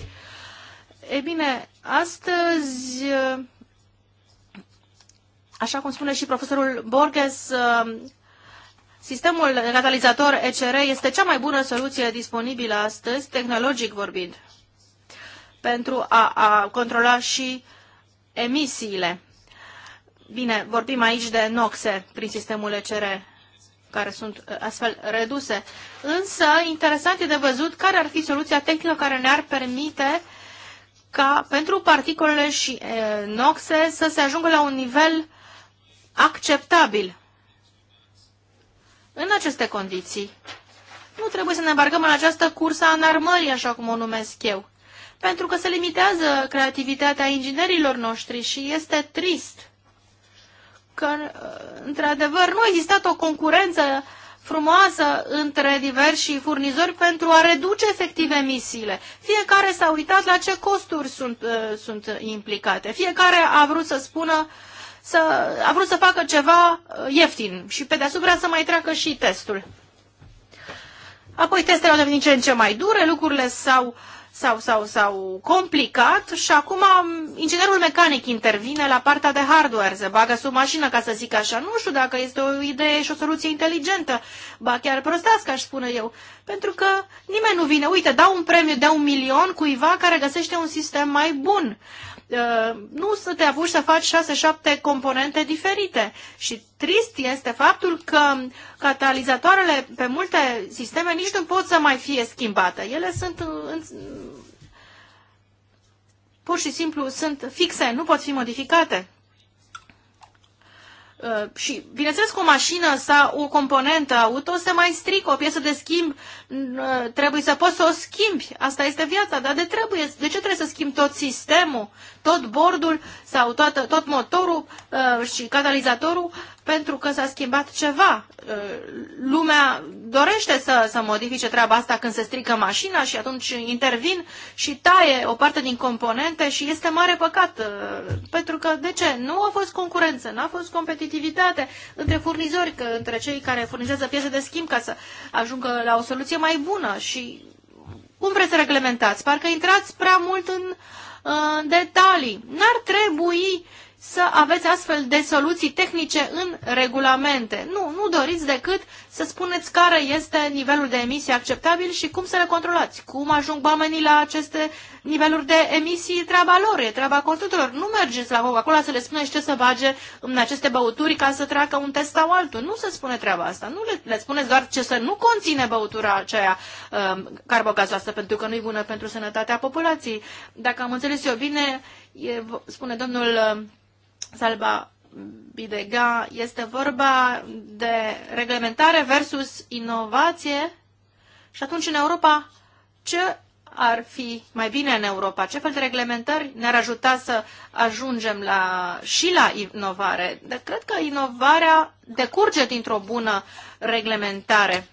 E bine, astăzi, așa cum spune și profesorul Borges, sistemul catalizator ECR este cea mai bună soluție disponibilă astăzi, tehnologic vorbind pentru a, a controla și emisiile. Bine, vorbim aici de noxe prin sistemul ECR, care sunt uh, astfel reduse. Însă, interesant e de văzut care ar fi soluția tehnică care ne-ar permite ca pentru particolele și e, uh, noxe să se ajungă la un nivel acceptabil. În aceste condiții, nu trebuie să ne îmbarcăm în această cursă a înarmării, așa cum o numesc eu pentru că se limitează creativitatea inginerilor noștri și este trist că, uh, într-adevăr, nu a existat o concurență frumoasă între diversi furnizori pentru a reduce efectiv emisiile. Fiecare s-a uitat la ce costuri sunt, uh, sunt implicate. Fiecare a vrut să spună să, a vrut să facă ceva uh, ieftin și pe deasupra să mai treacă și testul. Apoi testele au devenit ce în ce mai dure, lucrurile s-au uh, s-au, s-au, s-au complicat și acum inginerul mecanic intervine la partea de hardware, se bagă sub mașină, ca să zic așa. Nu știu dacă este o idee și o soluție inteligentă, ba chiar prostească, aș spune eu, pentru că nimeni nu vine. Uite, dau un premiu de un milion cuiva care găsește un sistem mai bun. Uh, nu să te apuci să faci 6-7 componente diferite. Și trist este faptul că catalizatoarele pe multe sisteme nici nu pot să mai fie schimbate. Ele sunt uh, în, pur și simplu sunt fixe, nu pot fi modificate. Uh, și, bineînțeles, cu o mașină sau o componentă auto se mai strică, o piesă de schimb mm, uh, trebuie să poți să o schimbi. Asta este viața, dar de, trebuie, de ce trebuie să schimbi tot sistemul, tot bordul sau toată, tot motorul uh, și catalizatorul? pentru că s-a schimbat ceva. Uh, lumea dorește să, să modifice treaba asta când se strică mașina și atunci intervin și taie o parte din componente și este mare păcat. Uh, pentru că, de ce? Nu a fost concurență, nu a fost competitivitate între furnizori, că, între cei care furnizează piese de schimb ca să ajungă la o soluție mai bună și cum vreți să reglementați? Parcă intrați prea mult în, uh, în detalii. N-ar trebui să aveți astfel de soluții tehnice în regulamente. Nu, nu doriți decât să spuneți care este nivelul de emisie acceptabil și cum să le controlați. Cum ajung oamenii la aceste niveluri de emisii, treaba lor, e treaba constructorilor. Nu mergeți la Coca-Cola să le spuneți ce să bage în aceste băuturi ca să treacă un test sau altul. Nu se spune treaba asta. Nu le, le spuneți doar ce să nu conține băutura aceea um, carbogazoasă, pentru că nu e bună pentru sănătatea populației. Dacă am înțeles eu bine, e, spune domnul um, Salba Bidega, este vorba de reglementare versus inovație și atunci în Europa ce ar fi mai bine în Europa? Ce fel de reglementări ne-ar ajuta să ajungem la, și la inovare? De, cred că inovarea decurge dintr-o bună reglementare.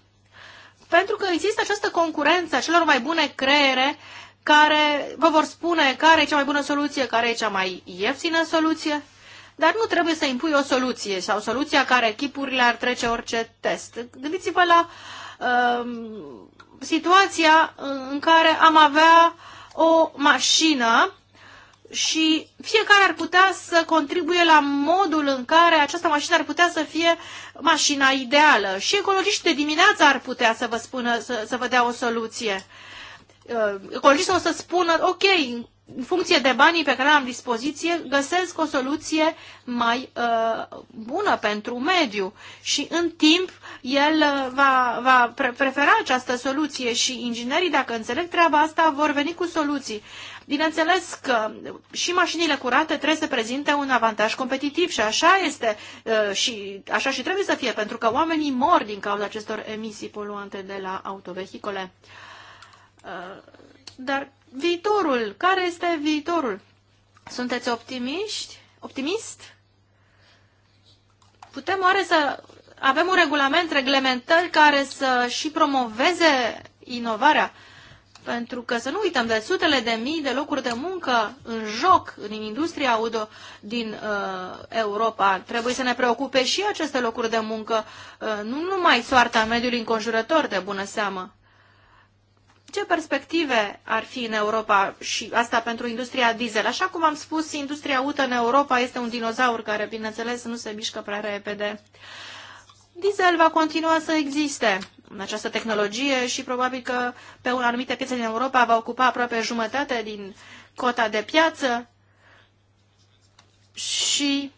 Pentru că există această concurență a celor mai bune creiere care vă vor spune care e cea mai bună soluție, care e cea mai ieftină soluție dar nu trebuie să impui o soluție sau soluția care echipurile ar trece orice test. Gândiți-vă la uh, situația în care am avea o mașină și fiecare ar putea să contribuie la modul în care această mașină ar putea să fie mașina ideală. Și ecologiști de dimineață ar putea să vă spună, să, să vă dea o soluție. Uh, Ecologistul o să spună, ok, în funcție de banii pe care am dispoziție, găsesc o soluție mai uh, bună pentru mediu și în timp el uh, va, va pre prefera această soluție și inginerii, dacă înțeleg treaba asta, vor veni cu soluții. Bineînțeles că și mașinile curate trebuie să prezinte un avantaj competitiv și așa este uh, și așa și trebuie să fie, pentru că oamenii mor din cauza acestor emisii poluante de la autovehicole. Uh, dar viitorul? Care este viitorul? Sunteți optimiști? Optimist? Putem oare să avem un regulament, reglementări care să și promoveze inovarea? Pentru că să nu uităm de sutele de mii de locuri de muncă în joc în industria auto din uh, Europa. Trebuie să ne preocupe și aceste locuri de muncă, uh, nu numai soarta mediului înconjurător de bună seamă ce perspective ar fi în Europa și asta pentru industria diesel? Așa cum am spus, industria uta în Europa este un dinozaur care, bineînțeles, nu se mișcă prea repede. Diesel va continua să existe în această tehnologie și probabil că pe un anumite piețe din Europa va ocupa aproape jumătate din cota de piață și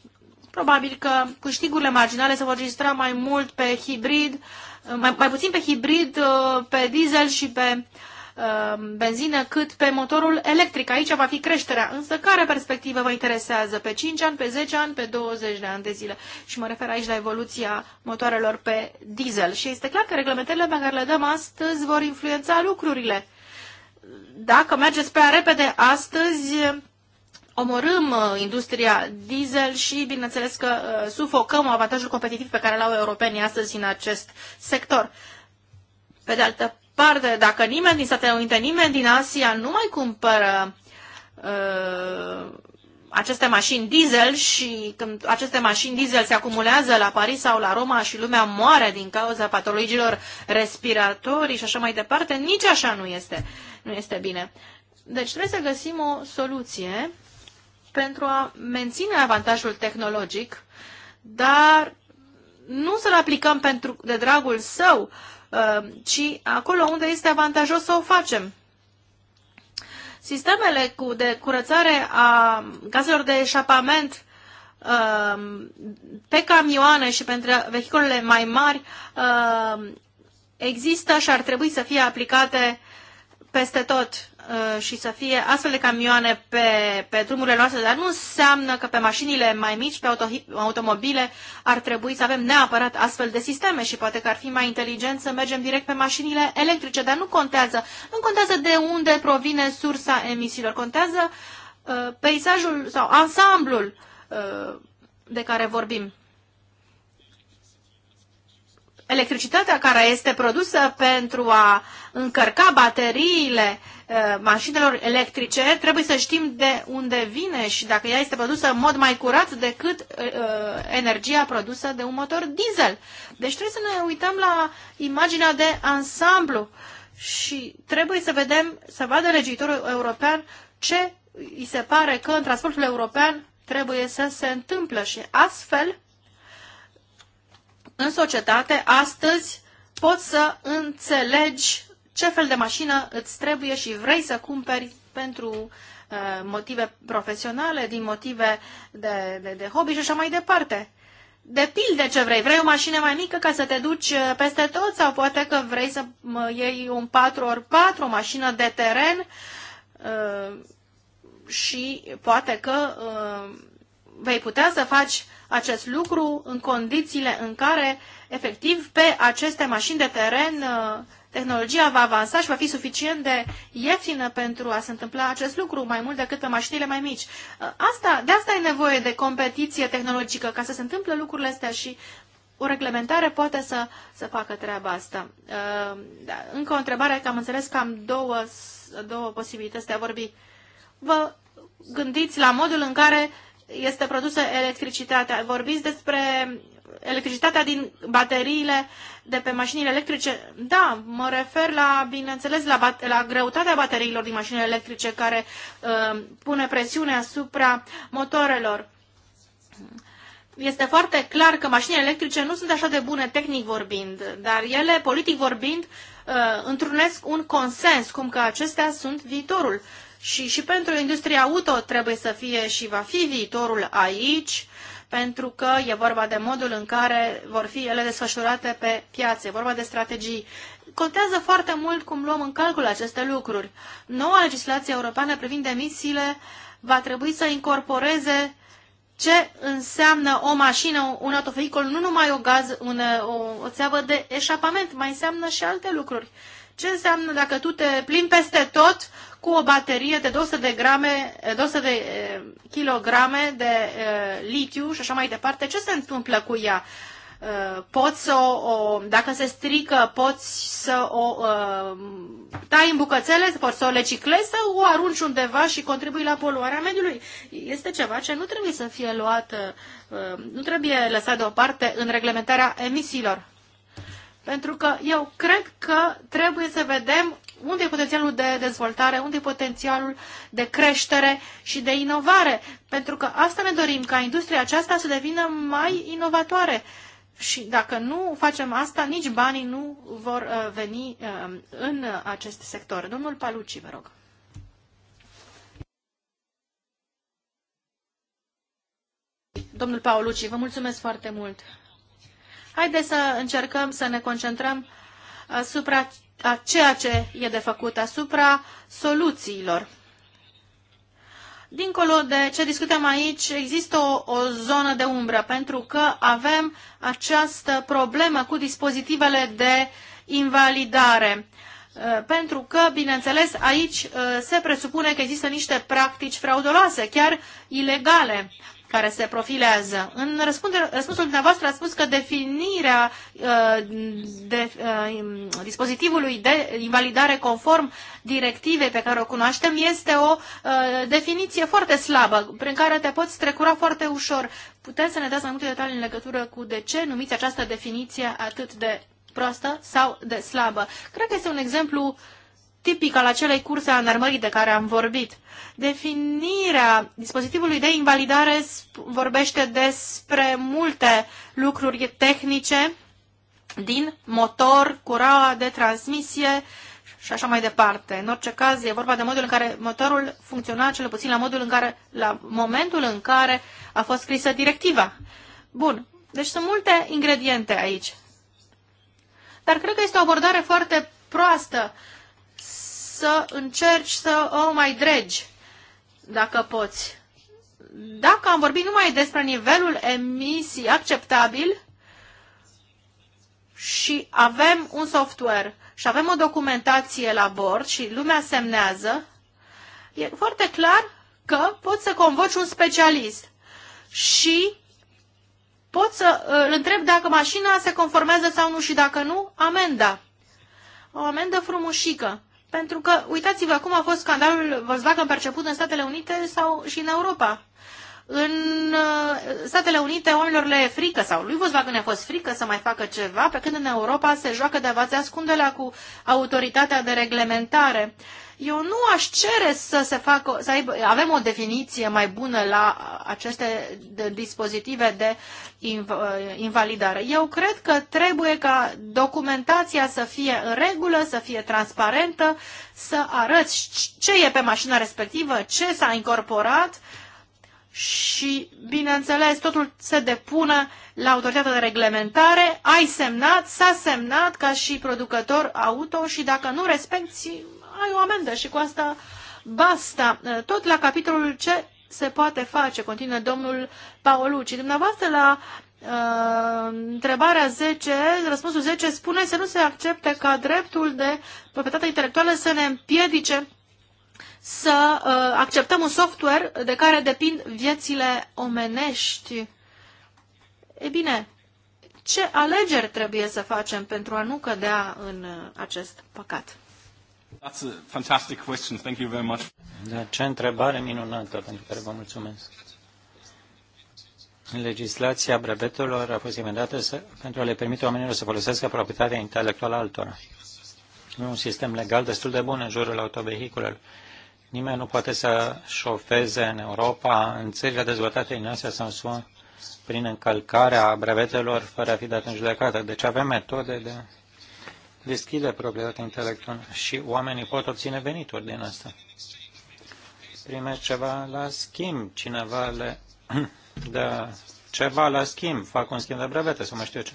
probabil că câștigurile marginale se vor registra mai mult pe hibrid, uh, mai, mai puțin pe hibrid, uh, pe diesel și pe uh, benzină cât pe motorul electric. Aici va fi creșterea. Însă care perspectivă vă interesează? Pe 5 ani, pe 10 ani, pe 20 de ani de zile? Și mă refer aici la evoluția motoarelor pe diesel. Și este clar că reglementările pe care le dăm astăzi vor influența lucrurile. Dacă mergeți prea repede astăzi, omorâm uh, industria diesel și, bineînțeles, că uh, sufocăm avantajul competitiv pe care l-au europenii astăzi în acest sector. Pe de altă parte, dacă nimeni din Statele Unite, nimeni din Asia nu mai cumpără uh, aceste mașini diesel și când aceste mașini diesel se acumulează la Paris sau la Roma și lumea moare din cauza patologilor respiratorii și așa mai departe, nici așa nu este, nu este bine. Deci trebuie să găsim o soluție pentru a menține avantajul tehnologic, dar nu să-l aplicăm pentru, de dragul său, uh, ci acolo unde este avantajos să o facem. Sistemele cu, de curățare a gazelor de eșapament uh, pe camioane și pentru vehiculele mai mari uh, există și ar trebui să fie aplicate peste tot. Uh, și să fie astfel de camioane pe, pe drumurile noastre, dar nu înseamnă că pe mașinile mai mici, pe auto, automobile, ar trebui să avem neapărat astfel de sisteme și poate că ar fi mai inteligent să mergem direct pe mașinile electrice, dar nu contează. Nu contează de unde provine sursa emisiilor, contează uh, peisajul sau ansamblul uh, de care vorbim electricitatea care este produsă pentru a încărca bateriile eh, mașinilor electrice, trebuie să știm de unde vine și dacă ea este produsă în mod mai curat decât eh, eh, energia produsă de un motor diesel. Deci trebuie să ne uităm la imaginea de ansamblu și trebuie să vedem, să vadă legiuitorul european ce îi se pare că în transportul european trebuie să se întâmplă și astfel în societate astăzi poți să înțelegi ce fel de mașină îți trebuie și vrei să cumperi pentru uh, motive profesionale, din motive de, de, de hobby și așa mai departe. De pilde ce vrei. Vrei o mașină mai mică ca să te duci uh, peste tot sau poate că vrei să uh, iei un 4x4, o mașină de teren și poate că vei putea să faci acest lucru în condițiile în care, efectiv, pe aceste mașini de teren uh, tehnologia va avansa și va fi suficient de ieftină pentru a se întâmpla acest lucru, mai mult decât pe mașinile mai mici. Uh, asta, de asta e nevoie de competiție tehnologică, ca să se întâmple lucrurile astea și o reglementare poate să, să facă treaba asta. Uh, da, încă o întrebare, că am înțeles că am două, două posibilități de a vorbi. Vă gândiți la modul în care uh, este produsă electricitatea. Vorbiți despre electricitatea din bateriile de pe mașinile electrice. Da, mă refer la, bineînțeles, la, la greutatea bateriilor din mașinile electrice care uh, pune presiune asupra motorelor. Este foarte clar că mașinile electrice nu sunt așa de bune tehnic vorbind, dar ele, politic vorbind, uh, întrunesc un consens, cum că acestea sunt viitorul. Uh, și, și pentru industria auto trebuie să fie și va fi viitorul aici, pentru că e vorba de modul în care vor fi ele desfășurate pe piață, e vorba de strategii. Contează foarte mult cum luăm în calcul aceste lucruri. Noua legislație europeană privind emisiile va trebui să incorporeze ce înseamnă o mașină, un autovehicul, nu numai o gaz, un, o, o țeavă de eșapament, mai înseamnă și alte lucruri. Ce înseamnă dacă tu te plimbi peste tot cu o baterie de 200 de, grame, 200 eh, de eh, kilograme de eh, litiu și așa mai departe. Ce se întâmplă cu ea? poți să o, o, dacă se strică, poți să o uh, tai în bucățele, poți să o reciclezi, să o arunci undeva și contribui la poluarea mediului. Este ceva ce nu trebuie să fie luat, uh, nu trebuie lăsat deoparte în reglementarea emisiilor. Pentru că eu cred că trebuie să vedem unde e potențialul de dezvoltare, unde e potențialul de creștere și de inovare. Pentru că asta ne dorim, ca industria aceasta să devină mai inovatoare. Și dacă nu facem asta, nici banii nu vor uh, veni uh, în acest sector. Domnul Paluci, vă rog. Domnul Paolucci, vă mulțumesc foarte mult. Haideți să încercăm să ne concentrăm asupra uh, a ceea ce e de făcut, asupra soluțiilor. Dincolo de ce discutăm aici, există o, o zonă de umbră, pentru că avem această problemă cu dispozitivele de invalidare. Uh, pentru că, bineînțeles, aici uh, se presupune că există niște practici fraudoloase, chiar ilegale care se profilează. În răspunsul dumneavoastră a spus că definirea uh, de, uh, dispozitivului de invalidare conform directivei pe care o cunoaștem este o uh, definiție foarte slabă, prin care te poți strecura foarte ușor. Puteți să ne dați mai multe detalii în legătură cu de ce numiți această definiție atât de proastă sau de slabă? Cred că este un exemplu uh, tipic al acelei curse a înarmării de care am vorbit. Definirea dispozitivului de invalidare vorbește despre multe lucruri tehnice din motor, curaua de transmisie și așa mai departe. În orice caz, e vorba de modul în care motorul funcționa, cel puțin la, modul în care, la momentul în care a fost scrisă directiva. Bun, deci sunt multe ingrediente aici. Dar cred că este o abordare foarte proastă să încerci să o mai dregi, dacă poți. Dacă am vorbit numai despre nivelul emisii acceptabil și avem un software și avem o documentație la bord și lumea semnează, e foarte clar că poți să convoci un specialist și pot să îl întreb dacă mașina se conformează sau nu și dacă nu, amenda. O amendă frumușică. Pentru că, uitați-vă, acum a fost scandalul Volkswagen perceput în Statele Unite sau și în Europa. În uh, Statele Unite oamenilor le e frică sau lui Volkswagen a fost frică să mai facă ceva, pe când în Europa se joacă de a ascundele la cu autoritatea de reglementare. Eu nu aș cere să se facă, să aibă, avem o definiție mai bună la aceste de dispozitive de inv, uh, invalidare. Eu cred că trebuie ca documentația să fie în regulă, să fie transparentă, să arăți ce e pe mașina respectivă, ce s-a incorporat, uh, și, bineînțeles, totul se depune la autoritatea de reglementare, ai semnat, s-a semnat ca și producător auto și dacă nu respecti, ai o amendă și cu asta basta. Tot la capitolul ce se poate face, continuă domnul Paolucci. Dumneavoastră la Uh, întrebarea 10, răspunsul 10 spune să nu se accepte ca dreptul de proprietate intelectuală să ne împiedice să uh, acceptăm un software de care depind viețile omenești. E bine, ce alegeri trebuie să facem pentru a nu cădea în uh, acest păcat? That's a fantastic question. Thank you very much. Da, ce întrebare minunată pentru care vă mulțumesc. Legislația brevetelor a fost inventată să, pentru a le permite oamenilor să folosească proprietatea intelectuală altora. E un sistem legal destul de bun în jurul autovehiculelor Nimeni nu poate să șofeze în Europa, în țările dezvoltate din Asia sau în SUA, prin încălcarea brevetelor fără a fi dat în judecată. Deci avem metode de deschide proprietatea intelectuală și oamenii pot obține venituri din asta. Primești ceva la schimb, cineva le dă ceva la schimb, fac un schimb de brevete sau mai știu ce.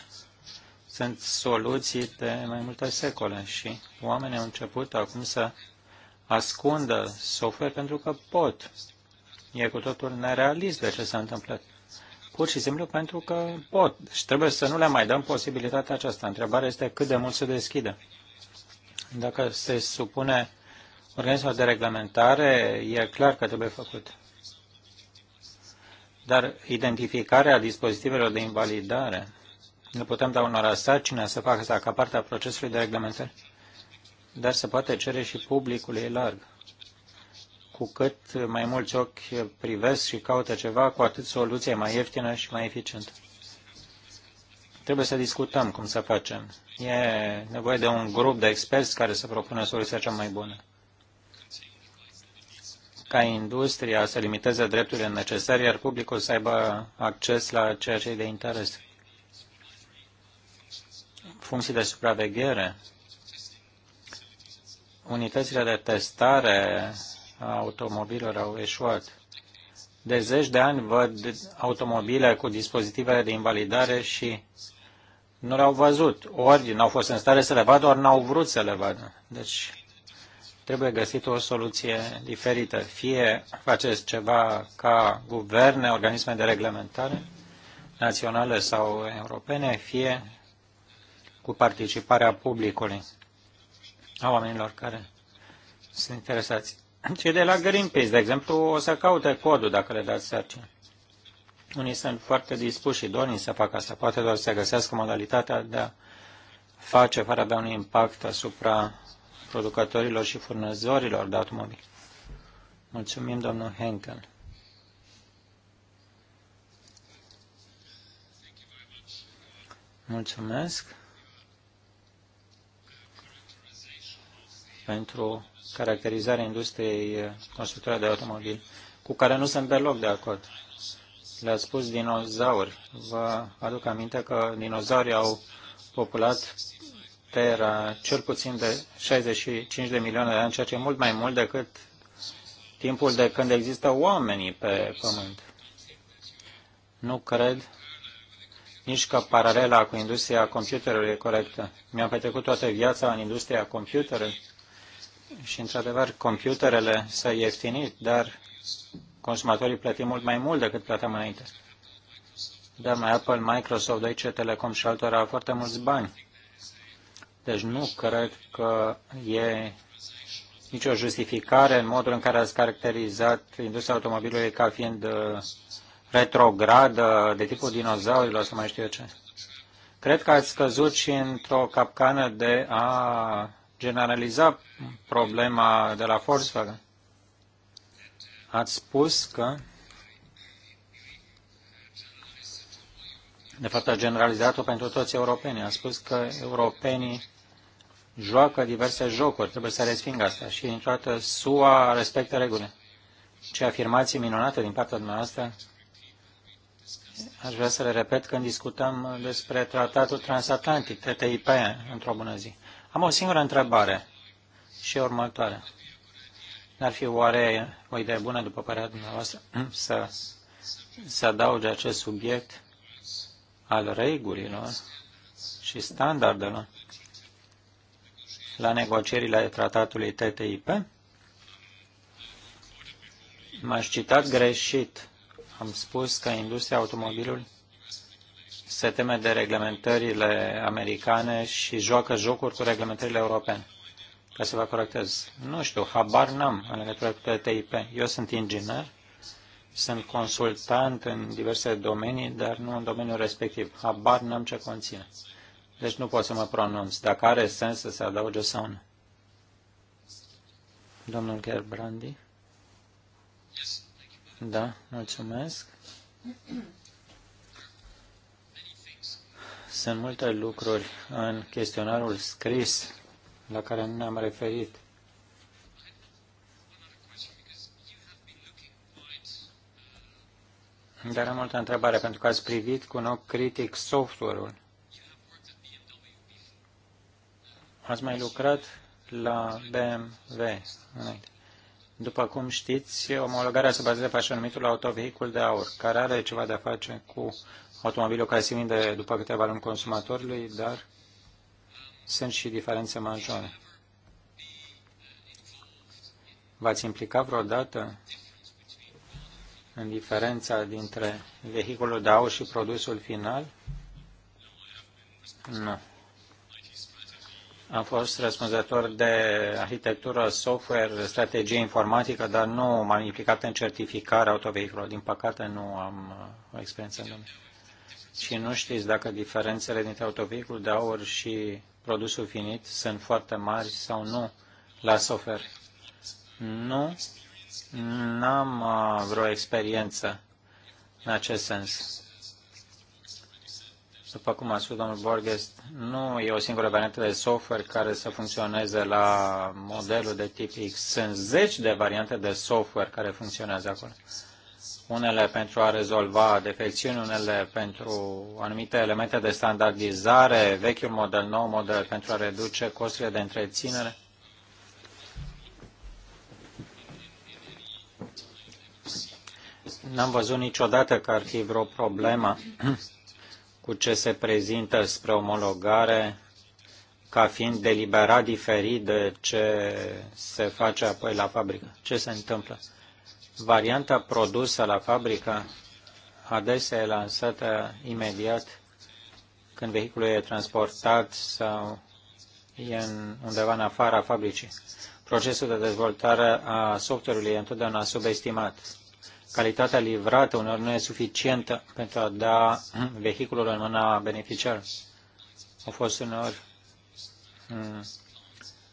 Sunt soluții de mai multe secole și oamenii au început acum să ascundă software pentru că pot. E cu totul nerealist de ce s-a întâmplat. Pur și simplu pentru că pot. Și deci trebuie să nu le mai dăm posibilitatea aceasta. Întrebarea este cât de mult se deschide. Dacă se supune organismul de reglementare, e clar că trebuie făcut. Dar identificarea dispozitivelor de invalidare, nu putem da unor sarcina să facă asta ca parte a procesului de reglementare dar se poate cere și publicului larg. Cu cât mai mulți ochi privesc și caută ceva, cu atât soluția e mai ieftină și mai eficientă. Trebuie să discutăm cum să facem. E nevoie de un grup de experți care să propună soluția cea mai bună ca industria să limiteze drepturile necesare, iar publicul să aibă acces la ceea ce e de interes. Funcții de supraveghere unitățile de testare a automobilelor au eșuat. De zeci de ani văd automobile cu dispozitive de invalidare și nu le-au văzut. Ori n-au fost în stare să le vadă, ori n-au vrut să le vadă. Deci trebuie găsit o soluție diferită. Fie faceți ceva ca guverne, organisme de reglementare naționale sau europene, fie cu participarea publicului a oamenilor care sunt interesați. Cei de la Greenpeace, de exemplu, o să caute codul dacă le dați sarcină. Unii sunt foarte dispuși și dorni să facă asta. Poate doar să găsească modalitatea de a face fără a avea un impact asupra producătorilor și furnizorilor de automobile. Mulțumim, domnul Henkel. Mulțumesc. pentru caracterizarea industriei eh, constructoare de automobil, cu care nu sunt deloc de acord. Le-a spus dinozauri. Vă aduc aminte că dinozaurii au populat Terra cel puțin de 65 de milioane de ani, ceea ce e mult mai mult decât timpul de când există oamenii pe Pământ. Nu cred nici că paralela cu industria computerului e corectă. Mi-am petrecut toată viața în industria computerului și, într-adevăr, computerele s-au ieftinit, dar consumatorii plătim mult mai mult decât plăteam înainte. Dăm Apple, Microsoft, Deutsche Telecom și altora foarte mulți bani. Deci nu cred că e nicio justificare în modul în care ați caracterizat industria automobilului ca fiind uh, retrogradă, de tipul dinozaurilor, să mai știu eu ce. Cred că ați scăzut și într-o capcană de a generaliza problema de la Volkswagen. Ați spus că de fapt a generalizat-o pentru toți europenii. A spus că europenii joacă diverse jocuri, trebuie să resping asta și în toată SUA respectă regulile. Ce afirmații minunate din partea dumneavoastră. Aș vrea să le repet când discutăm despre tratatul transatlantic, TTIP, într-o bună zi. Am o singură întrebare și următoare. N-ar fi oare o idee bună, după părerea dumneavoastră, să se adauge acest subiect al regulilor și standardelor la negocierile tratatului TTIP? M-aș citat greșit. Am spus că industria automobilului se teme de reglementările americane și joacă jocuri cu reglementările europene. Ca să vă corectez, nu știu, habar n-am în legătură cu TTIP. Eu sunt inginer, sunt consultant în diverse domenii, dar nu în domeniul respectiv. Habar n-am ce conține. Deci nu pot să mă pronunț dacă are sens să se adauge sau nu. Domnul Gerbrandi? Da, mulțumesc. Sunt multe lucruri în chestionarul scris la care nu ne-am referit. Dar am multă întrebare, pentru că ați privit cu un ochi critic software-ul. Ați mai lucrat la BMW. După cum știți, omologarea se bazează pe așa numitul autovehicul de aur, care are ceva de a face cu automobilul care se vinde după câteva luni consumatorului, dar sunt și diferențe majore. V-ați implicat vreodată în diferența dintre vehiculul de aur și produsul final? Nu. Am fost răspunzător de arhitectură, software, strategie informatică, dar nu m-am implicat în certificarea autovehiculor. Din păcate nu am o uh, experiență în domeniu și nu știți dacă diferențele dintre autovehicul de aur și produsul finit sunt foarte mari sau nu la software. Nu, n-am uh, vreo experiență în acest sens. După cum a spus domnul Borges, nu e o singură variantă de software care să funcționeze la modelul de tip X. Sunt zeci de variante de software care funcționează acolo unele pentru a rezolva defecțiuni, unele pentru anumite elemente de standardizare, vechiul model, nou model, pentru a reduce costurile de întreținere. N-am văzut niciodată că ar fi vreo problemă cu ce se prezintă spre omologare ca fiind deliberat diferit de ce se face apoi la fabrică. Ce se întâmplă? Varianta produsă la fabrică adesea e lansată imediat când vehiculul e transportat sau e în, undeva în afara fabricii. Procesul de dezvoltare a software-ului e întotdeauna subestimat. Calitatea livrată uneori nu e suficientă pentru a da vehiculul în mâna beneficiarului. Au fost uneori mm,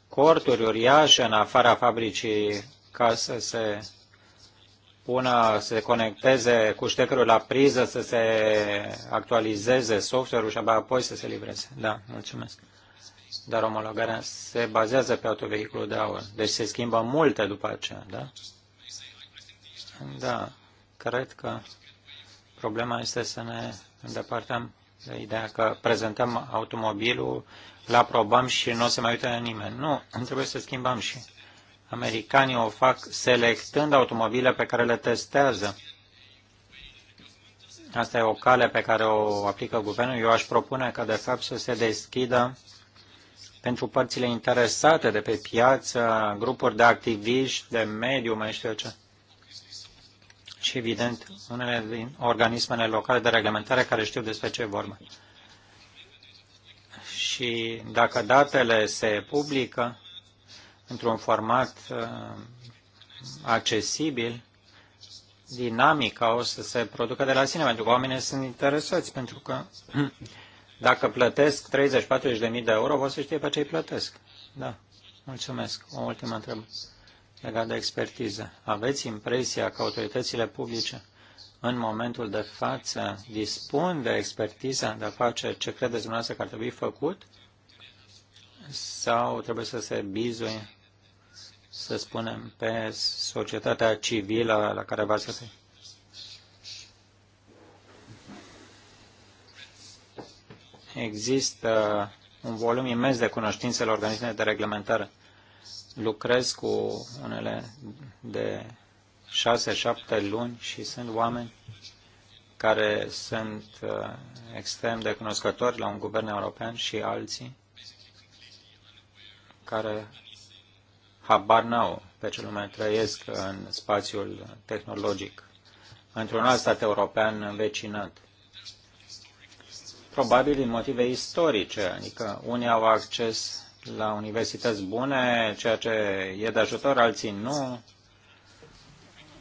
corturi uriașe în afara fabricii ca să se pună, să se conecteze cu ștecărul la priză, să se actualizeze software-ul și abia apoi să se livreze. Da, mulțumesc. Dar omologarea se bazează pe autovehiculul de aur. Deci se schimbă multe după aceea, da? Da, cred că problema este să ne îndepărtăm de ideea că prezentăm automobilul, la aprobăm și nu se mai uită nimeni. Nu, trebuie să schimbăm și Americanii o fac selectând automobile pe care le testează. Asta e o cale pe care o aplică guvernul. Eu aș propune ca, de fapt, să se deschidă pentru părțile interesate de pe piață, grupuri de activiști, de mediu, mai știu eu ce. Și, evident, unele din organismele locale de reglementare care știu despre ce vorba. Și dacă datele se publică, într-un format uh, accesibil, dinamica o să se producă de la sine, pentru că oamenii sunt interesați, pentru că dacă plătesc 30-40 de mii de euro, vor să știe pe ce îi plătesc. Da, mulțumesc. O ultimă întrebare legat de expertiză. Aveți impresia că autoritățile publice în momentul de față dispun de expertiza de a face ce credeți dumneavoastră că ar trebui făcut? Sau trebuie să se bizuie să spunem, pe societatea civilă la care v-ați găsit? Există un volum imens de cunoștințe la organismele de reglementare. Lucrez cu unele de șase-șapte luni și sunt oameni care sunt uh, extrem de cunoscători la un guvern european și alții care habar n-au pe ce lume trăiesc în spațiul tehnologic, într-un alt stat european învecinat. Probabil din motive istorice, adică unii au acces la universități bune, ceea ce e de ajutor, alții nu.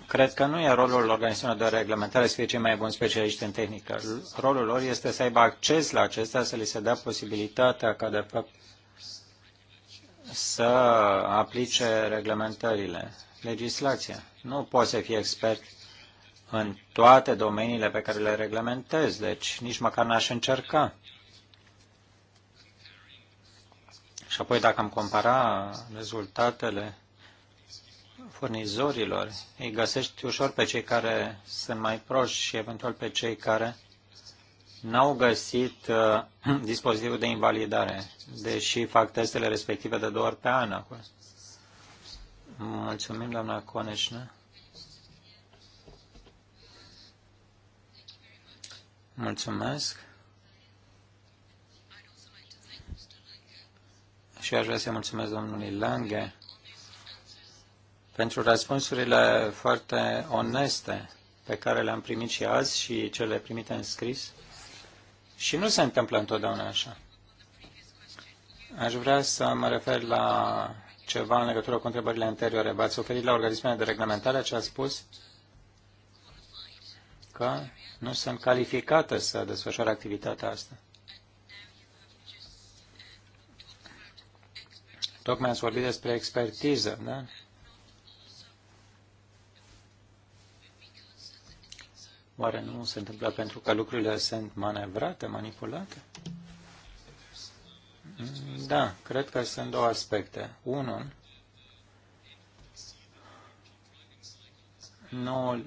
Cred că nu e rolul organizațiilor de reglementare să fie cei mai buni specialiști în tehnică. Rolul lor este să aibă acces la acestea, să li se dea posibilitatea ca, de fapt, să aplice reglementările, legislația. Nu poți să fii expert în toate domeniile pe care le reglementezi, deci nici măcar n-aș încerca. Și apoi dacă am compara rezultatele furnizorilor, îi găsești ușor pe cei care sunt mai proști și eventual pe cei care n-au găsit uh, dispozitivul de invalidare, deși fac testele respective de două ori pe an acum. Mulțumim, doamna Coneșnă. Mulțumesc. Și aș vrea să mulțumesc domnului Lange pentru răspunsurile foarte oneste pe care le-am primit și azi și cele primite în scris. Și nu se întâmplă întotdeauna așa. Aș vrea să mă refer la ceva în legătură cu întrebările anterioare. V-ați oferit la organismele de reglementare ce a spus că nu sunt calificată să desfășoare activitatea asta. Tocmai ați vorbit despre expertiză, da? Oare nu se întâmplă pentru că lucrurile sunt manevrate, manipulate? Mm, da, cred că sunt două aspecte. Unul, noul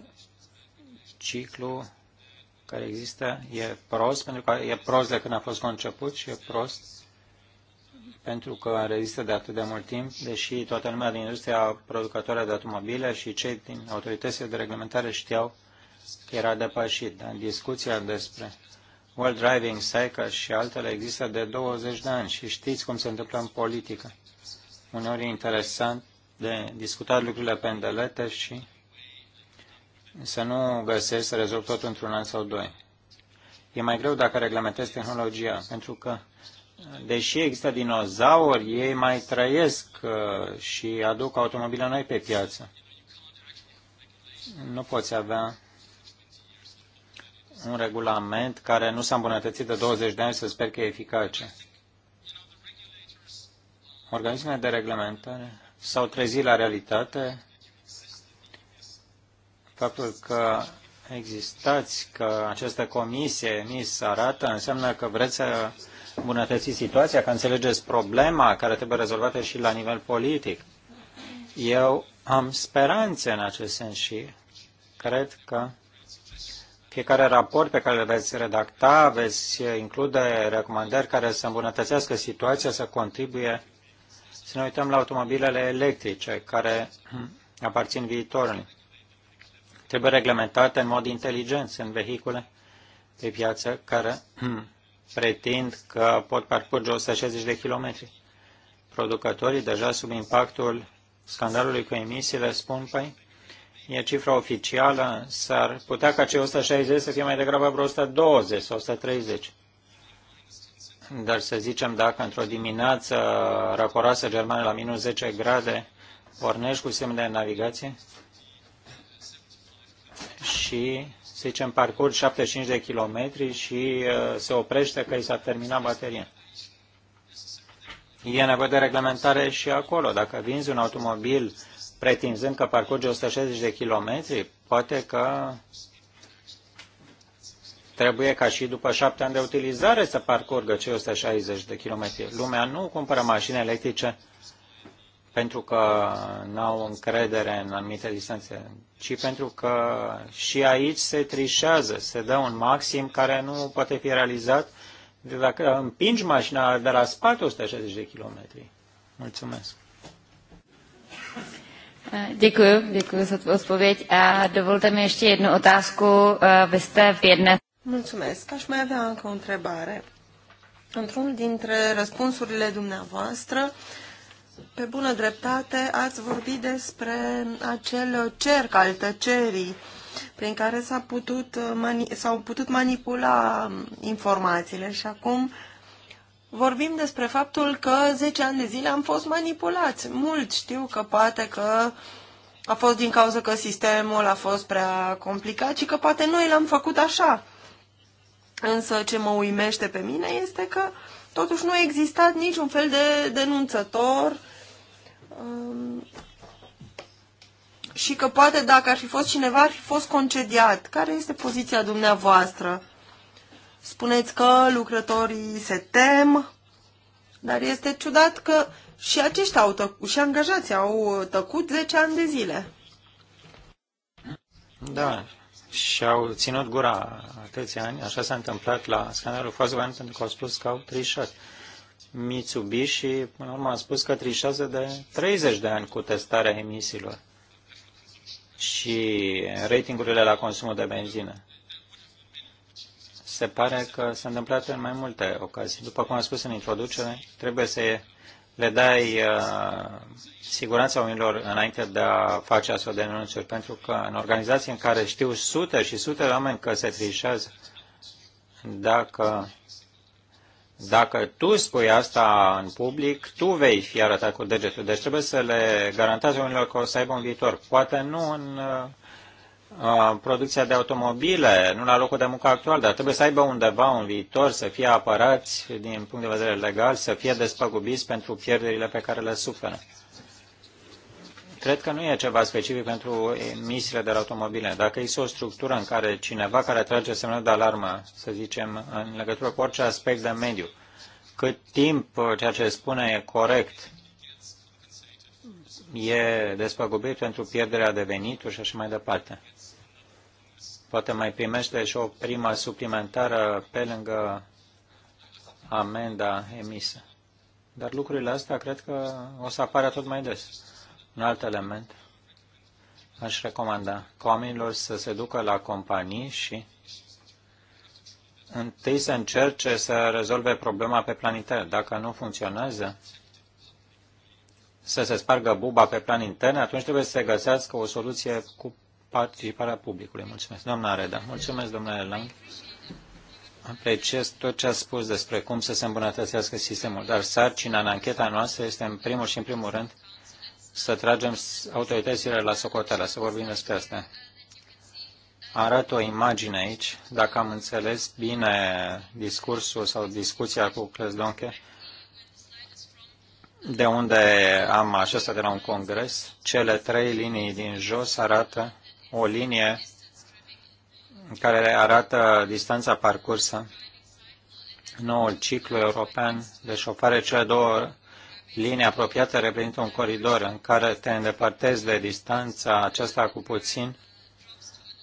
ciclu care există e prost, pentru că e prost de când a fost conceput și e prost pentru că rezistă de atât de mult timp, deși toată lumea din industria producătoare de automobile și cei din autoritățile de reglementare știau era depășit. În discuția despre World Driving Cycle și altele există de 20 de ani și știți cum se întâmplă în politică. Uneori e interesant de discutat lucrurile pe îndelete și să nu găsești să rezolv tot într-un an sau doi. E mai greu dacă reglementezi tehnologia, pentru că deși există dinozauri, ei mai trăiesc uh, și aduc automobile noi pe piață. Nu poți avea un regulament care nu s-a îmbunătățit de 20 de ani să sper că e eficace. Organismele de reglementare s-au trezit la realitate faptul că existați, că această comisie se arată, înseamnă că vreți să îmbunătățiți situația, că înțelegeți problema care trebuie rezolvată și la nivel politic. Eu am speranțe în acest sens și cred că fiecare raport pe care îl veți redacta veți include recomandări care să îmbunătățească situația, să contribuie să ne uităm la automobilele electrice care aparțin viitorului. Trebuie reglementate în mod inteligent. Sunt vehicule pe piață care pretind că pot parcurge 160 de kilometri. Producătorii deja sub impactul scandalului cu emisiile spun, păi, e cifra oficială, s-ar putea ca cei 160 să fie mai degrabă vreo 120 sau 130. Dar să zicem, dacă într-o dimineață răcoroasă germană la minus 10 grade pornești cu semne de navigație și, să zicem, parcurgi 75 de kilometri și uh, se oprește că i s-a terminat bateria. E nevoie de reglementare și acolo. Dacă vinzi un automobil pretinzând că parcurge 160 de kilometri, poate că trebuie ca și după șapte ani de utilizare să parcurgă cei 160 de kilometri. Lumea nu cumpără mașini electrice pentru că n-au încredere în anumite distanțe, ci pentru că și aici se trișează, se dă un maxim care nu poate fi realizat de dacă împingi mașina de la spate 160 de kilometri. Mulțumesc. Děkuji, děkuji za tu odpověď a dovolte mi ještě jednu otázku. Eh, vy jste v jedné... Mulțumesc. Aș mai avea încă o întrebare. Într-unul dintre răspunsurile dumneavoastră, pe bună dreptate, ați vorbit despre acel cerc al tăcerii prin care s-au putut, mani- putut manipula mm, informațiile și acum uh, vorbim despre faptul că 10 ani de zile am fost manipulați. Mult știu că poate că a fost din cauza că sistemul a fost prea complicat și că poate noi l-am făcut așa. Însă ce mă uimește pe mine este că totuși nu a existat niciun fel de denunțător um, și că poate dacă ar fi fost cineva ar fi fost concediat. Care este poziția dumneavoastră? Spuneți că lucrătorii se tem, dar este ciudat că și aceștia au tăcut, și angajații au tăcut 10 ani de zile. Da, și au ținut gura atâția ani. Așa s-a întâmplat la scannerul Fazovan, pentru că au spus că au trișat. Mitsubishi, până la urmă, a spus că trișează de 30 de ani cu testarea emisiilor și ratingurile la consumul de benzină se pare că s-a întâmplat în mai multe ocazii. După cum am spus în introducere, trebuie să le dai uh, siguranța oamenilor înainte de a face astfel de denunțuri, pentru că în organizații în care știu sute și sute de oameni că se trișează, dacă, dacă tu spui asta în public, tu vei fi arătat cu degetul. Deci trebuie să le garantezi oamenilor că o să aibă un viitor. Poate nu în uh, Uh, producția de automobile, nu la locul de muncă actual, dar trebuie să aibă undeva un viitor, să fie apărați din punct de vedere legal, să fie despăgubiți pentru pierderile pe care le suferă. Cred că nu e ceva specific pentru emisiile de la automobile. Dacă există o structură în care cineva care trage semnul de alarmă, să zicem, în legătură cu orice aspect de mediu, cât timp ceea ce spune e corect, e despăgubit pentru pierderea de venituri și așa mai departe poate mai primește și o primă suplimentară pe lângă amenda emisă. Dar lucrurile astea cred că o să apară tot mai des. Un alt element aș recomanda ca oamenilor să se ducă la companii și întâi să încerce să rezolve problema pe plan intern. Dacă nu funcționează, să se spargă buba pe plan intern, atunci trebuie să se găsească o soluție cu participarea publicului. Mulțumesc. Doamna Reda, mulțumesc, domnule Lang. Apreciez tot ce a spus despre cum să se îmbunătățească sistemul, dar sarcina în ancheta noastră este în primul și în primul rând să tragem autoritățile la socoteală, să vorbim despre asta. Arăt o imagine aici, dacă am înțeles bine discursul sau discuția cu Cles Donche, de unde am așa de la un congres, cele trei linii din jos arată o linie care arată distanța parcursă. Noul ciclu european de șofare, cele două linii apropiate reprezintă un coridor în care te îndepărtezi de distanța aceasta cu puțin,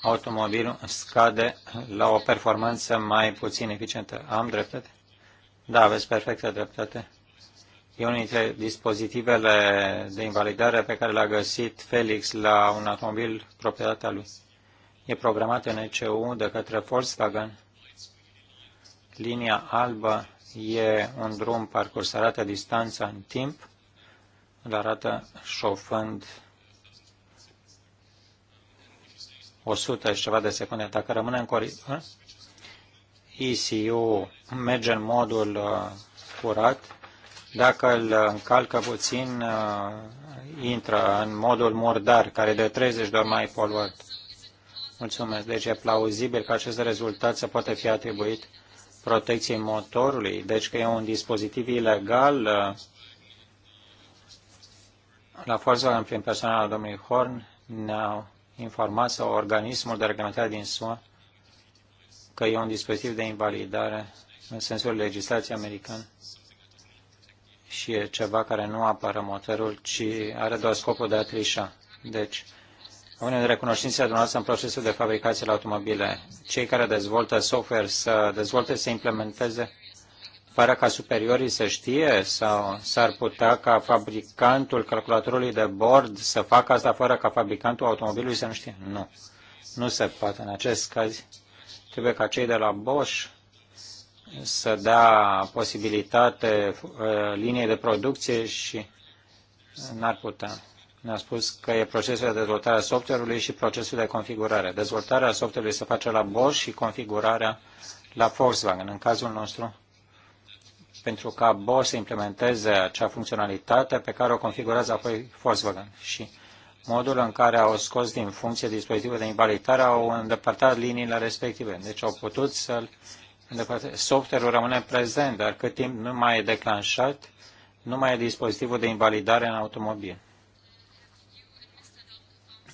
automobilul scade la o performanță mai puțin eficientă. Am dreptate? Da, aveți perfectă dreptate. E unul dintre dispozitivele de invalidare pe care l-a găsit Felix la un automobil proprietatea lui. E programat în ECU de către Volkswagen. Linia albă e un drum parcurs, arată distanța în timp, îl arată șofând 100 și ceva de secunde. Dacă rămâne în coridor, ECU merge în modul uh, curat, dacă îl încalcă puțin, uh, intră în modul murdar, care de 30 de ori mai poluat. Mulțumesc. Deci e plauzibil că acest rezultat să poate fi atribuit protecției motorului, deci că e un dispozitiv ilegal uh, la Volkswagen prin al domnului Horn ne-au informat sau organismul de reglementare din SUA că e un dispozitiv de invalidare în sensul legislației americane și e ceva care nu apără motorul, ci are doar scopul de a trișa. Deci, unele recunoștințe dumneavoastră în procesul de fabricație la automobile, cei care dezvoltă software să dezvolte, să implementeze fără ca superiorii să știe sau s-ar putea ca fabricantul calculatorului de bord să facă asta fără ca fabricantul automobilului să nu știe? Nu. Nu se poate. În acest caz trebuie ca cei de la Bosch să dea posibilitate uh, liniei de producție și n-ar putea. Ne-a spus că e procesul de dezvoltare a software-ului și procesul de configurare. Dezvoltarea software-ului se face la Bosch și configurarea la Volkswagen. În cazul nostru, pentru ca Bosch să implementeze acea funcționalitate pe care o configurează apoi Volkswagen. Și modul în care au scos din funcție dispozitivul de invalidare au îndepărtat liniile respective. Deci au putut să-l Software-ul rămâne prezent, dar cât timp nu mai e declanșat, nu mai e dispozitivul de invalidare în automobil.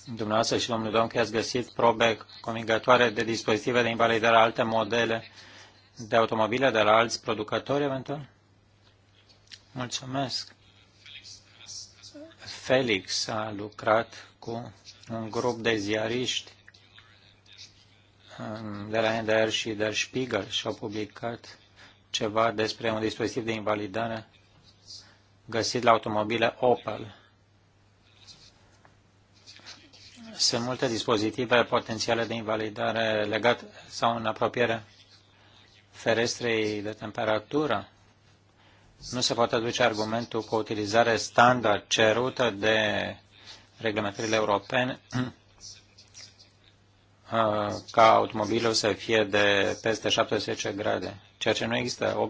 Dumneavoastră și domnul că ați găsit probe convingătoare de dispozitive de invalidare, alte modele de automobile de la alți producători, eventual? Mulțumesc. Felix a lucrat cu un grup de ziariști Um, de la NDR și Der Spiegel și-au publicat ceva despre un dispozitiv de invalidare găsit la automobile Opel. Sunt multe dispozitive potențiale de invalidare legat sau în apropiere ferestrei de temperatură. Nu se poate aduce argumentul cu utilizare standard cerută de reglementările europene ca automobilul să fie de peste 70 grade, ceea ce nu există.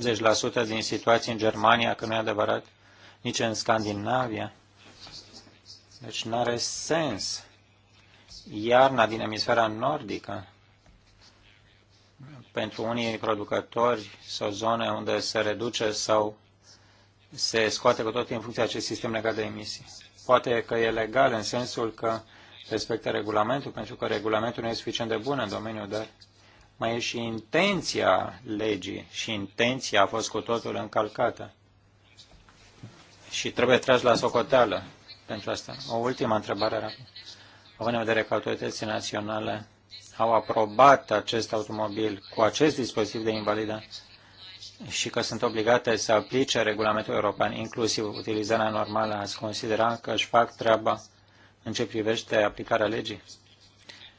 80% din situații în Germania, că nu e adevărat, nici în Scandinavia. Deci nu are sens. Iarna din emisfera nordică, pentru unii producători sau zone unde se reduce sau se scoate cu tot în funcție acest sistem legat de emisii. Poate că e legal în sensul că respecte regulamentul, pentru că regulamentul nu e suficient de bun în domeniul, dar mai e și intenția legii și intenția a fost cu totul încalcată. Și trebuie tras la socoteală pentru asta. O ultimă întrebare rapidă. Având în vedere că autoritățile naționale au aprobat acest automobil cu acest dispozitiv de invalidă și că sunt obligate să aplice regulamentul european, inclusiv utilizarea normală, ați considera că își fac treaba în ce privește aplicarea legii?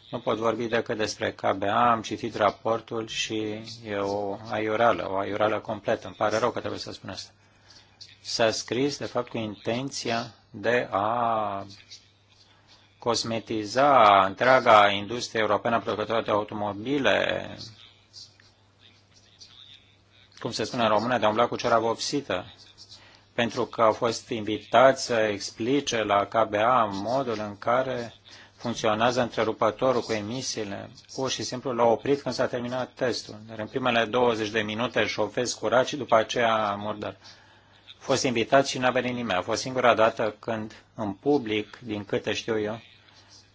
Nu pot vorbi decât despre KBA, am citit raportul și e o aiurală, o aiurală completă. Îmi pare rău că trebuie să spun asta. S-a scris, de fapt, cu intenția de a cosmetiza întreaga industrie europeană producătoare de automobile, cum se spune în română, de a umbla cu ceara vopsită pentru că au fost invitați să explice la KBA modul în care funcționează întrerupătorul cu emisiile. Pur și simplu l-au oprit când s-a terminat testul. Dar în primele 20 de minute își curat și după aceea murdăr. A fost invitat și n-a venit nimeni. A fost singura dată când în public, din câte știu eu,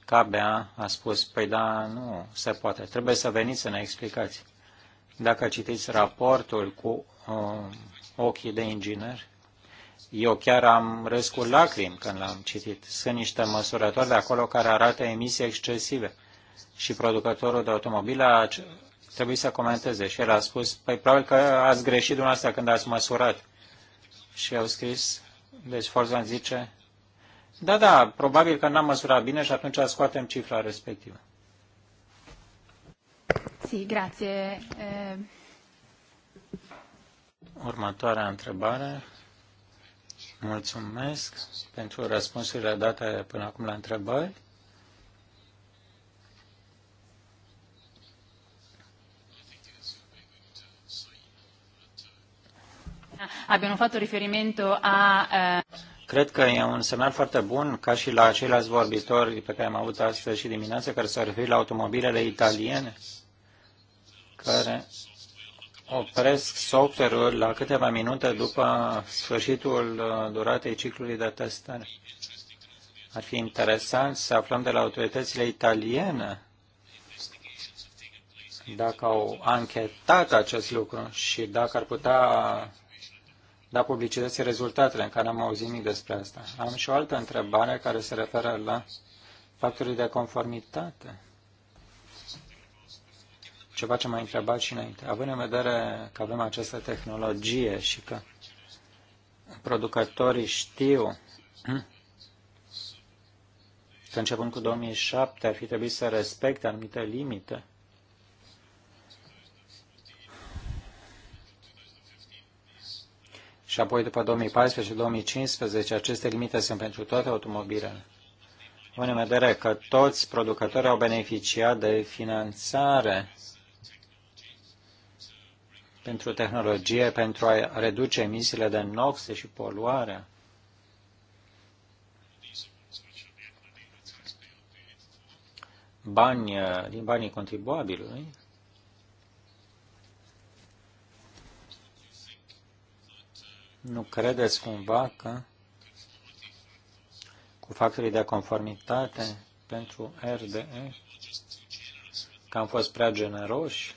KBA a spus, păi da, nu se poate, trebuie să veniți să ne explicați. Dacă citiți raportul cu uh, ochii de inginer, eu chiar am râs cu lacrimi când l-am citit. Sunt niște măsurători de acolo care arată emisii excesive. Și producătorul de automobile a trebuit să comenteze. Și el a spus, păi probabil că ați greșit dumneavoastră când ați măsurat. Și au scris, deci Forzan zice, da, da, probabil că n-am măsurat bine și atunci scoatem cifra respectivă. Si, grație. Următoarea întrebare Mulțumesc pentru răspunsurile date până acum la întrebări. Abbiamo fatto riferimento a eh, Cred că e un semnal foarte bun, ca și la ceilalți vorbitori pe care am avut astăzi și dimineață, care s-au referit la automobilele italiene, care opresc software-ul la câteva minute după sfârșitul uh, duratei ciclului de testare. Ar fi interesant să aflăm de la autoritățile italiene dacă au anchetat acest lucru și dacă ar putea da publicității rezultatele, care n-am auzit nimic despre asta. Am și o altă întrebare care se referă la factorii de conformitate ceva ce m-a întrebat și înainte. Având în vedere că avem această tehnologie și că producătorii știu că începând cu 2007 ar fi trebuit să respecte anumite limite, și apoi după 2014-2015 aceste limite sunt pentru toate automobilele. În vedere că toți producătorii au beneficiat de finanțare pentru tehnologie, pentru a reduce emisiile de noxe și poluarea. Bani, uh, din banii contribuabilului. Nu credeți cumva că cu factorii de conformitate pentru RDE, că am fost prea generoși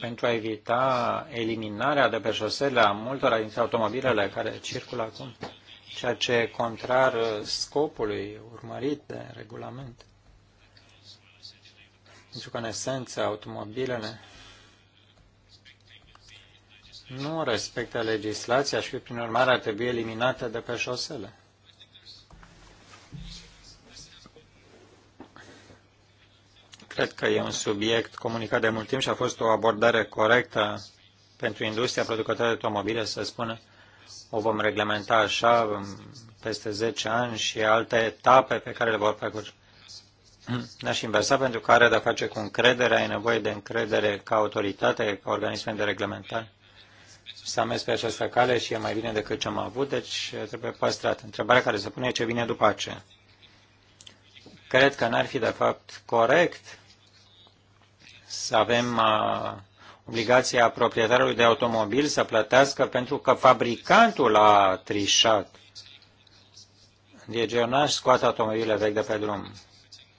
pentru a evita eliminarea de pe șosele a multora dintre automobilele care circulă acum, ceea ce e contrar scopului urmărit de regulament. Pentru că, în esență, automobilele nu respectă legislația și, prin urmare, ar trebui eliminate de pe șosele. Cred că e un subiect comunicat de mult timp și a fost o abordare corectă pentru industria producătoare de automobile, să spună, o vom reglementa așa peste 10 ani și alte etape pe care le vor parcurge. Ne-aș inversa, pentru că are de-a face cu încredere, ai nevoie de încredere ca autoritate, ca organisme de reglementare. Să amezi pe această cale și e mai bine decât ce am avut, deci trebuie păstrat. Întrebarea care se pune e ce vine după aceea. Cred că n-ar fi de fapt corect să avem uh, obligația proprietarului de automobil să plătească pentru că fabricantul a trișat. Diegionaș scoate automobile vechi de pe drum.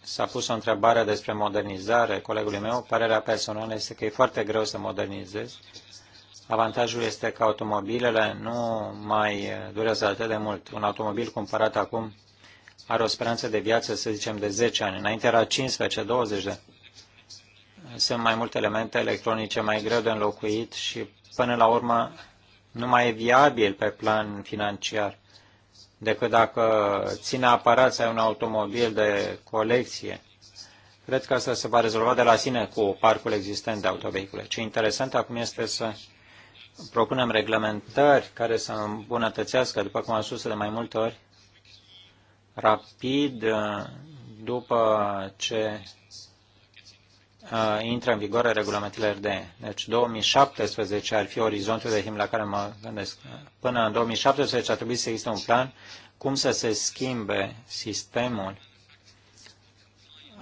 S-a pus o întrebare despre modernizare. Colegului meu, parerea personală este că e foarte greu să modernizezi. Avantajul este că automobilele nu mai durează atât de mult. Un automobil cumpărat acum are o speranță de viață, să zicem, de 10 ani. Înainte era 15-20 de ani sunt mai multe elemente electronice mai greu de înlocuit și până la urmă nu mai e viabil pe plan financiar decât dacă ține aparat să ai un automobil de colecție. Cred că asta se va rezolva de la sine cu parcul existent de autovehicule. Ce interesant acum este să propunem reglementări care să îmbunătățească, după cum am spus de mai multe ori, rapid după ce uh, intră în vigoare regulamentele RDE. Deci 2017 ar fi orizontul de timp la care mă gândesc. Până în 2017 ar trebui să existe un plan cum să se schimbe sistemul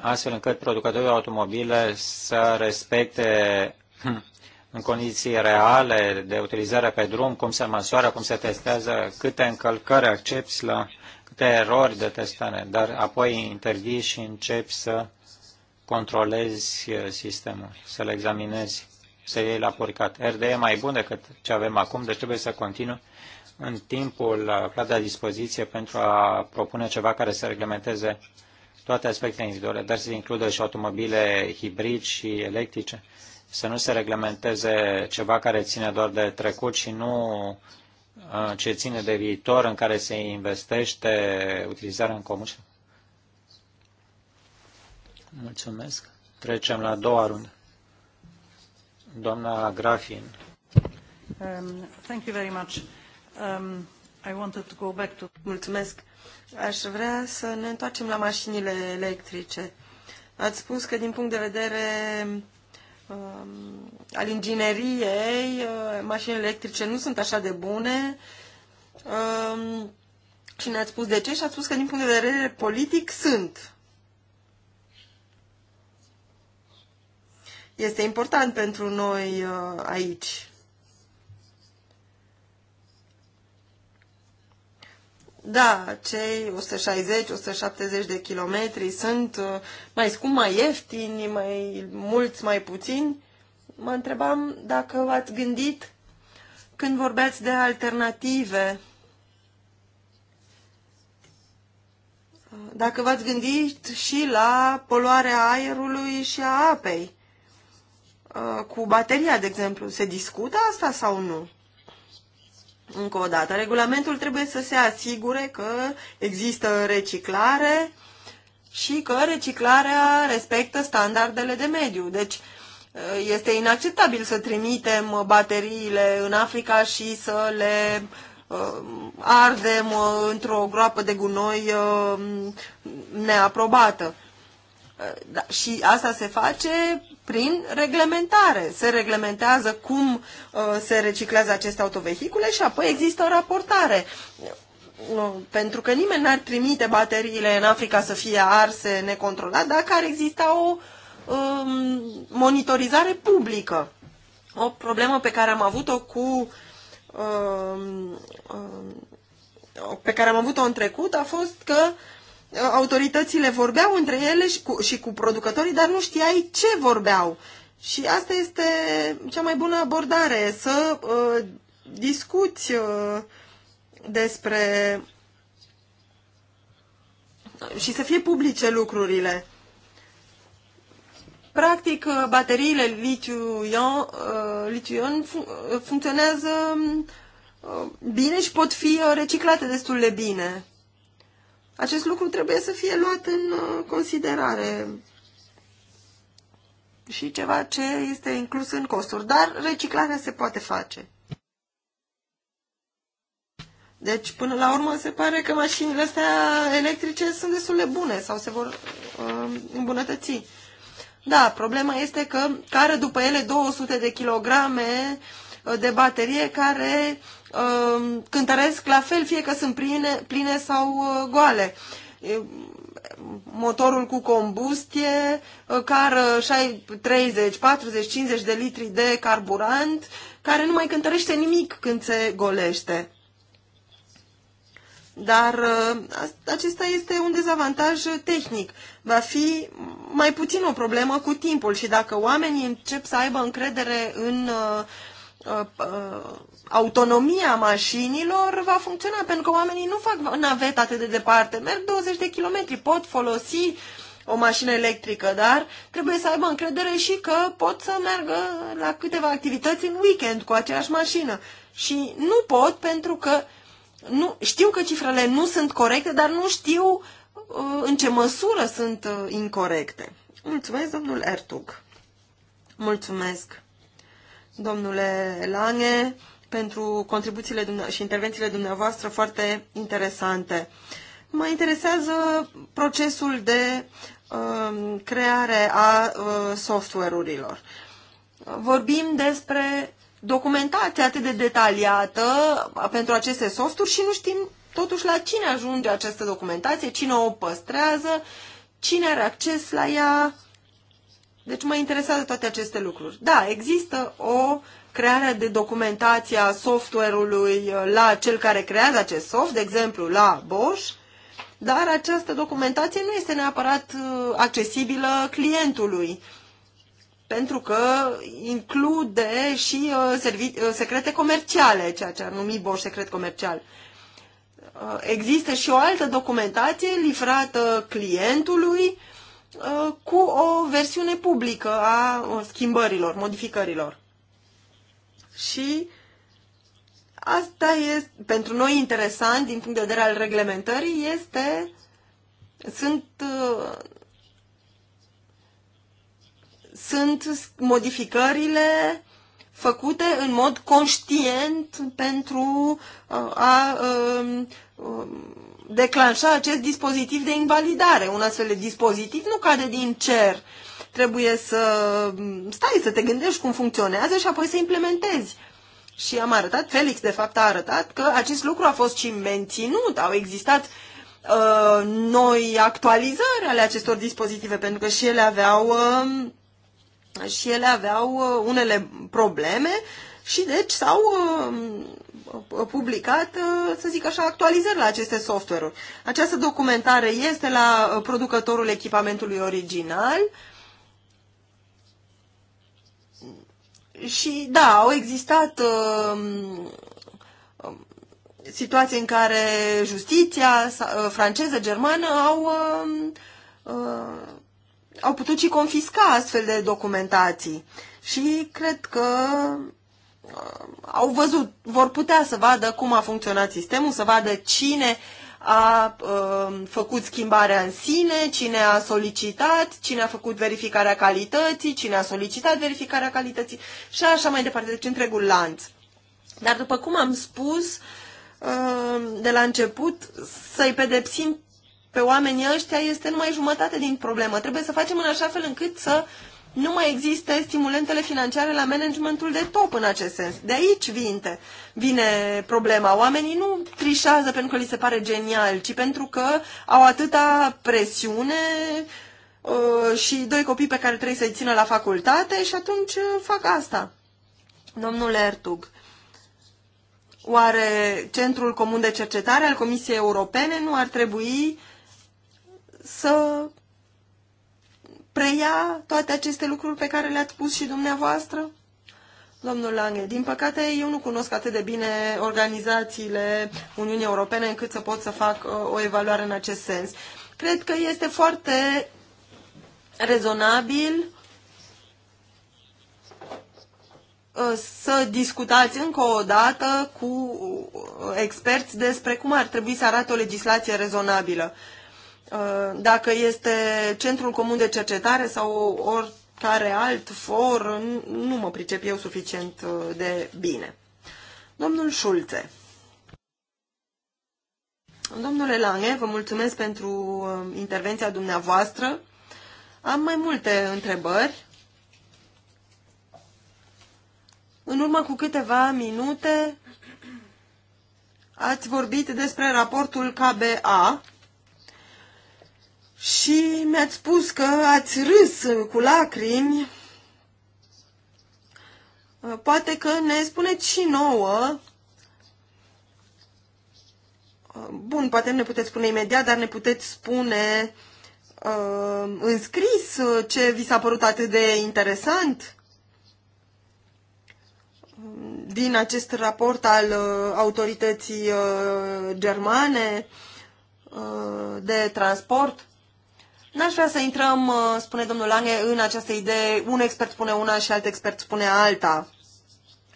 astfel încât producătorii automobile să respecte hmm, în condiții reale de utilizare pe drum, cum se măsoară, cum se testează, câte încălcări accepți la câte erori de testare, dar apoi intervii și începi să controlezi uh, sistemul, să-l examinezi, să iei la purcat. RD e mai bun decât ce avem acum, deci trebuie să continui în timpul uh, aflat la dispoziție pentru a propune ceva care să reglementeze toate aspectele individuale, dar să includă și automobile hibrid și electrice, să nu se reglementeze ceva care ține doar de trecut și nu uh, ce ține de viitor în care se investește utilizarea în comun. Mulțumesc. Trecem la a doua rundă. Doamna Grafin. Um, thank you very much. Um, I wanted to go back to... Mulțumesc. Aș vrea să ne întoarcem la mașinile electrice. Ați spus că din punct de vedere um, al ingineriei, uh, mașinile electrice nu sunt așa de bune. Um, și ne-ați spus de ce și ați spus că din punct de vedere politic sunt. este important pentru noi uh, aici. Da, cei 160-170 de kilometri sunt uh, mai scump, mai ieftini, mai mulți, mai puțini. Mă întrebam dacă v-ați gândit când vorbeați de alternative. Dacă v-ați gândit și la poluarea aerului și a apei. Uh, cu bateria, de exemplu. Se discută asta sau nu? Încă o dată, regulamentul trebuie să se asigure că există reciclare și că reciclarea respectă standardele de mediu. Deci uh, este inacceptabil să trimitem bateriile în Africa și să le uh, ardem într-o groapă de gunoi neaprobată. Eh, da, și asta se face prin reglementare. Se reglementează cum uh, se reciclează aceste autovehicule și apoi există o raportare. Nu, eh, pentru că nimeni n-ar trimite bateriile în Africa să fie arse necontrolat dacă ar exista o um, monitorizare publică. O problemă pe care am avut-o cu um, um, pe care am avut-o în trecut a fost că uh, autoritățile vorbeau între ele și cu, și cu producătorii, dar nu știai ce vorbeau. Și asta este cea mai bună abordare, să uh, discuți uh, despre și să fie publice lucrurile. Practic, uh, bateriile litiu-ion uh, litiu uh, funcționează bine și pot fi reciclate destul de bine. Acest lucru trebuie să fie luat în uh, considerare și ceva ce este inclus în costuri, dar reciclarea se poate face. Deci, până la urmă, se pare că mașinile astea electrice sunt destul de bune sau se vor uh, îmbunătăți. Da, problema este că care după ele 200 de kilograme uh, de baterie care Um, cântăresc la fel, fie că sunt pline, pline sau uh, goale. motorul cu combustie, care 30, 40, 50 de litri de carburant, care nu mai cântărește nimic când se golește. Dar uh, acesta este un dezavantaj uh, tehnic. Va fi mai puțin o problemă cu timpul și dacă oamenii încep să aibă încredere în Uh, uh, autonomia mașinilor va funcționa, pentru că oamenii nu fac naveta atât de departe, merg 20 de kilometri, pot folosi o mașină electrică, dar trebuie să aibă încredere și că pot să meargă la câteva activități în weekend cu aceeași mașină. Și nu pot pentru că nu, știu că cifrele nu sunt corecte, dar nu știu uh, în ce măsură sunt uh, incorrecte. Mulțumesc, domnul Ertug. Mulțumesc domnule Lange, pentru contribuțiile și intervențiile dumneavoastră foarte interesante. Mă interesează procesul de um, creare a uh, software-urilor. Vorbim despre documentație atât de detaliată pentru aceste softuri și nu știm totuși la cine ajunge această documentație, cine o păstrează, cine are acces la ea, deci mă interesează toate aceste lucruri. Da, există o creare de documentație a software-ului uh, la cel care creează acest soft, de exemplu la Bosch, dar această documentație nu este neapărat uh, accesibilă clientului, pentru că include și uh, secrete comerciale, ceea ce ar numi Bosch secret comercial. Există și o altă documentație livrată clientului, Uh, cu o versiune publică a uh, schimbărilor, modificărilor. Și asta este, pentru noi interesant din punct de vedere al reglementării, este, sunt, uh, sunt modificările făcute în mod conștient pentru a, a, a um, declanșa acest dispozitiv de invalidare. Un astfel de dispozitiv nu cade din cer. Trebuie să stai, să te gândești cum funcționează și apoi să implementezi. Și am arătat, Felix de fapt a arătat că acest lucru a fost și menținut, au existat uh, noi actualizări ale acestor dispozitive, pentru că și ele aveau, uh, și ele aveau uh, unele probleme și deci s-au uh, Uh, publicat, uh, să zic așa, actualizări la aceste software-uri. Această documentare este la uh, producătorul echipamentului original și, da, au existat um, um, situații în care justiția franceză, germană au, um, au putut și confisca astfel de documentații. Și cred că au văzut, vor putea să vadă cum a funcționat sistemul, să vadă cine a uh, făcut schimbarea în sine, cine a solicitat, cine a făcut verificarea calității, cine a solicitat verificarea calității și așa mai departe, deci întregul lanț. Dar după cum am spus uh, de la început, să-i pedepsim pe oamenii ăștia este numai jumătate din problemă. Trebuie să facem în așa fel încât să uh, nu mai există stimulentele financiare la managementul de top în acest sens. De aici vinte, vine problema. Oamenii nu trișează pentru că li se pare genial, ci pentru că au atâta presiune uh, și doi copii pe care trebuie să-i țină la facultate și atunci uh, fac asta. Domnul Ertug, oare Centrul Comun de Cercetare al Comisiei Europene nu ar trebui să preia toate aceste lucruri pe care le-ați pus și dumneavoastră? Domnul Lange, din păcate eu nu cunosc atât de bine organizațiile Uniunii Europene încât să pot să fac uh, o evaluare în acest sens. Cred că este foarte rezonabil uh, să discutați încă o dată cu uh, experți despre cum ar trebui să arate o legislație rezonabilă. Uh, dacă este centrul comun de cercetare sau oricare alt for, nu mă pricep eu suficient uh, de bine. Domnul Șulțe. Domnule Lange, vă mulțumesc pentru uh, intervenția dumneavoastră. Am mai multe întrebări. În urmă cu câteva minute ați vorbit despre raportul KBA, și mi-ați spus că ați râs cu lacrimi. Poate că ne spuneți și nouă. Bun, poate nu ne puteți spune imediat, dar ne puteți spune uh, în scris ce vi s-a părut atât de interesant din acest raport al uh, autorității uh, germane uh, de transport. N-aș vrea să intrăm, uh, spune domnul Lange, în această idee, un expert spune una și alt expert spune alta.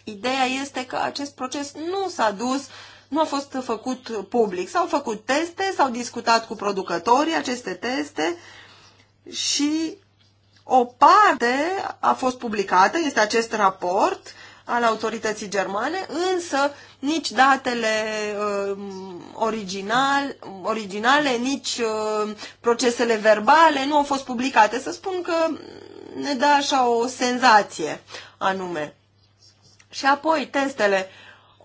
Ideea este că acest proces nu s-a dus, nu a fost făcut public. S-au făcut teste, s-au discutat cu producătorii aceste teste și o parte a fost publicată, este acest raport, al autorității germane, însă nici datele uh, original, originale, nici uh, procesele verbale nu au fost publicate. Să spun că ne dă așa o senzație anume. Și apoi testele.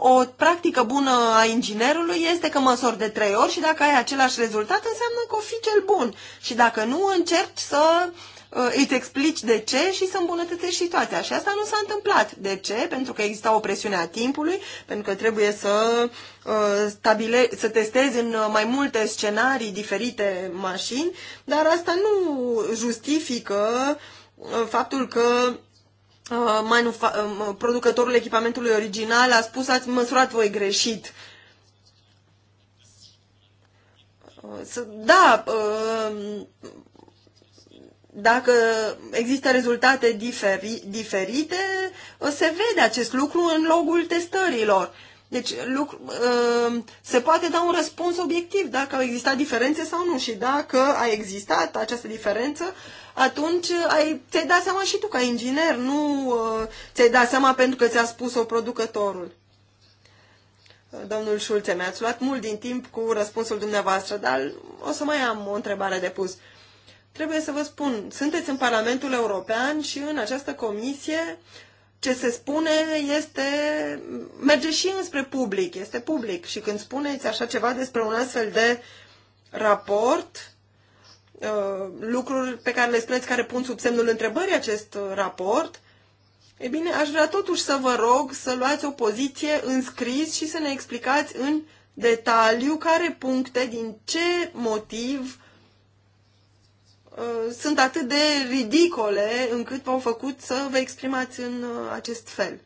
O practică bună a inginerului este că măsori de trei ori și dacă ai același rezultat înseamnă că o fi cel bun. Și dacă nu, încerci să uh, Uh, îți explici de ce și să îmbunătățești situația. Și asta nu s-a întâmplat. De ce? Pentru că exista o presiune a timpului, pentru că trebuie să, uh, stabile, să testezi în uh, mai multe scenarii diferite mașini, dar asta nu justifică faptul că producătorul echipamentului original a spus ați măsurat voi greșit. Da, dacă există rezultate diferi, diferite, se vede acest lucru în logul testărilor. Deci lucru, ă, se poate da un răspuns obiectiv dacă au existat diferențe sau nu și dacă a existat această diferență, atunci ai, ți-ai dat seama și tu ca inginer, nu ă, ți-ai dat seama pentru că ți-a spus-o producătorul. Domnul Șulțe, mi-ați luat mult din timp cu răspunsul dumneavoastră, dar o să mai am o întrebare de pus. Uh, Trebuie să vă spun, sunteți în Parlamentul European și în această comisie ce se spune este, merge și înspre public, este public. Și când spuneți așa ceva despre un astfel de raport, uh, lucruri pe care le spuneți care pun sub semnul întrebării acest uh, raport, e bine, aș vrea totuși să vă rog să luați o poziție în scris și să ne explicați în detaliu care puncte, din ce motiv Uh, sunt atât de ridicole încât v-au făcut să vă exprimați în uh, acest fel.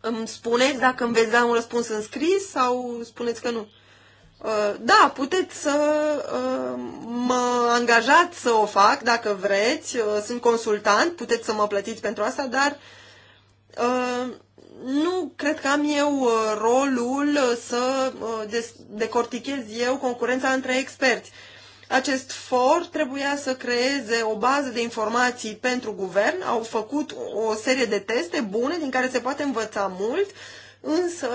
Îmi spuneți dacă îmi veți da un răspuns în scris sau spuneți că nu? Uh, da, puteți să mă angajați să o fac dacă vreți, sunt consultant, puteți să mă plătiți pentru asta, dar nu cred că am eu uh, rolul uh, să uh, decortichez eu concurența între experți. Acest for trebuia să creeze o bază de informații pentru guvern, au făcut o serie de teste bune din care se poate învăța mult, însă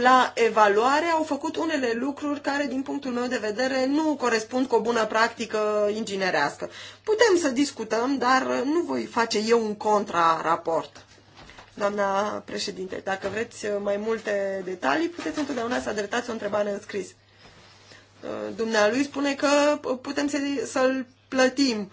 la evaluare au făcut unele lucruri care, din punctul meu de vedere, nu corespund cu o bună practică inginerească. Putem să discutăm, dar nu voi face eu un contraraport. Doamna președinte, dacă vreți mai multe detalii, puteți întotdeauna să adresați o întrebare în scris. Uh, dumnealui spune că putem să-l plătim.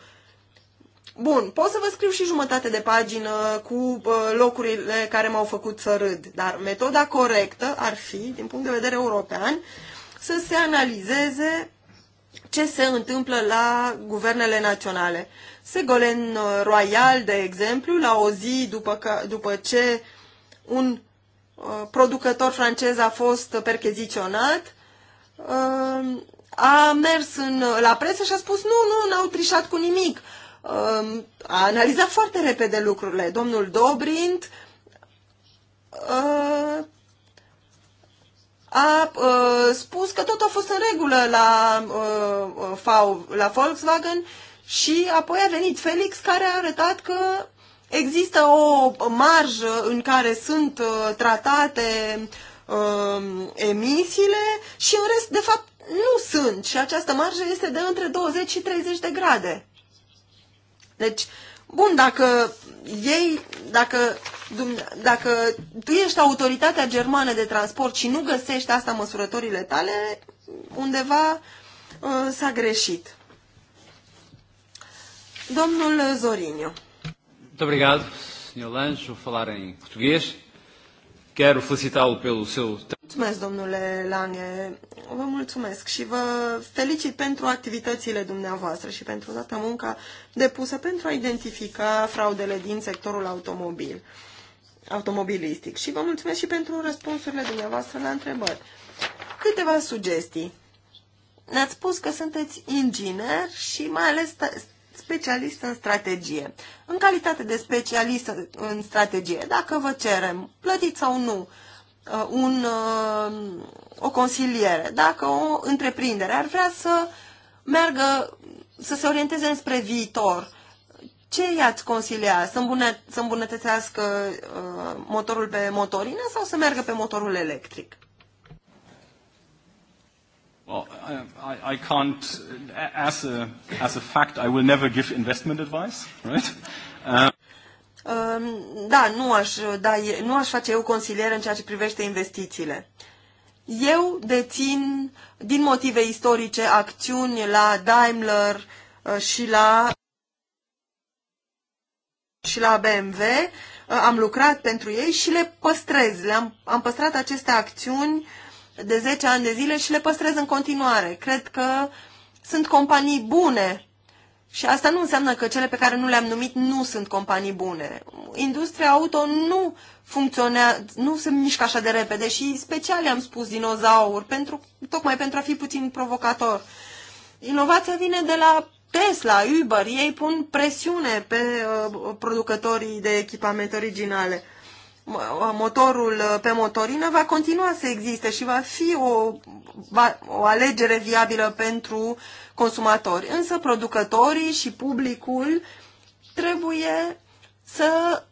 Bun, pot să vă scriu și jumătate de pagină cu uh, locurile care m-au făcut să râd, dar metoda corectă ar fi, din punct de vedere european, să se analizeze ce se întâmplă la guvernele naționale. Segolen Royal, de exemplu, la o zi după, că, după ce un uh, producător francez a fost percheziționat, uh, a mers în, la presă și a spus nu, nu, n-au trișat cu nimic. Uh, a analizat foarte repede lucrurile. Domnul Dobrindt a, a, spus că tot a fost în regulă la, a, la Volkswagen și apoi a venit Felix care a arătat că există o marjă în care sunt uh, tratate uh, emisiile și în rest, de fapt, nu sunt. Și această marjă este de între 20 și 30 de grade. Deci, bun, dacă ei, dacă, dacă tu ești autoritatea germană de transport și nu găsești asta măsurătorile tale, undeva uh, s-a greșit. Domnul Zorinio. Muito obrigado, Sr. Lange. Vou falar em português. Quero felicitá-lo pelo seu... Mulțumesc, domnule Lange. Vă mulțumesc și vă felicit pentru activitățile dumneavoastră și pentru toată munca depusă pentru a identifica fraudele din sectorul automobil, automobilistic. Și vă mulțumesc și pentru răspunsurile dumneavoastră la întrebări. Câteva sugestii. Ne-ați spus că sunteți inginer și mai ales specialist în strategie. În calitate de specialist în strategie, dacă vă cerem, plătiți sau nu, uh, un, uh, o consiliere, dacă o întreprindere ar vrea să meargă, să se orienteze înspre viitor, ce i-ați consilia? Să, să îmbunătățească uh, motorul pe motorină sau să meargă pe motorul electric? Well, I, I can't, as a, as a fact, I will never give investment advice, right? Uh, um... Da, nu aș, da, nu aș face eu consilier în ceea ce privește investițiile. Eu dețin, din motive istorice, acțiuni la Daimler uh, și la, și la BMW. Uh, am lucrat pentru ei și le păstrez. Le-am, am păstrat aceste acțiuni uh, de 10 ani de zile și le păstrez în continuare. Cred că sunt companii bune și asta nu înseamnă că cele pe care nu le-am numit nu sunt companii bune. Industria auto nu funcționează, nu se mișcă așa de repede și special am spus dinozauri, pentru, tocmai pentru a fi puțin provocator. Inovația vine de la Tesla, Uber, ei pun presiune pe uh, producătorii de echipamente originale motorul uh, pe motorină va continua să existe și va fi o, va, o alegere viabilă pentru consumatori. Însă producătorii și publicul trebuie să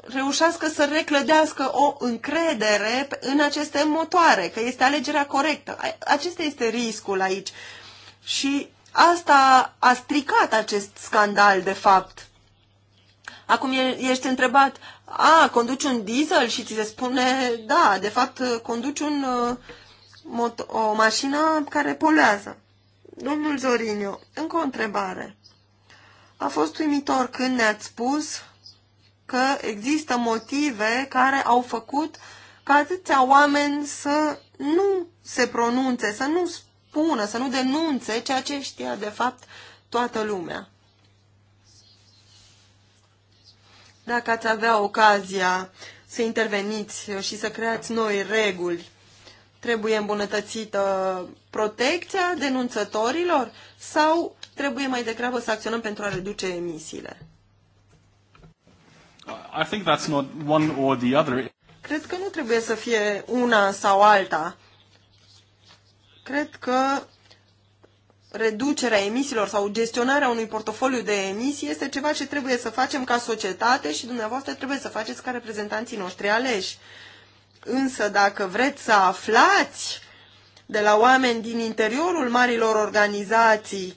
reușească să reclădească o încredere în aceste motoare, că este alegerea corectă. Acesta este riscul aici. Și asta a stricat acest scandal, de fapt Acum ești întrebat, a, conduci un diesel și ți se spune, da, de fapt conduci un, uh, o mașină care poluează. Domnul Zorinio, încă o întrebare. A fost uimitor când ne-ați spus că există motive care au făcut ca atâția oameni să nu se pronunțe, să nu spună, să nu denunțe ceea ce știa de fapt toată lumea. dacă ați avea ocazia să interveniți și să creați noi reguli, trebuie îmbunătățită protecția denunțătorilor sau trebuie mai degrabă să acționăm pentru a reduce emisiile? I think that's not one or the other. Cred că nu trebuie să fie una sau alta. Cred că reducerea emisiilor sau gestionarea unui portofoliu de emisii este ceva ce trebuie să facem ca societate și dumneavoastră trebuie să faceți ca reprezentanții noștri aleși. Însă dacă vreți să aflați de la oameni din interiorul marilor organizații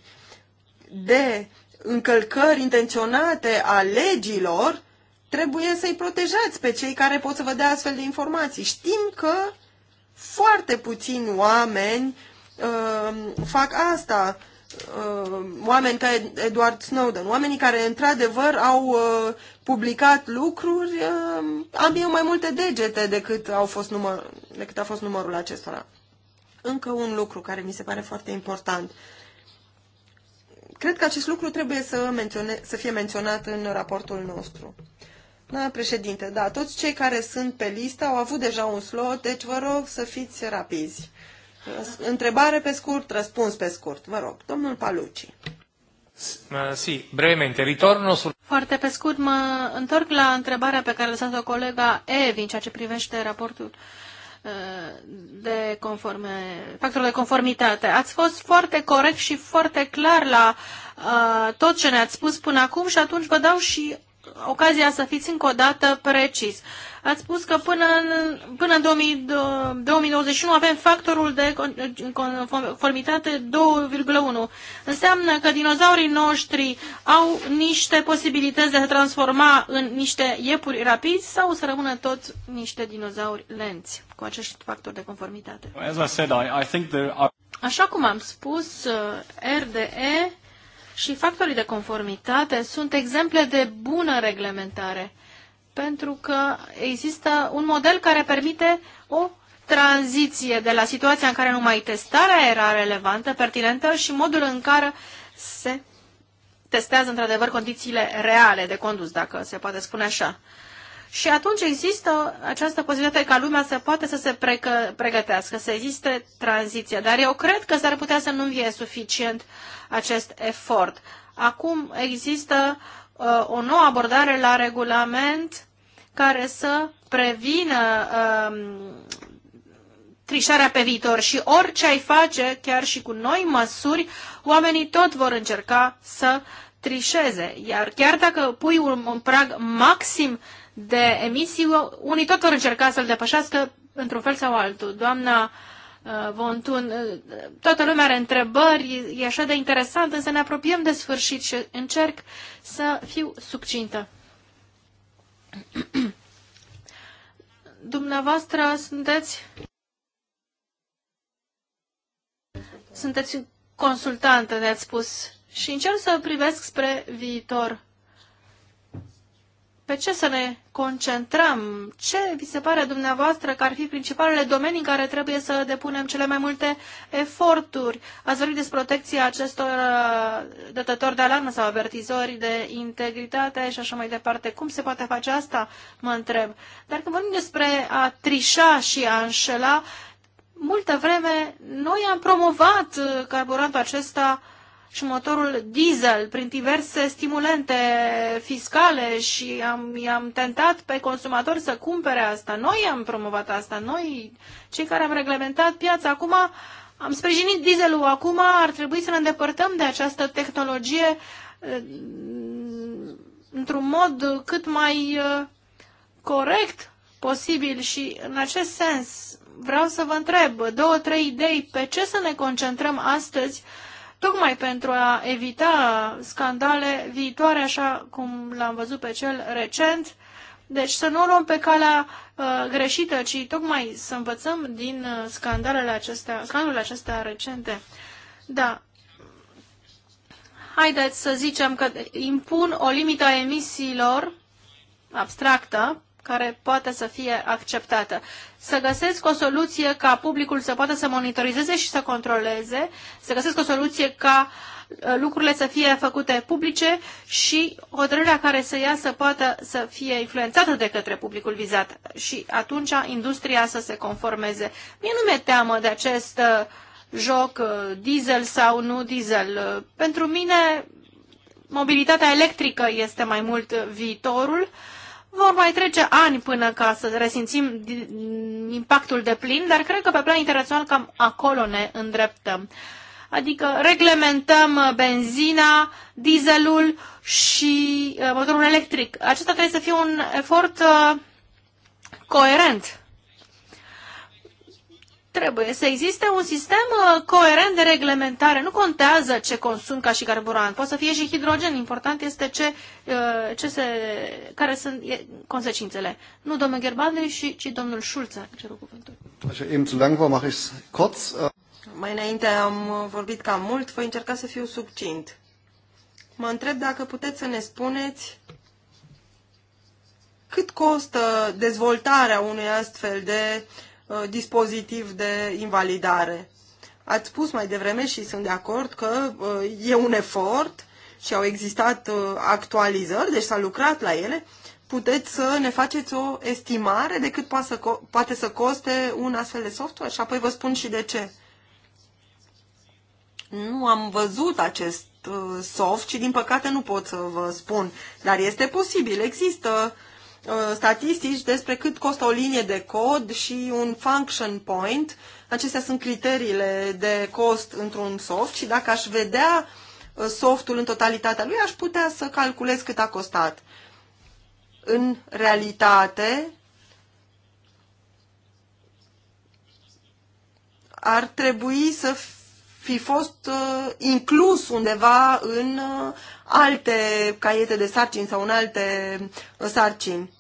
de încălcări intenționate a legilor, trebuie să-i protejați pe cei care pot să vă dea astfel de informații. Știm că foarte puțini oameni Uh, fac asta. Uh, oameni ca Edward Snowden, oamenii care într-adevăr au uh, publicat lucruri, am eu mai multe degete decât, au fost număr, decât a fost numărul acestora. Încă un lucru care mi se pare foarte important. Cred că acest lucru trebuie să, mențione, să fie menționat în raportul nostru. Da, președinte, da, toți cei care sunt pe listă au avut deja un slot, deci vă rog să fiți rapizi. Întrebare pe scurt, răspuns pe scurt. Vă rog, domnul Paluci. Uh, si, brevemente, ritorno sul... Foarte pe scurt, mă întorc la întrebarea pe care a lăsat-o colega Evi în ceea ce privește raportul uh, de conforme, factorul de conformitate. Ați fost foarte corect și foarte clar la uh, tot ce ne-ați spus până acum și atunci vă dau și ocazia să fiți încă o dată precis. Ați spus că până în, până în 2021 avem factorul de conformitate 2,1. Înseamnă că dinozaurii noștri au niște posibilități de a transforma în niște iepuri rapizi sau să rămână tot niște dinozauri lenți cu acești factori de conformitate. Așa cum am spus, uh, RDE și factorii de conformitate sunt exemple de bună reglementare, pentru că există un model care permite o tranziție de la situația în care numai testarea era relevantă, pertinentă și modul în care se testează într-adevăr condițiile reale de condus, dacă se poate spune așa. Și atunci există această posibilitate ca lumea să poată să se pregă, pregătească, să existe tranziția. Dar eu cred că s-ar putea să nu fie suficient acest efort. Acum există uh, o nouă abordare la regulament care să prevină uh, trișarea pe viitor și orice ai face, chiar și cu noi măsuri, oamenii tot vor încerca să trișeze. Iar chiar dacă pui un, un prag maxim uh, de emisii, unii tot vor încerca să-l depășească într-un fel sau altul. Doamna uh, Von Thun, uh, toată lumea are întrebări, e așa de interesant, însă ne apropiem de sfârșit și încerc să fiu succintă. Dumneavoastră sunteți sunteți consultantă, ne-ați spus, și încerc să privesc spre viitor pe ce să ne concentrăm? Ce vi se pare dumneavoastră că ar fi principalele domenii în care trebuie să depunem cele mai multe eforturi? Ați vorbit despre protecția acestor uh, dătători de alarmă sau avertizori de integritate și așa mai departe. Cum se poate face asta? Mă întreb. Dar când vorbim despre a trișa și a înșela, multă vreme noi am promovat uh, carburantul acesta uh, și motorul diesel prin diverse stimulente fiscale și am, i-am tentat pe consumatori să cumpere asta. Noi am promovat asta, noi, cei care am reglementat piața. Acum am sprijinit dieselul, acum ar trebui să ne îndepărtăm de această tehnologie eh, într-un mod cât mai eh, corect posibil și în acest sens vreau să vă întreb două, trei idei pe ce să ne concentrăm astăzi uh, tocmai pentru a evita scandale viitoare, așa cum l-am văzut pe cel recent. Deci să nu luăm pe calea uh, greșită, ci tocmai să învățăm din uh, scandalele acestea, scandalele acestea recente. Da. Haideți să zicem că impun o limită a emisiilor abstractă care poate să fie acceptată. Să găsesc o soluție ca publicul să poată să monitorizeze și să controleze, să găsesc o soluție ca uh, lucrurile să fie făcute publice și hotărârea care să ia să poată să fie influențată de către publicul vizat și atunci industria să se conformeze. Mie nu mi-e teamă de acest uh, joc uh, diesel sau nu diesel. Pentru mine mobilitatea electrică este mai mult viitorul vor mai trece ani până ca să resimțim impactul de plin, dar cred că pe plan internațional cam acolo ne îndreptăm. Adică reglementăm uh, benzina, dieselul și uh, motorul electric. Acesta trebuie să fie un efort uh, coerent Trebuie să existe un sistem uh, coerent de reglementare. Nu contează ce consum ca și carburant. Poate să fie și hidrogen. Important este ce, uh, ce se, care sunt consecințele. Nu domnul și ci domnul Schulze. Cerul cuvântul. Așa, eben zu lang war, mache kurz. Mai înainte am uh, vorbit cam mult, voi încerca să fiu succint. Mă întreb dacă puteți să ne spuneți cât costă dezvoltarea unui astfel de Uh, dispozitiv de invalidare. Ați spus mai devreme și sunt de acord că uh, e un efort și au existat uh, actualizări, deci s-a lucrat la ele. Puteți să ne faceți o estimare de cât poate să, poate să coste un astfel de software și apoi vă spun și de ce. Nu am văzut acest soft și din păcate nu pot să vă spun, dar este posibil, există Uh, statistici despre cât costă o linie de cod și un function point. Acestea sunt criteriile de cost într-un soft și dacă aș vedea uh, softul în totalitatea lui, aș putea să calculez cât a costat. În realitate, ar trebui să fi fost uh, inclus undeva în uh, alte caiete de sarcini sau în alte uh, sarcini.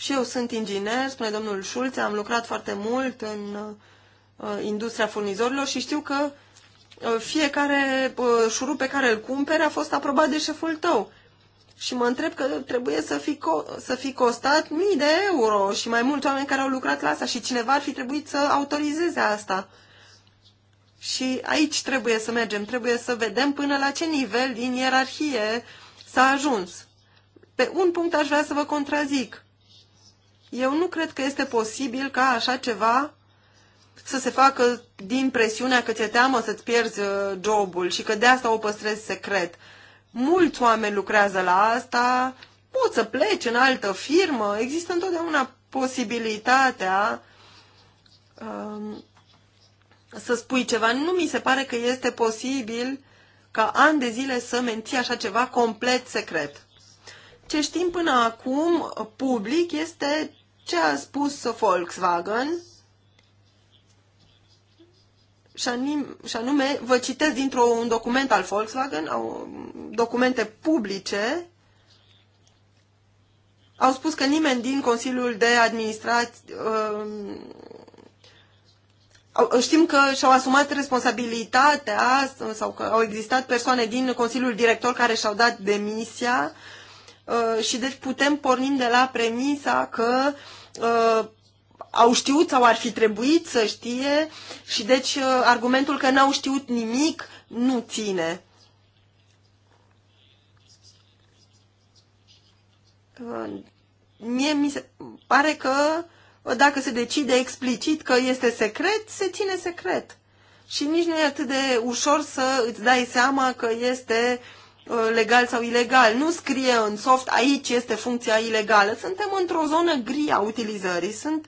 Și eu sunt inginer, spune domnul Schulz, am lucrat foarte mult în uh, industria furnizorilor și știu că uh, fiecare uh, șurub pe care îl cumpere a fost aprobat de șeful tău. Și mă întreb că trebuie să fi, co- să fi costat mii de euro și mai mulți oameni care au lucrat la asta și cineva ar fi trebuit să autorizeze asta. Și aici trebuie să mergem, trebuie să vedem până la ce nivel din ierarhie s-a ajuns. Pe un punct aș vrea să vă contrazic. Eu nu cred că este posibil ca așa ceva să se facă din presiunea că ți-e teamă să-ți pierzi uh, jobul și că de asta o păstrezi secret. Mulți oameni lucrează la asta, poți să pleci în altă firmă, există întotdeauna posibilitatea um, să spui ceva. Nu mi se pare că este posibil ca ani de zile să menții așa ceva complet secret. Ce știm până acum uh, public este ce a spus Volkswagen și anume, vă citesc dintr-un document al Volkswagen, au documente publice, au spus că nimeni din Consiliul de Administrație... Um, știm că și-au asumat responsabilitatea sau că au existat persoane din Consiliul Director care și-au dat demisia uh, și deci putem pornim de la premisa că uh, uh, au știut sau ar fi trebuit să știe și deci uh, argumentul că n-au știut nimic nu ține. Uh, mie mi se pare că dacă se decide explicit că este secret, se ține secret. Și nici nu e atât de ușor să îți dai seama că este Uh, legal sau ilegal. Nu scrie în soft aici este funcția ilegală. Suntem într-o zonă gri a utilizării. Sunt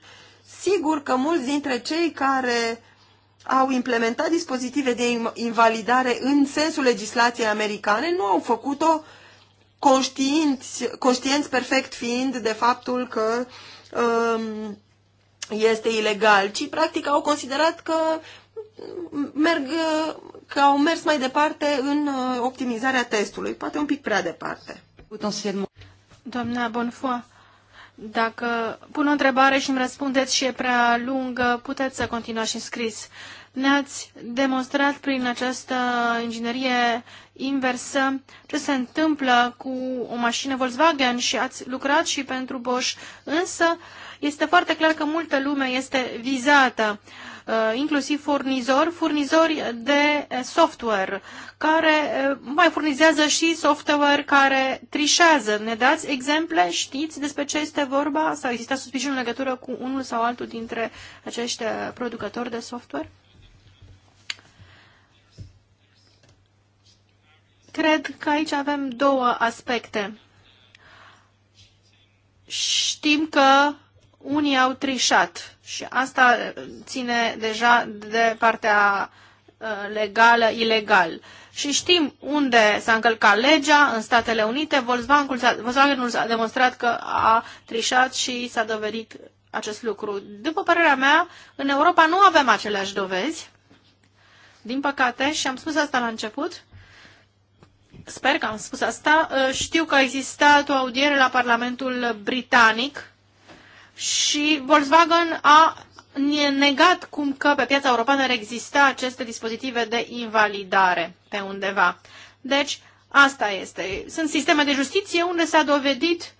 sigur că mulți dintre cei care au implementat dispozitive de invalidare în sensul legislației americane nu au făcut-o conștienți, conștienți perfect fiind de faptul că um, este ilegal, ci practic au considerat că merg că au mers mai departe în uh, optimizarea testului, poate un pic prea departe. Doamna Bonfoa, dacă pun o întrebare și îmi răspundeți și e prea lungă, puteți să continuați și scris. Ne-ați demonstrat prin această inginerie inversă ce se întâmplă cu o mașină Volkswagen și ați lucrat și pentru Bosch, însă este foarte clar că multă lume este vizată. Uh, Uh, inclusiv furnizori, furnizori de uh, software, care uh, mai furnizează și software care trișează. Ne dați exemple? Știți despre ce este vorba? Sau există suspiciuni în legătură cu unul sau altul dintre acești producători de software? Cred că aici avem două aspecte. Știm că unii au trișat și asta ține deja de partea uh, legală, ilegal. Și știm unde s-a încălcat legea în Statele Unite. Volkswagen-ul a demonstrat că a trișat și s-a dovedit acest lucru. După părerea mea, în Europa nu avem aceleași dovezi. Din păcate, și am spus asta la început, sper că am spus asta, uh, știu că a existat o audiere la Parlamentul Britanic și Volkswagen a negat cum că pe piața europeană ar exista aceste dispozitive de invalidare pe undeva. Deci, asta este. Sunt sisteme de justiție unde s-a dovedit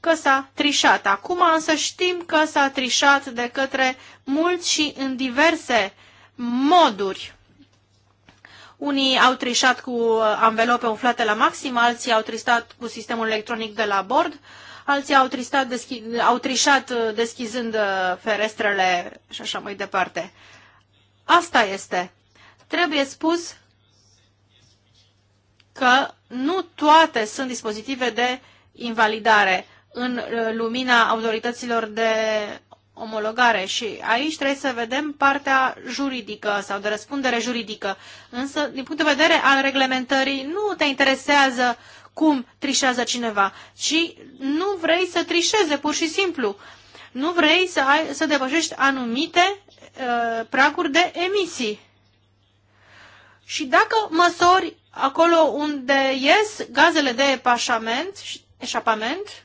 că s-a trișat. Acum însă știm că s-a trișat de către mulți și în diverse moduri. Unii au trișat cu uh, anvelope umflate la maxim, alții au trișat cu sistemul electronic de la bord. Uh, alții au, tristat deschi- au trișat uh, deschizând uh, ferestrele și așa mai departe. Asta este. Trebuie spus că nu toate sunt dispozitive de invalidare în uh, lumina autorităților de omologare și aici trebuie să vedem partea juridică sau de răspundere juridică. Însă, din punct de vedere al reglementării, nu te interesează cum trișează cineva, ci nu vrei să trișeze, pur și simplu. Nu vrei să, ai, să depășești anumite uh, praguri de emisii. Și dacă măsori acolo unde ies gazele de epașament, eșapament,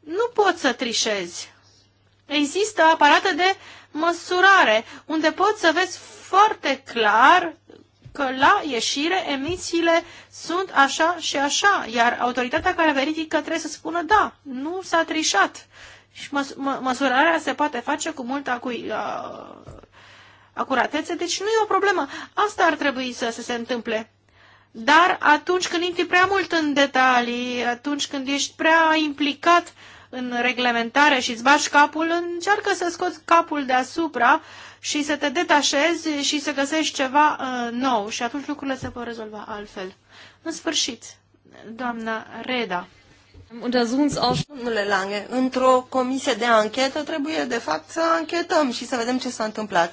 nu poți să trișezi. Există aparate de măsurare unde poți să vezi foarte clar că la ieșire emisiile sunt așa și așa, iar autoritatea care verifică trebuie să spună da, nu s-a trișat. Și măs- mă, măsurarea se poate face cu multă acu- uh, acuratețe, deci nu e o problemă. Asta ar trebui să, să se întâmple. Dar atunci când intri prea mult în detalii, atunci când ești prea implicat în reglementare și îți bași capul, încearcă să scoți capul deasupra uh, și să te detașezi și să găsești ceva uh, nou și atunci lucrurile se pot rezolva altfel. În sfârșit, doamna Reda. Domnule Lange, într-o comisie de anchetă trebuie de fapt să anchetăm și să vedem ce s-a întâmplat.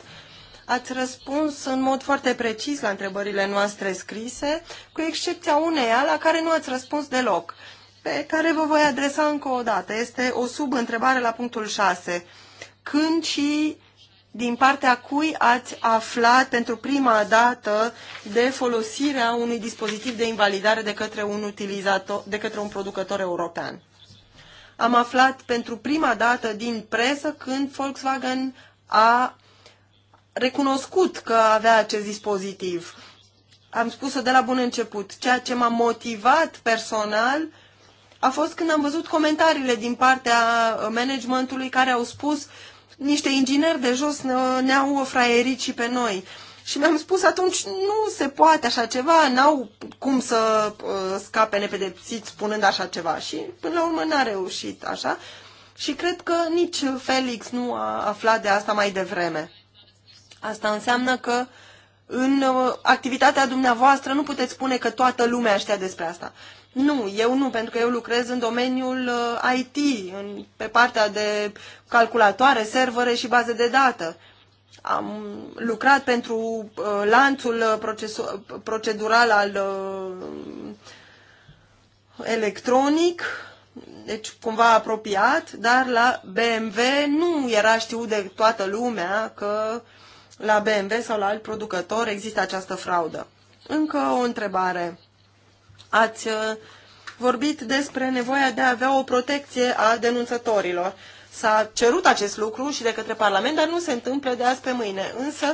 Ați răspuns în mod foarte precis la întrebările noastre scrise, cu excepția uneia la care nu ați răspuns deloc, pe care vă voi adresa încă o dată. Este o subîntrebare la punctul 6. Când și din partea cui ați aflat pentru prima dată de folosirea unui dispozitiv de invalidare de către un, utilizator, de către un producător european. Am aflat pentru prima dată din presă când Volkswagen a recunoscut că avea acest dispozitiv. Am spus-o de la bun început. Ceea ce m-a motivat personal a fost când am văzut comentariile din partea managementului care au spus uh, niște ingineri de jos ne-au fraierit și pe noi. Și mi-am spus atunci, nu se poate așa ceva, n-au cum să uh, scape nepedepsiți spunând așa ceva. Și până la urmă n-a reușit așa. Și cred că nici Felix nu a aflat de asta mai devreme. Asta înseamnă că în uh, activitatea dumneavoastră nu puteți spune că toată lumea știa despre asta. Nu, eu nu, pentru că eu lucrez în domeniul uh, IT, în, pe partea de calculatoare, servere și baze de dată. Am lucrat pentru uh, lanțul uh, procesu- uh, procedural al uh, electronic, deci cumva apropiat, dar la BMW nu era știut de toată lumea că la BMW sau la alt producător există această fraudă. Încă o întrebare Ați uh, vorbit despre nevoia de a avea o protecție a denunțătorilor. S-a cerut acest lucru și de către Parlament, dar nu se întâmplă de azi pe mâine. Însă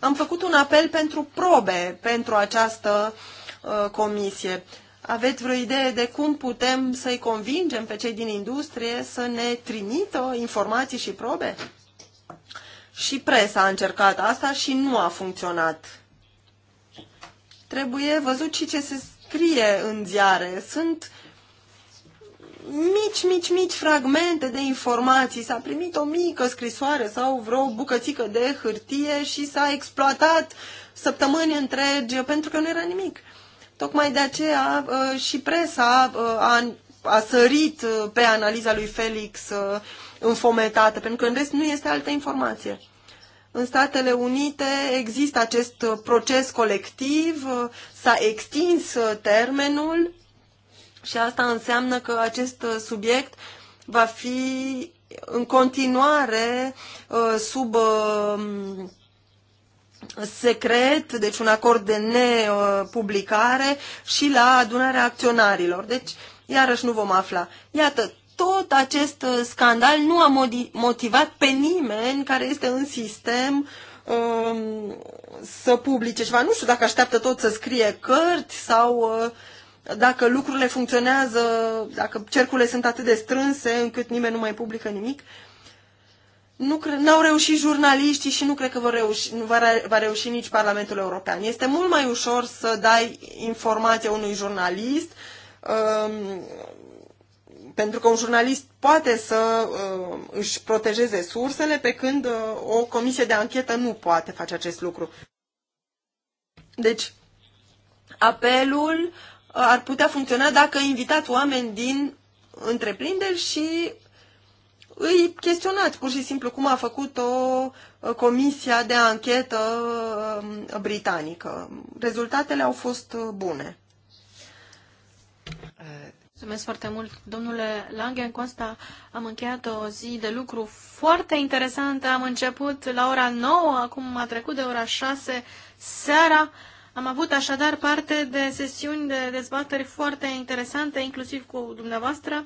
am făcut un apel pentru probe pentru această uh, comisie. Aveți vreo idee de cum putem să-i convingem pe cei din industrie să ne trimită informații și probe? Și presa a încercat asta și nu a funcționat. Trebuie văzut și ce se scrie în ziare. Sunt mici, mici, mici fragmente de informații. S-a primit o mică scrisoare sau vreo bucățică de hârtie și s-a exploatat săptămâni întregi pentru că nu era nimic. Tocmai de aceea uh, și presa uh, a, a sărit uh, pe analiza lui Felix înfometată, pentru că în rest nu este altă informație. În Statele Unite există acest proces colectiv, s-a extins termenul și asta înseamnă că acest subiect va fi în continuare uh, sub um, secret, deci un acord de nepublicare și la adunarea acționarilor. Deci, iarăși nu vom afla. Iată, tot acest uh, scandal nu a motivat pe nimeni care este în sistem um, să publice ceva. Nu știu dacă așteaptă tot să scrie cărți sau uh, dacă lucrurile funcționează, dacă cercurile sunt atât de strânse încât nimeni nu mai publică nimic. Nu cre- n-au reușit jurnaliștii și nu cred că vor reuși, nu va, re- va reuși nici Parlamentul European. Este mult mai ușor să dai informația unui jurnalist um, pentru că un jurnalist poate să uh, își protejeze sursele, pe când uh, o comisie de anchetă nu poate face acest lucru. Deci, apelul uh, ar putea funcționa dacă invitați oameni din întreprinderi și îi chestionați pur și simplu cum a făcut-o uh, comisia de anchetă uh, britanică. Rezultatele au fost bune. Mulțumesc foarte mult, domnule Lange. În Consta am încheiat o zi de lucru foarte interesantă. Am început la ora 9, acum a trecut de ora 6 seara. Am avut așadar parte de sesiuni de dezbateri foarte interesante, inclusiv cu dumneavoastră.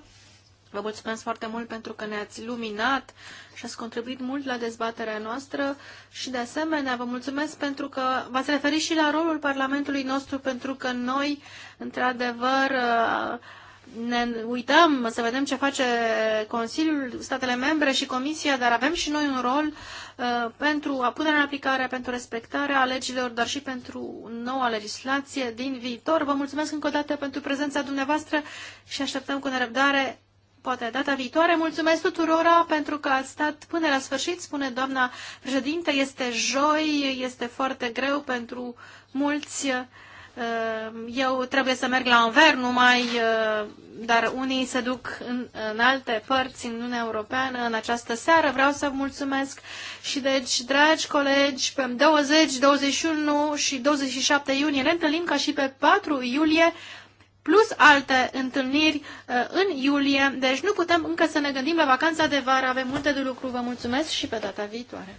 Vă mulțumesc foarte mult pentru că ne-ați luminat și ați contribuit mult la dezbaterea noastră și de asemenea vă mulțumesc pentru că v-ați referit și la rolul Parlamentului nostru pentru că noi, într-adevăr, ne uităm să vedem ce face Consiliul, statele membre și Comisia, dar avem și noi un rol uh, pentru a pune în aplicare, pentru respectarea legilor, dar și pentru noua legislație din viitor. Vă mulțumesc încă o dată pentru prezența dumneavoastră și așteptăm cu nerăbdare poate data viitoare. Mulțumesc tuturora pentru că ați stat până la sfârșit, spune doamna președinte. Este joi, este foarte greu pentru mulți Uh, eu trebuie să merg la Anvers numai, uh, dar unii se duc în, în alte părți, în Uniunea Europeană, în această seară. Vreau să mulțumesc și deci, dragi colegi, pe 20, 21 și 27 iunie ne întâlnim ca și pe 4 iulie plus alte întâlniri uh, în iulie, deci nu putem încă să ne gândim la vacanța de vară, avem multe de lucru, vă mulțumesc și pe data viitoare.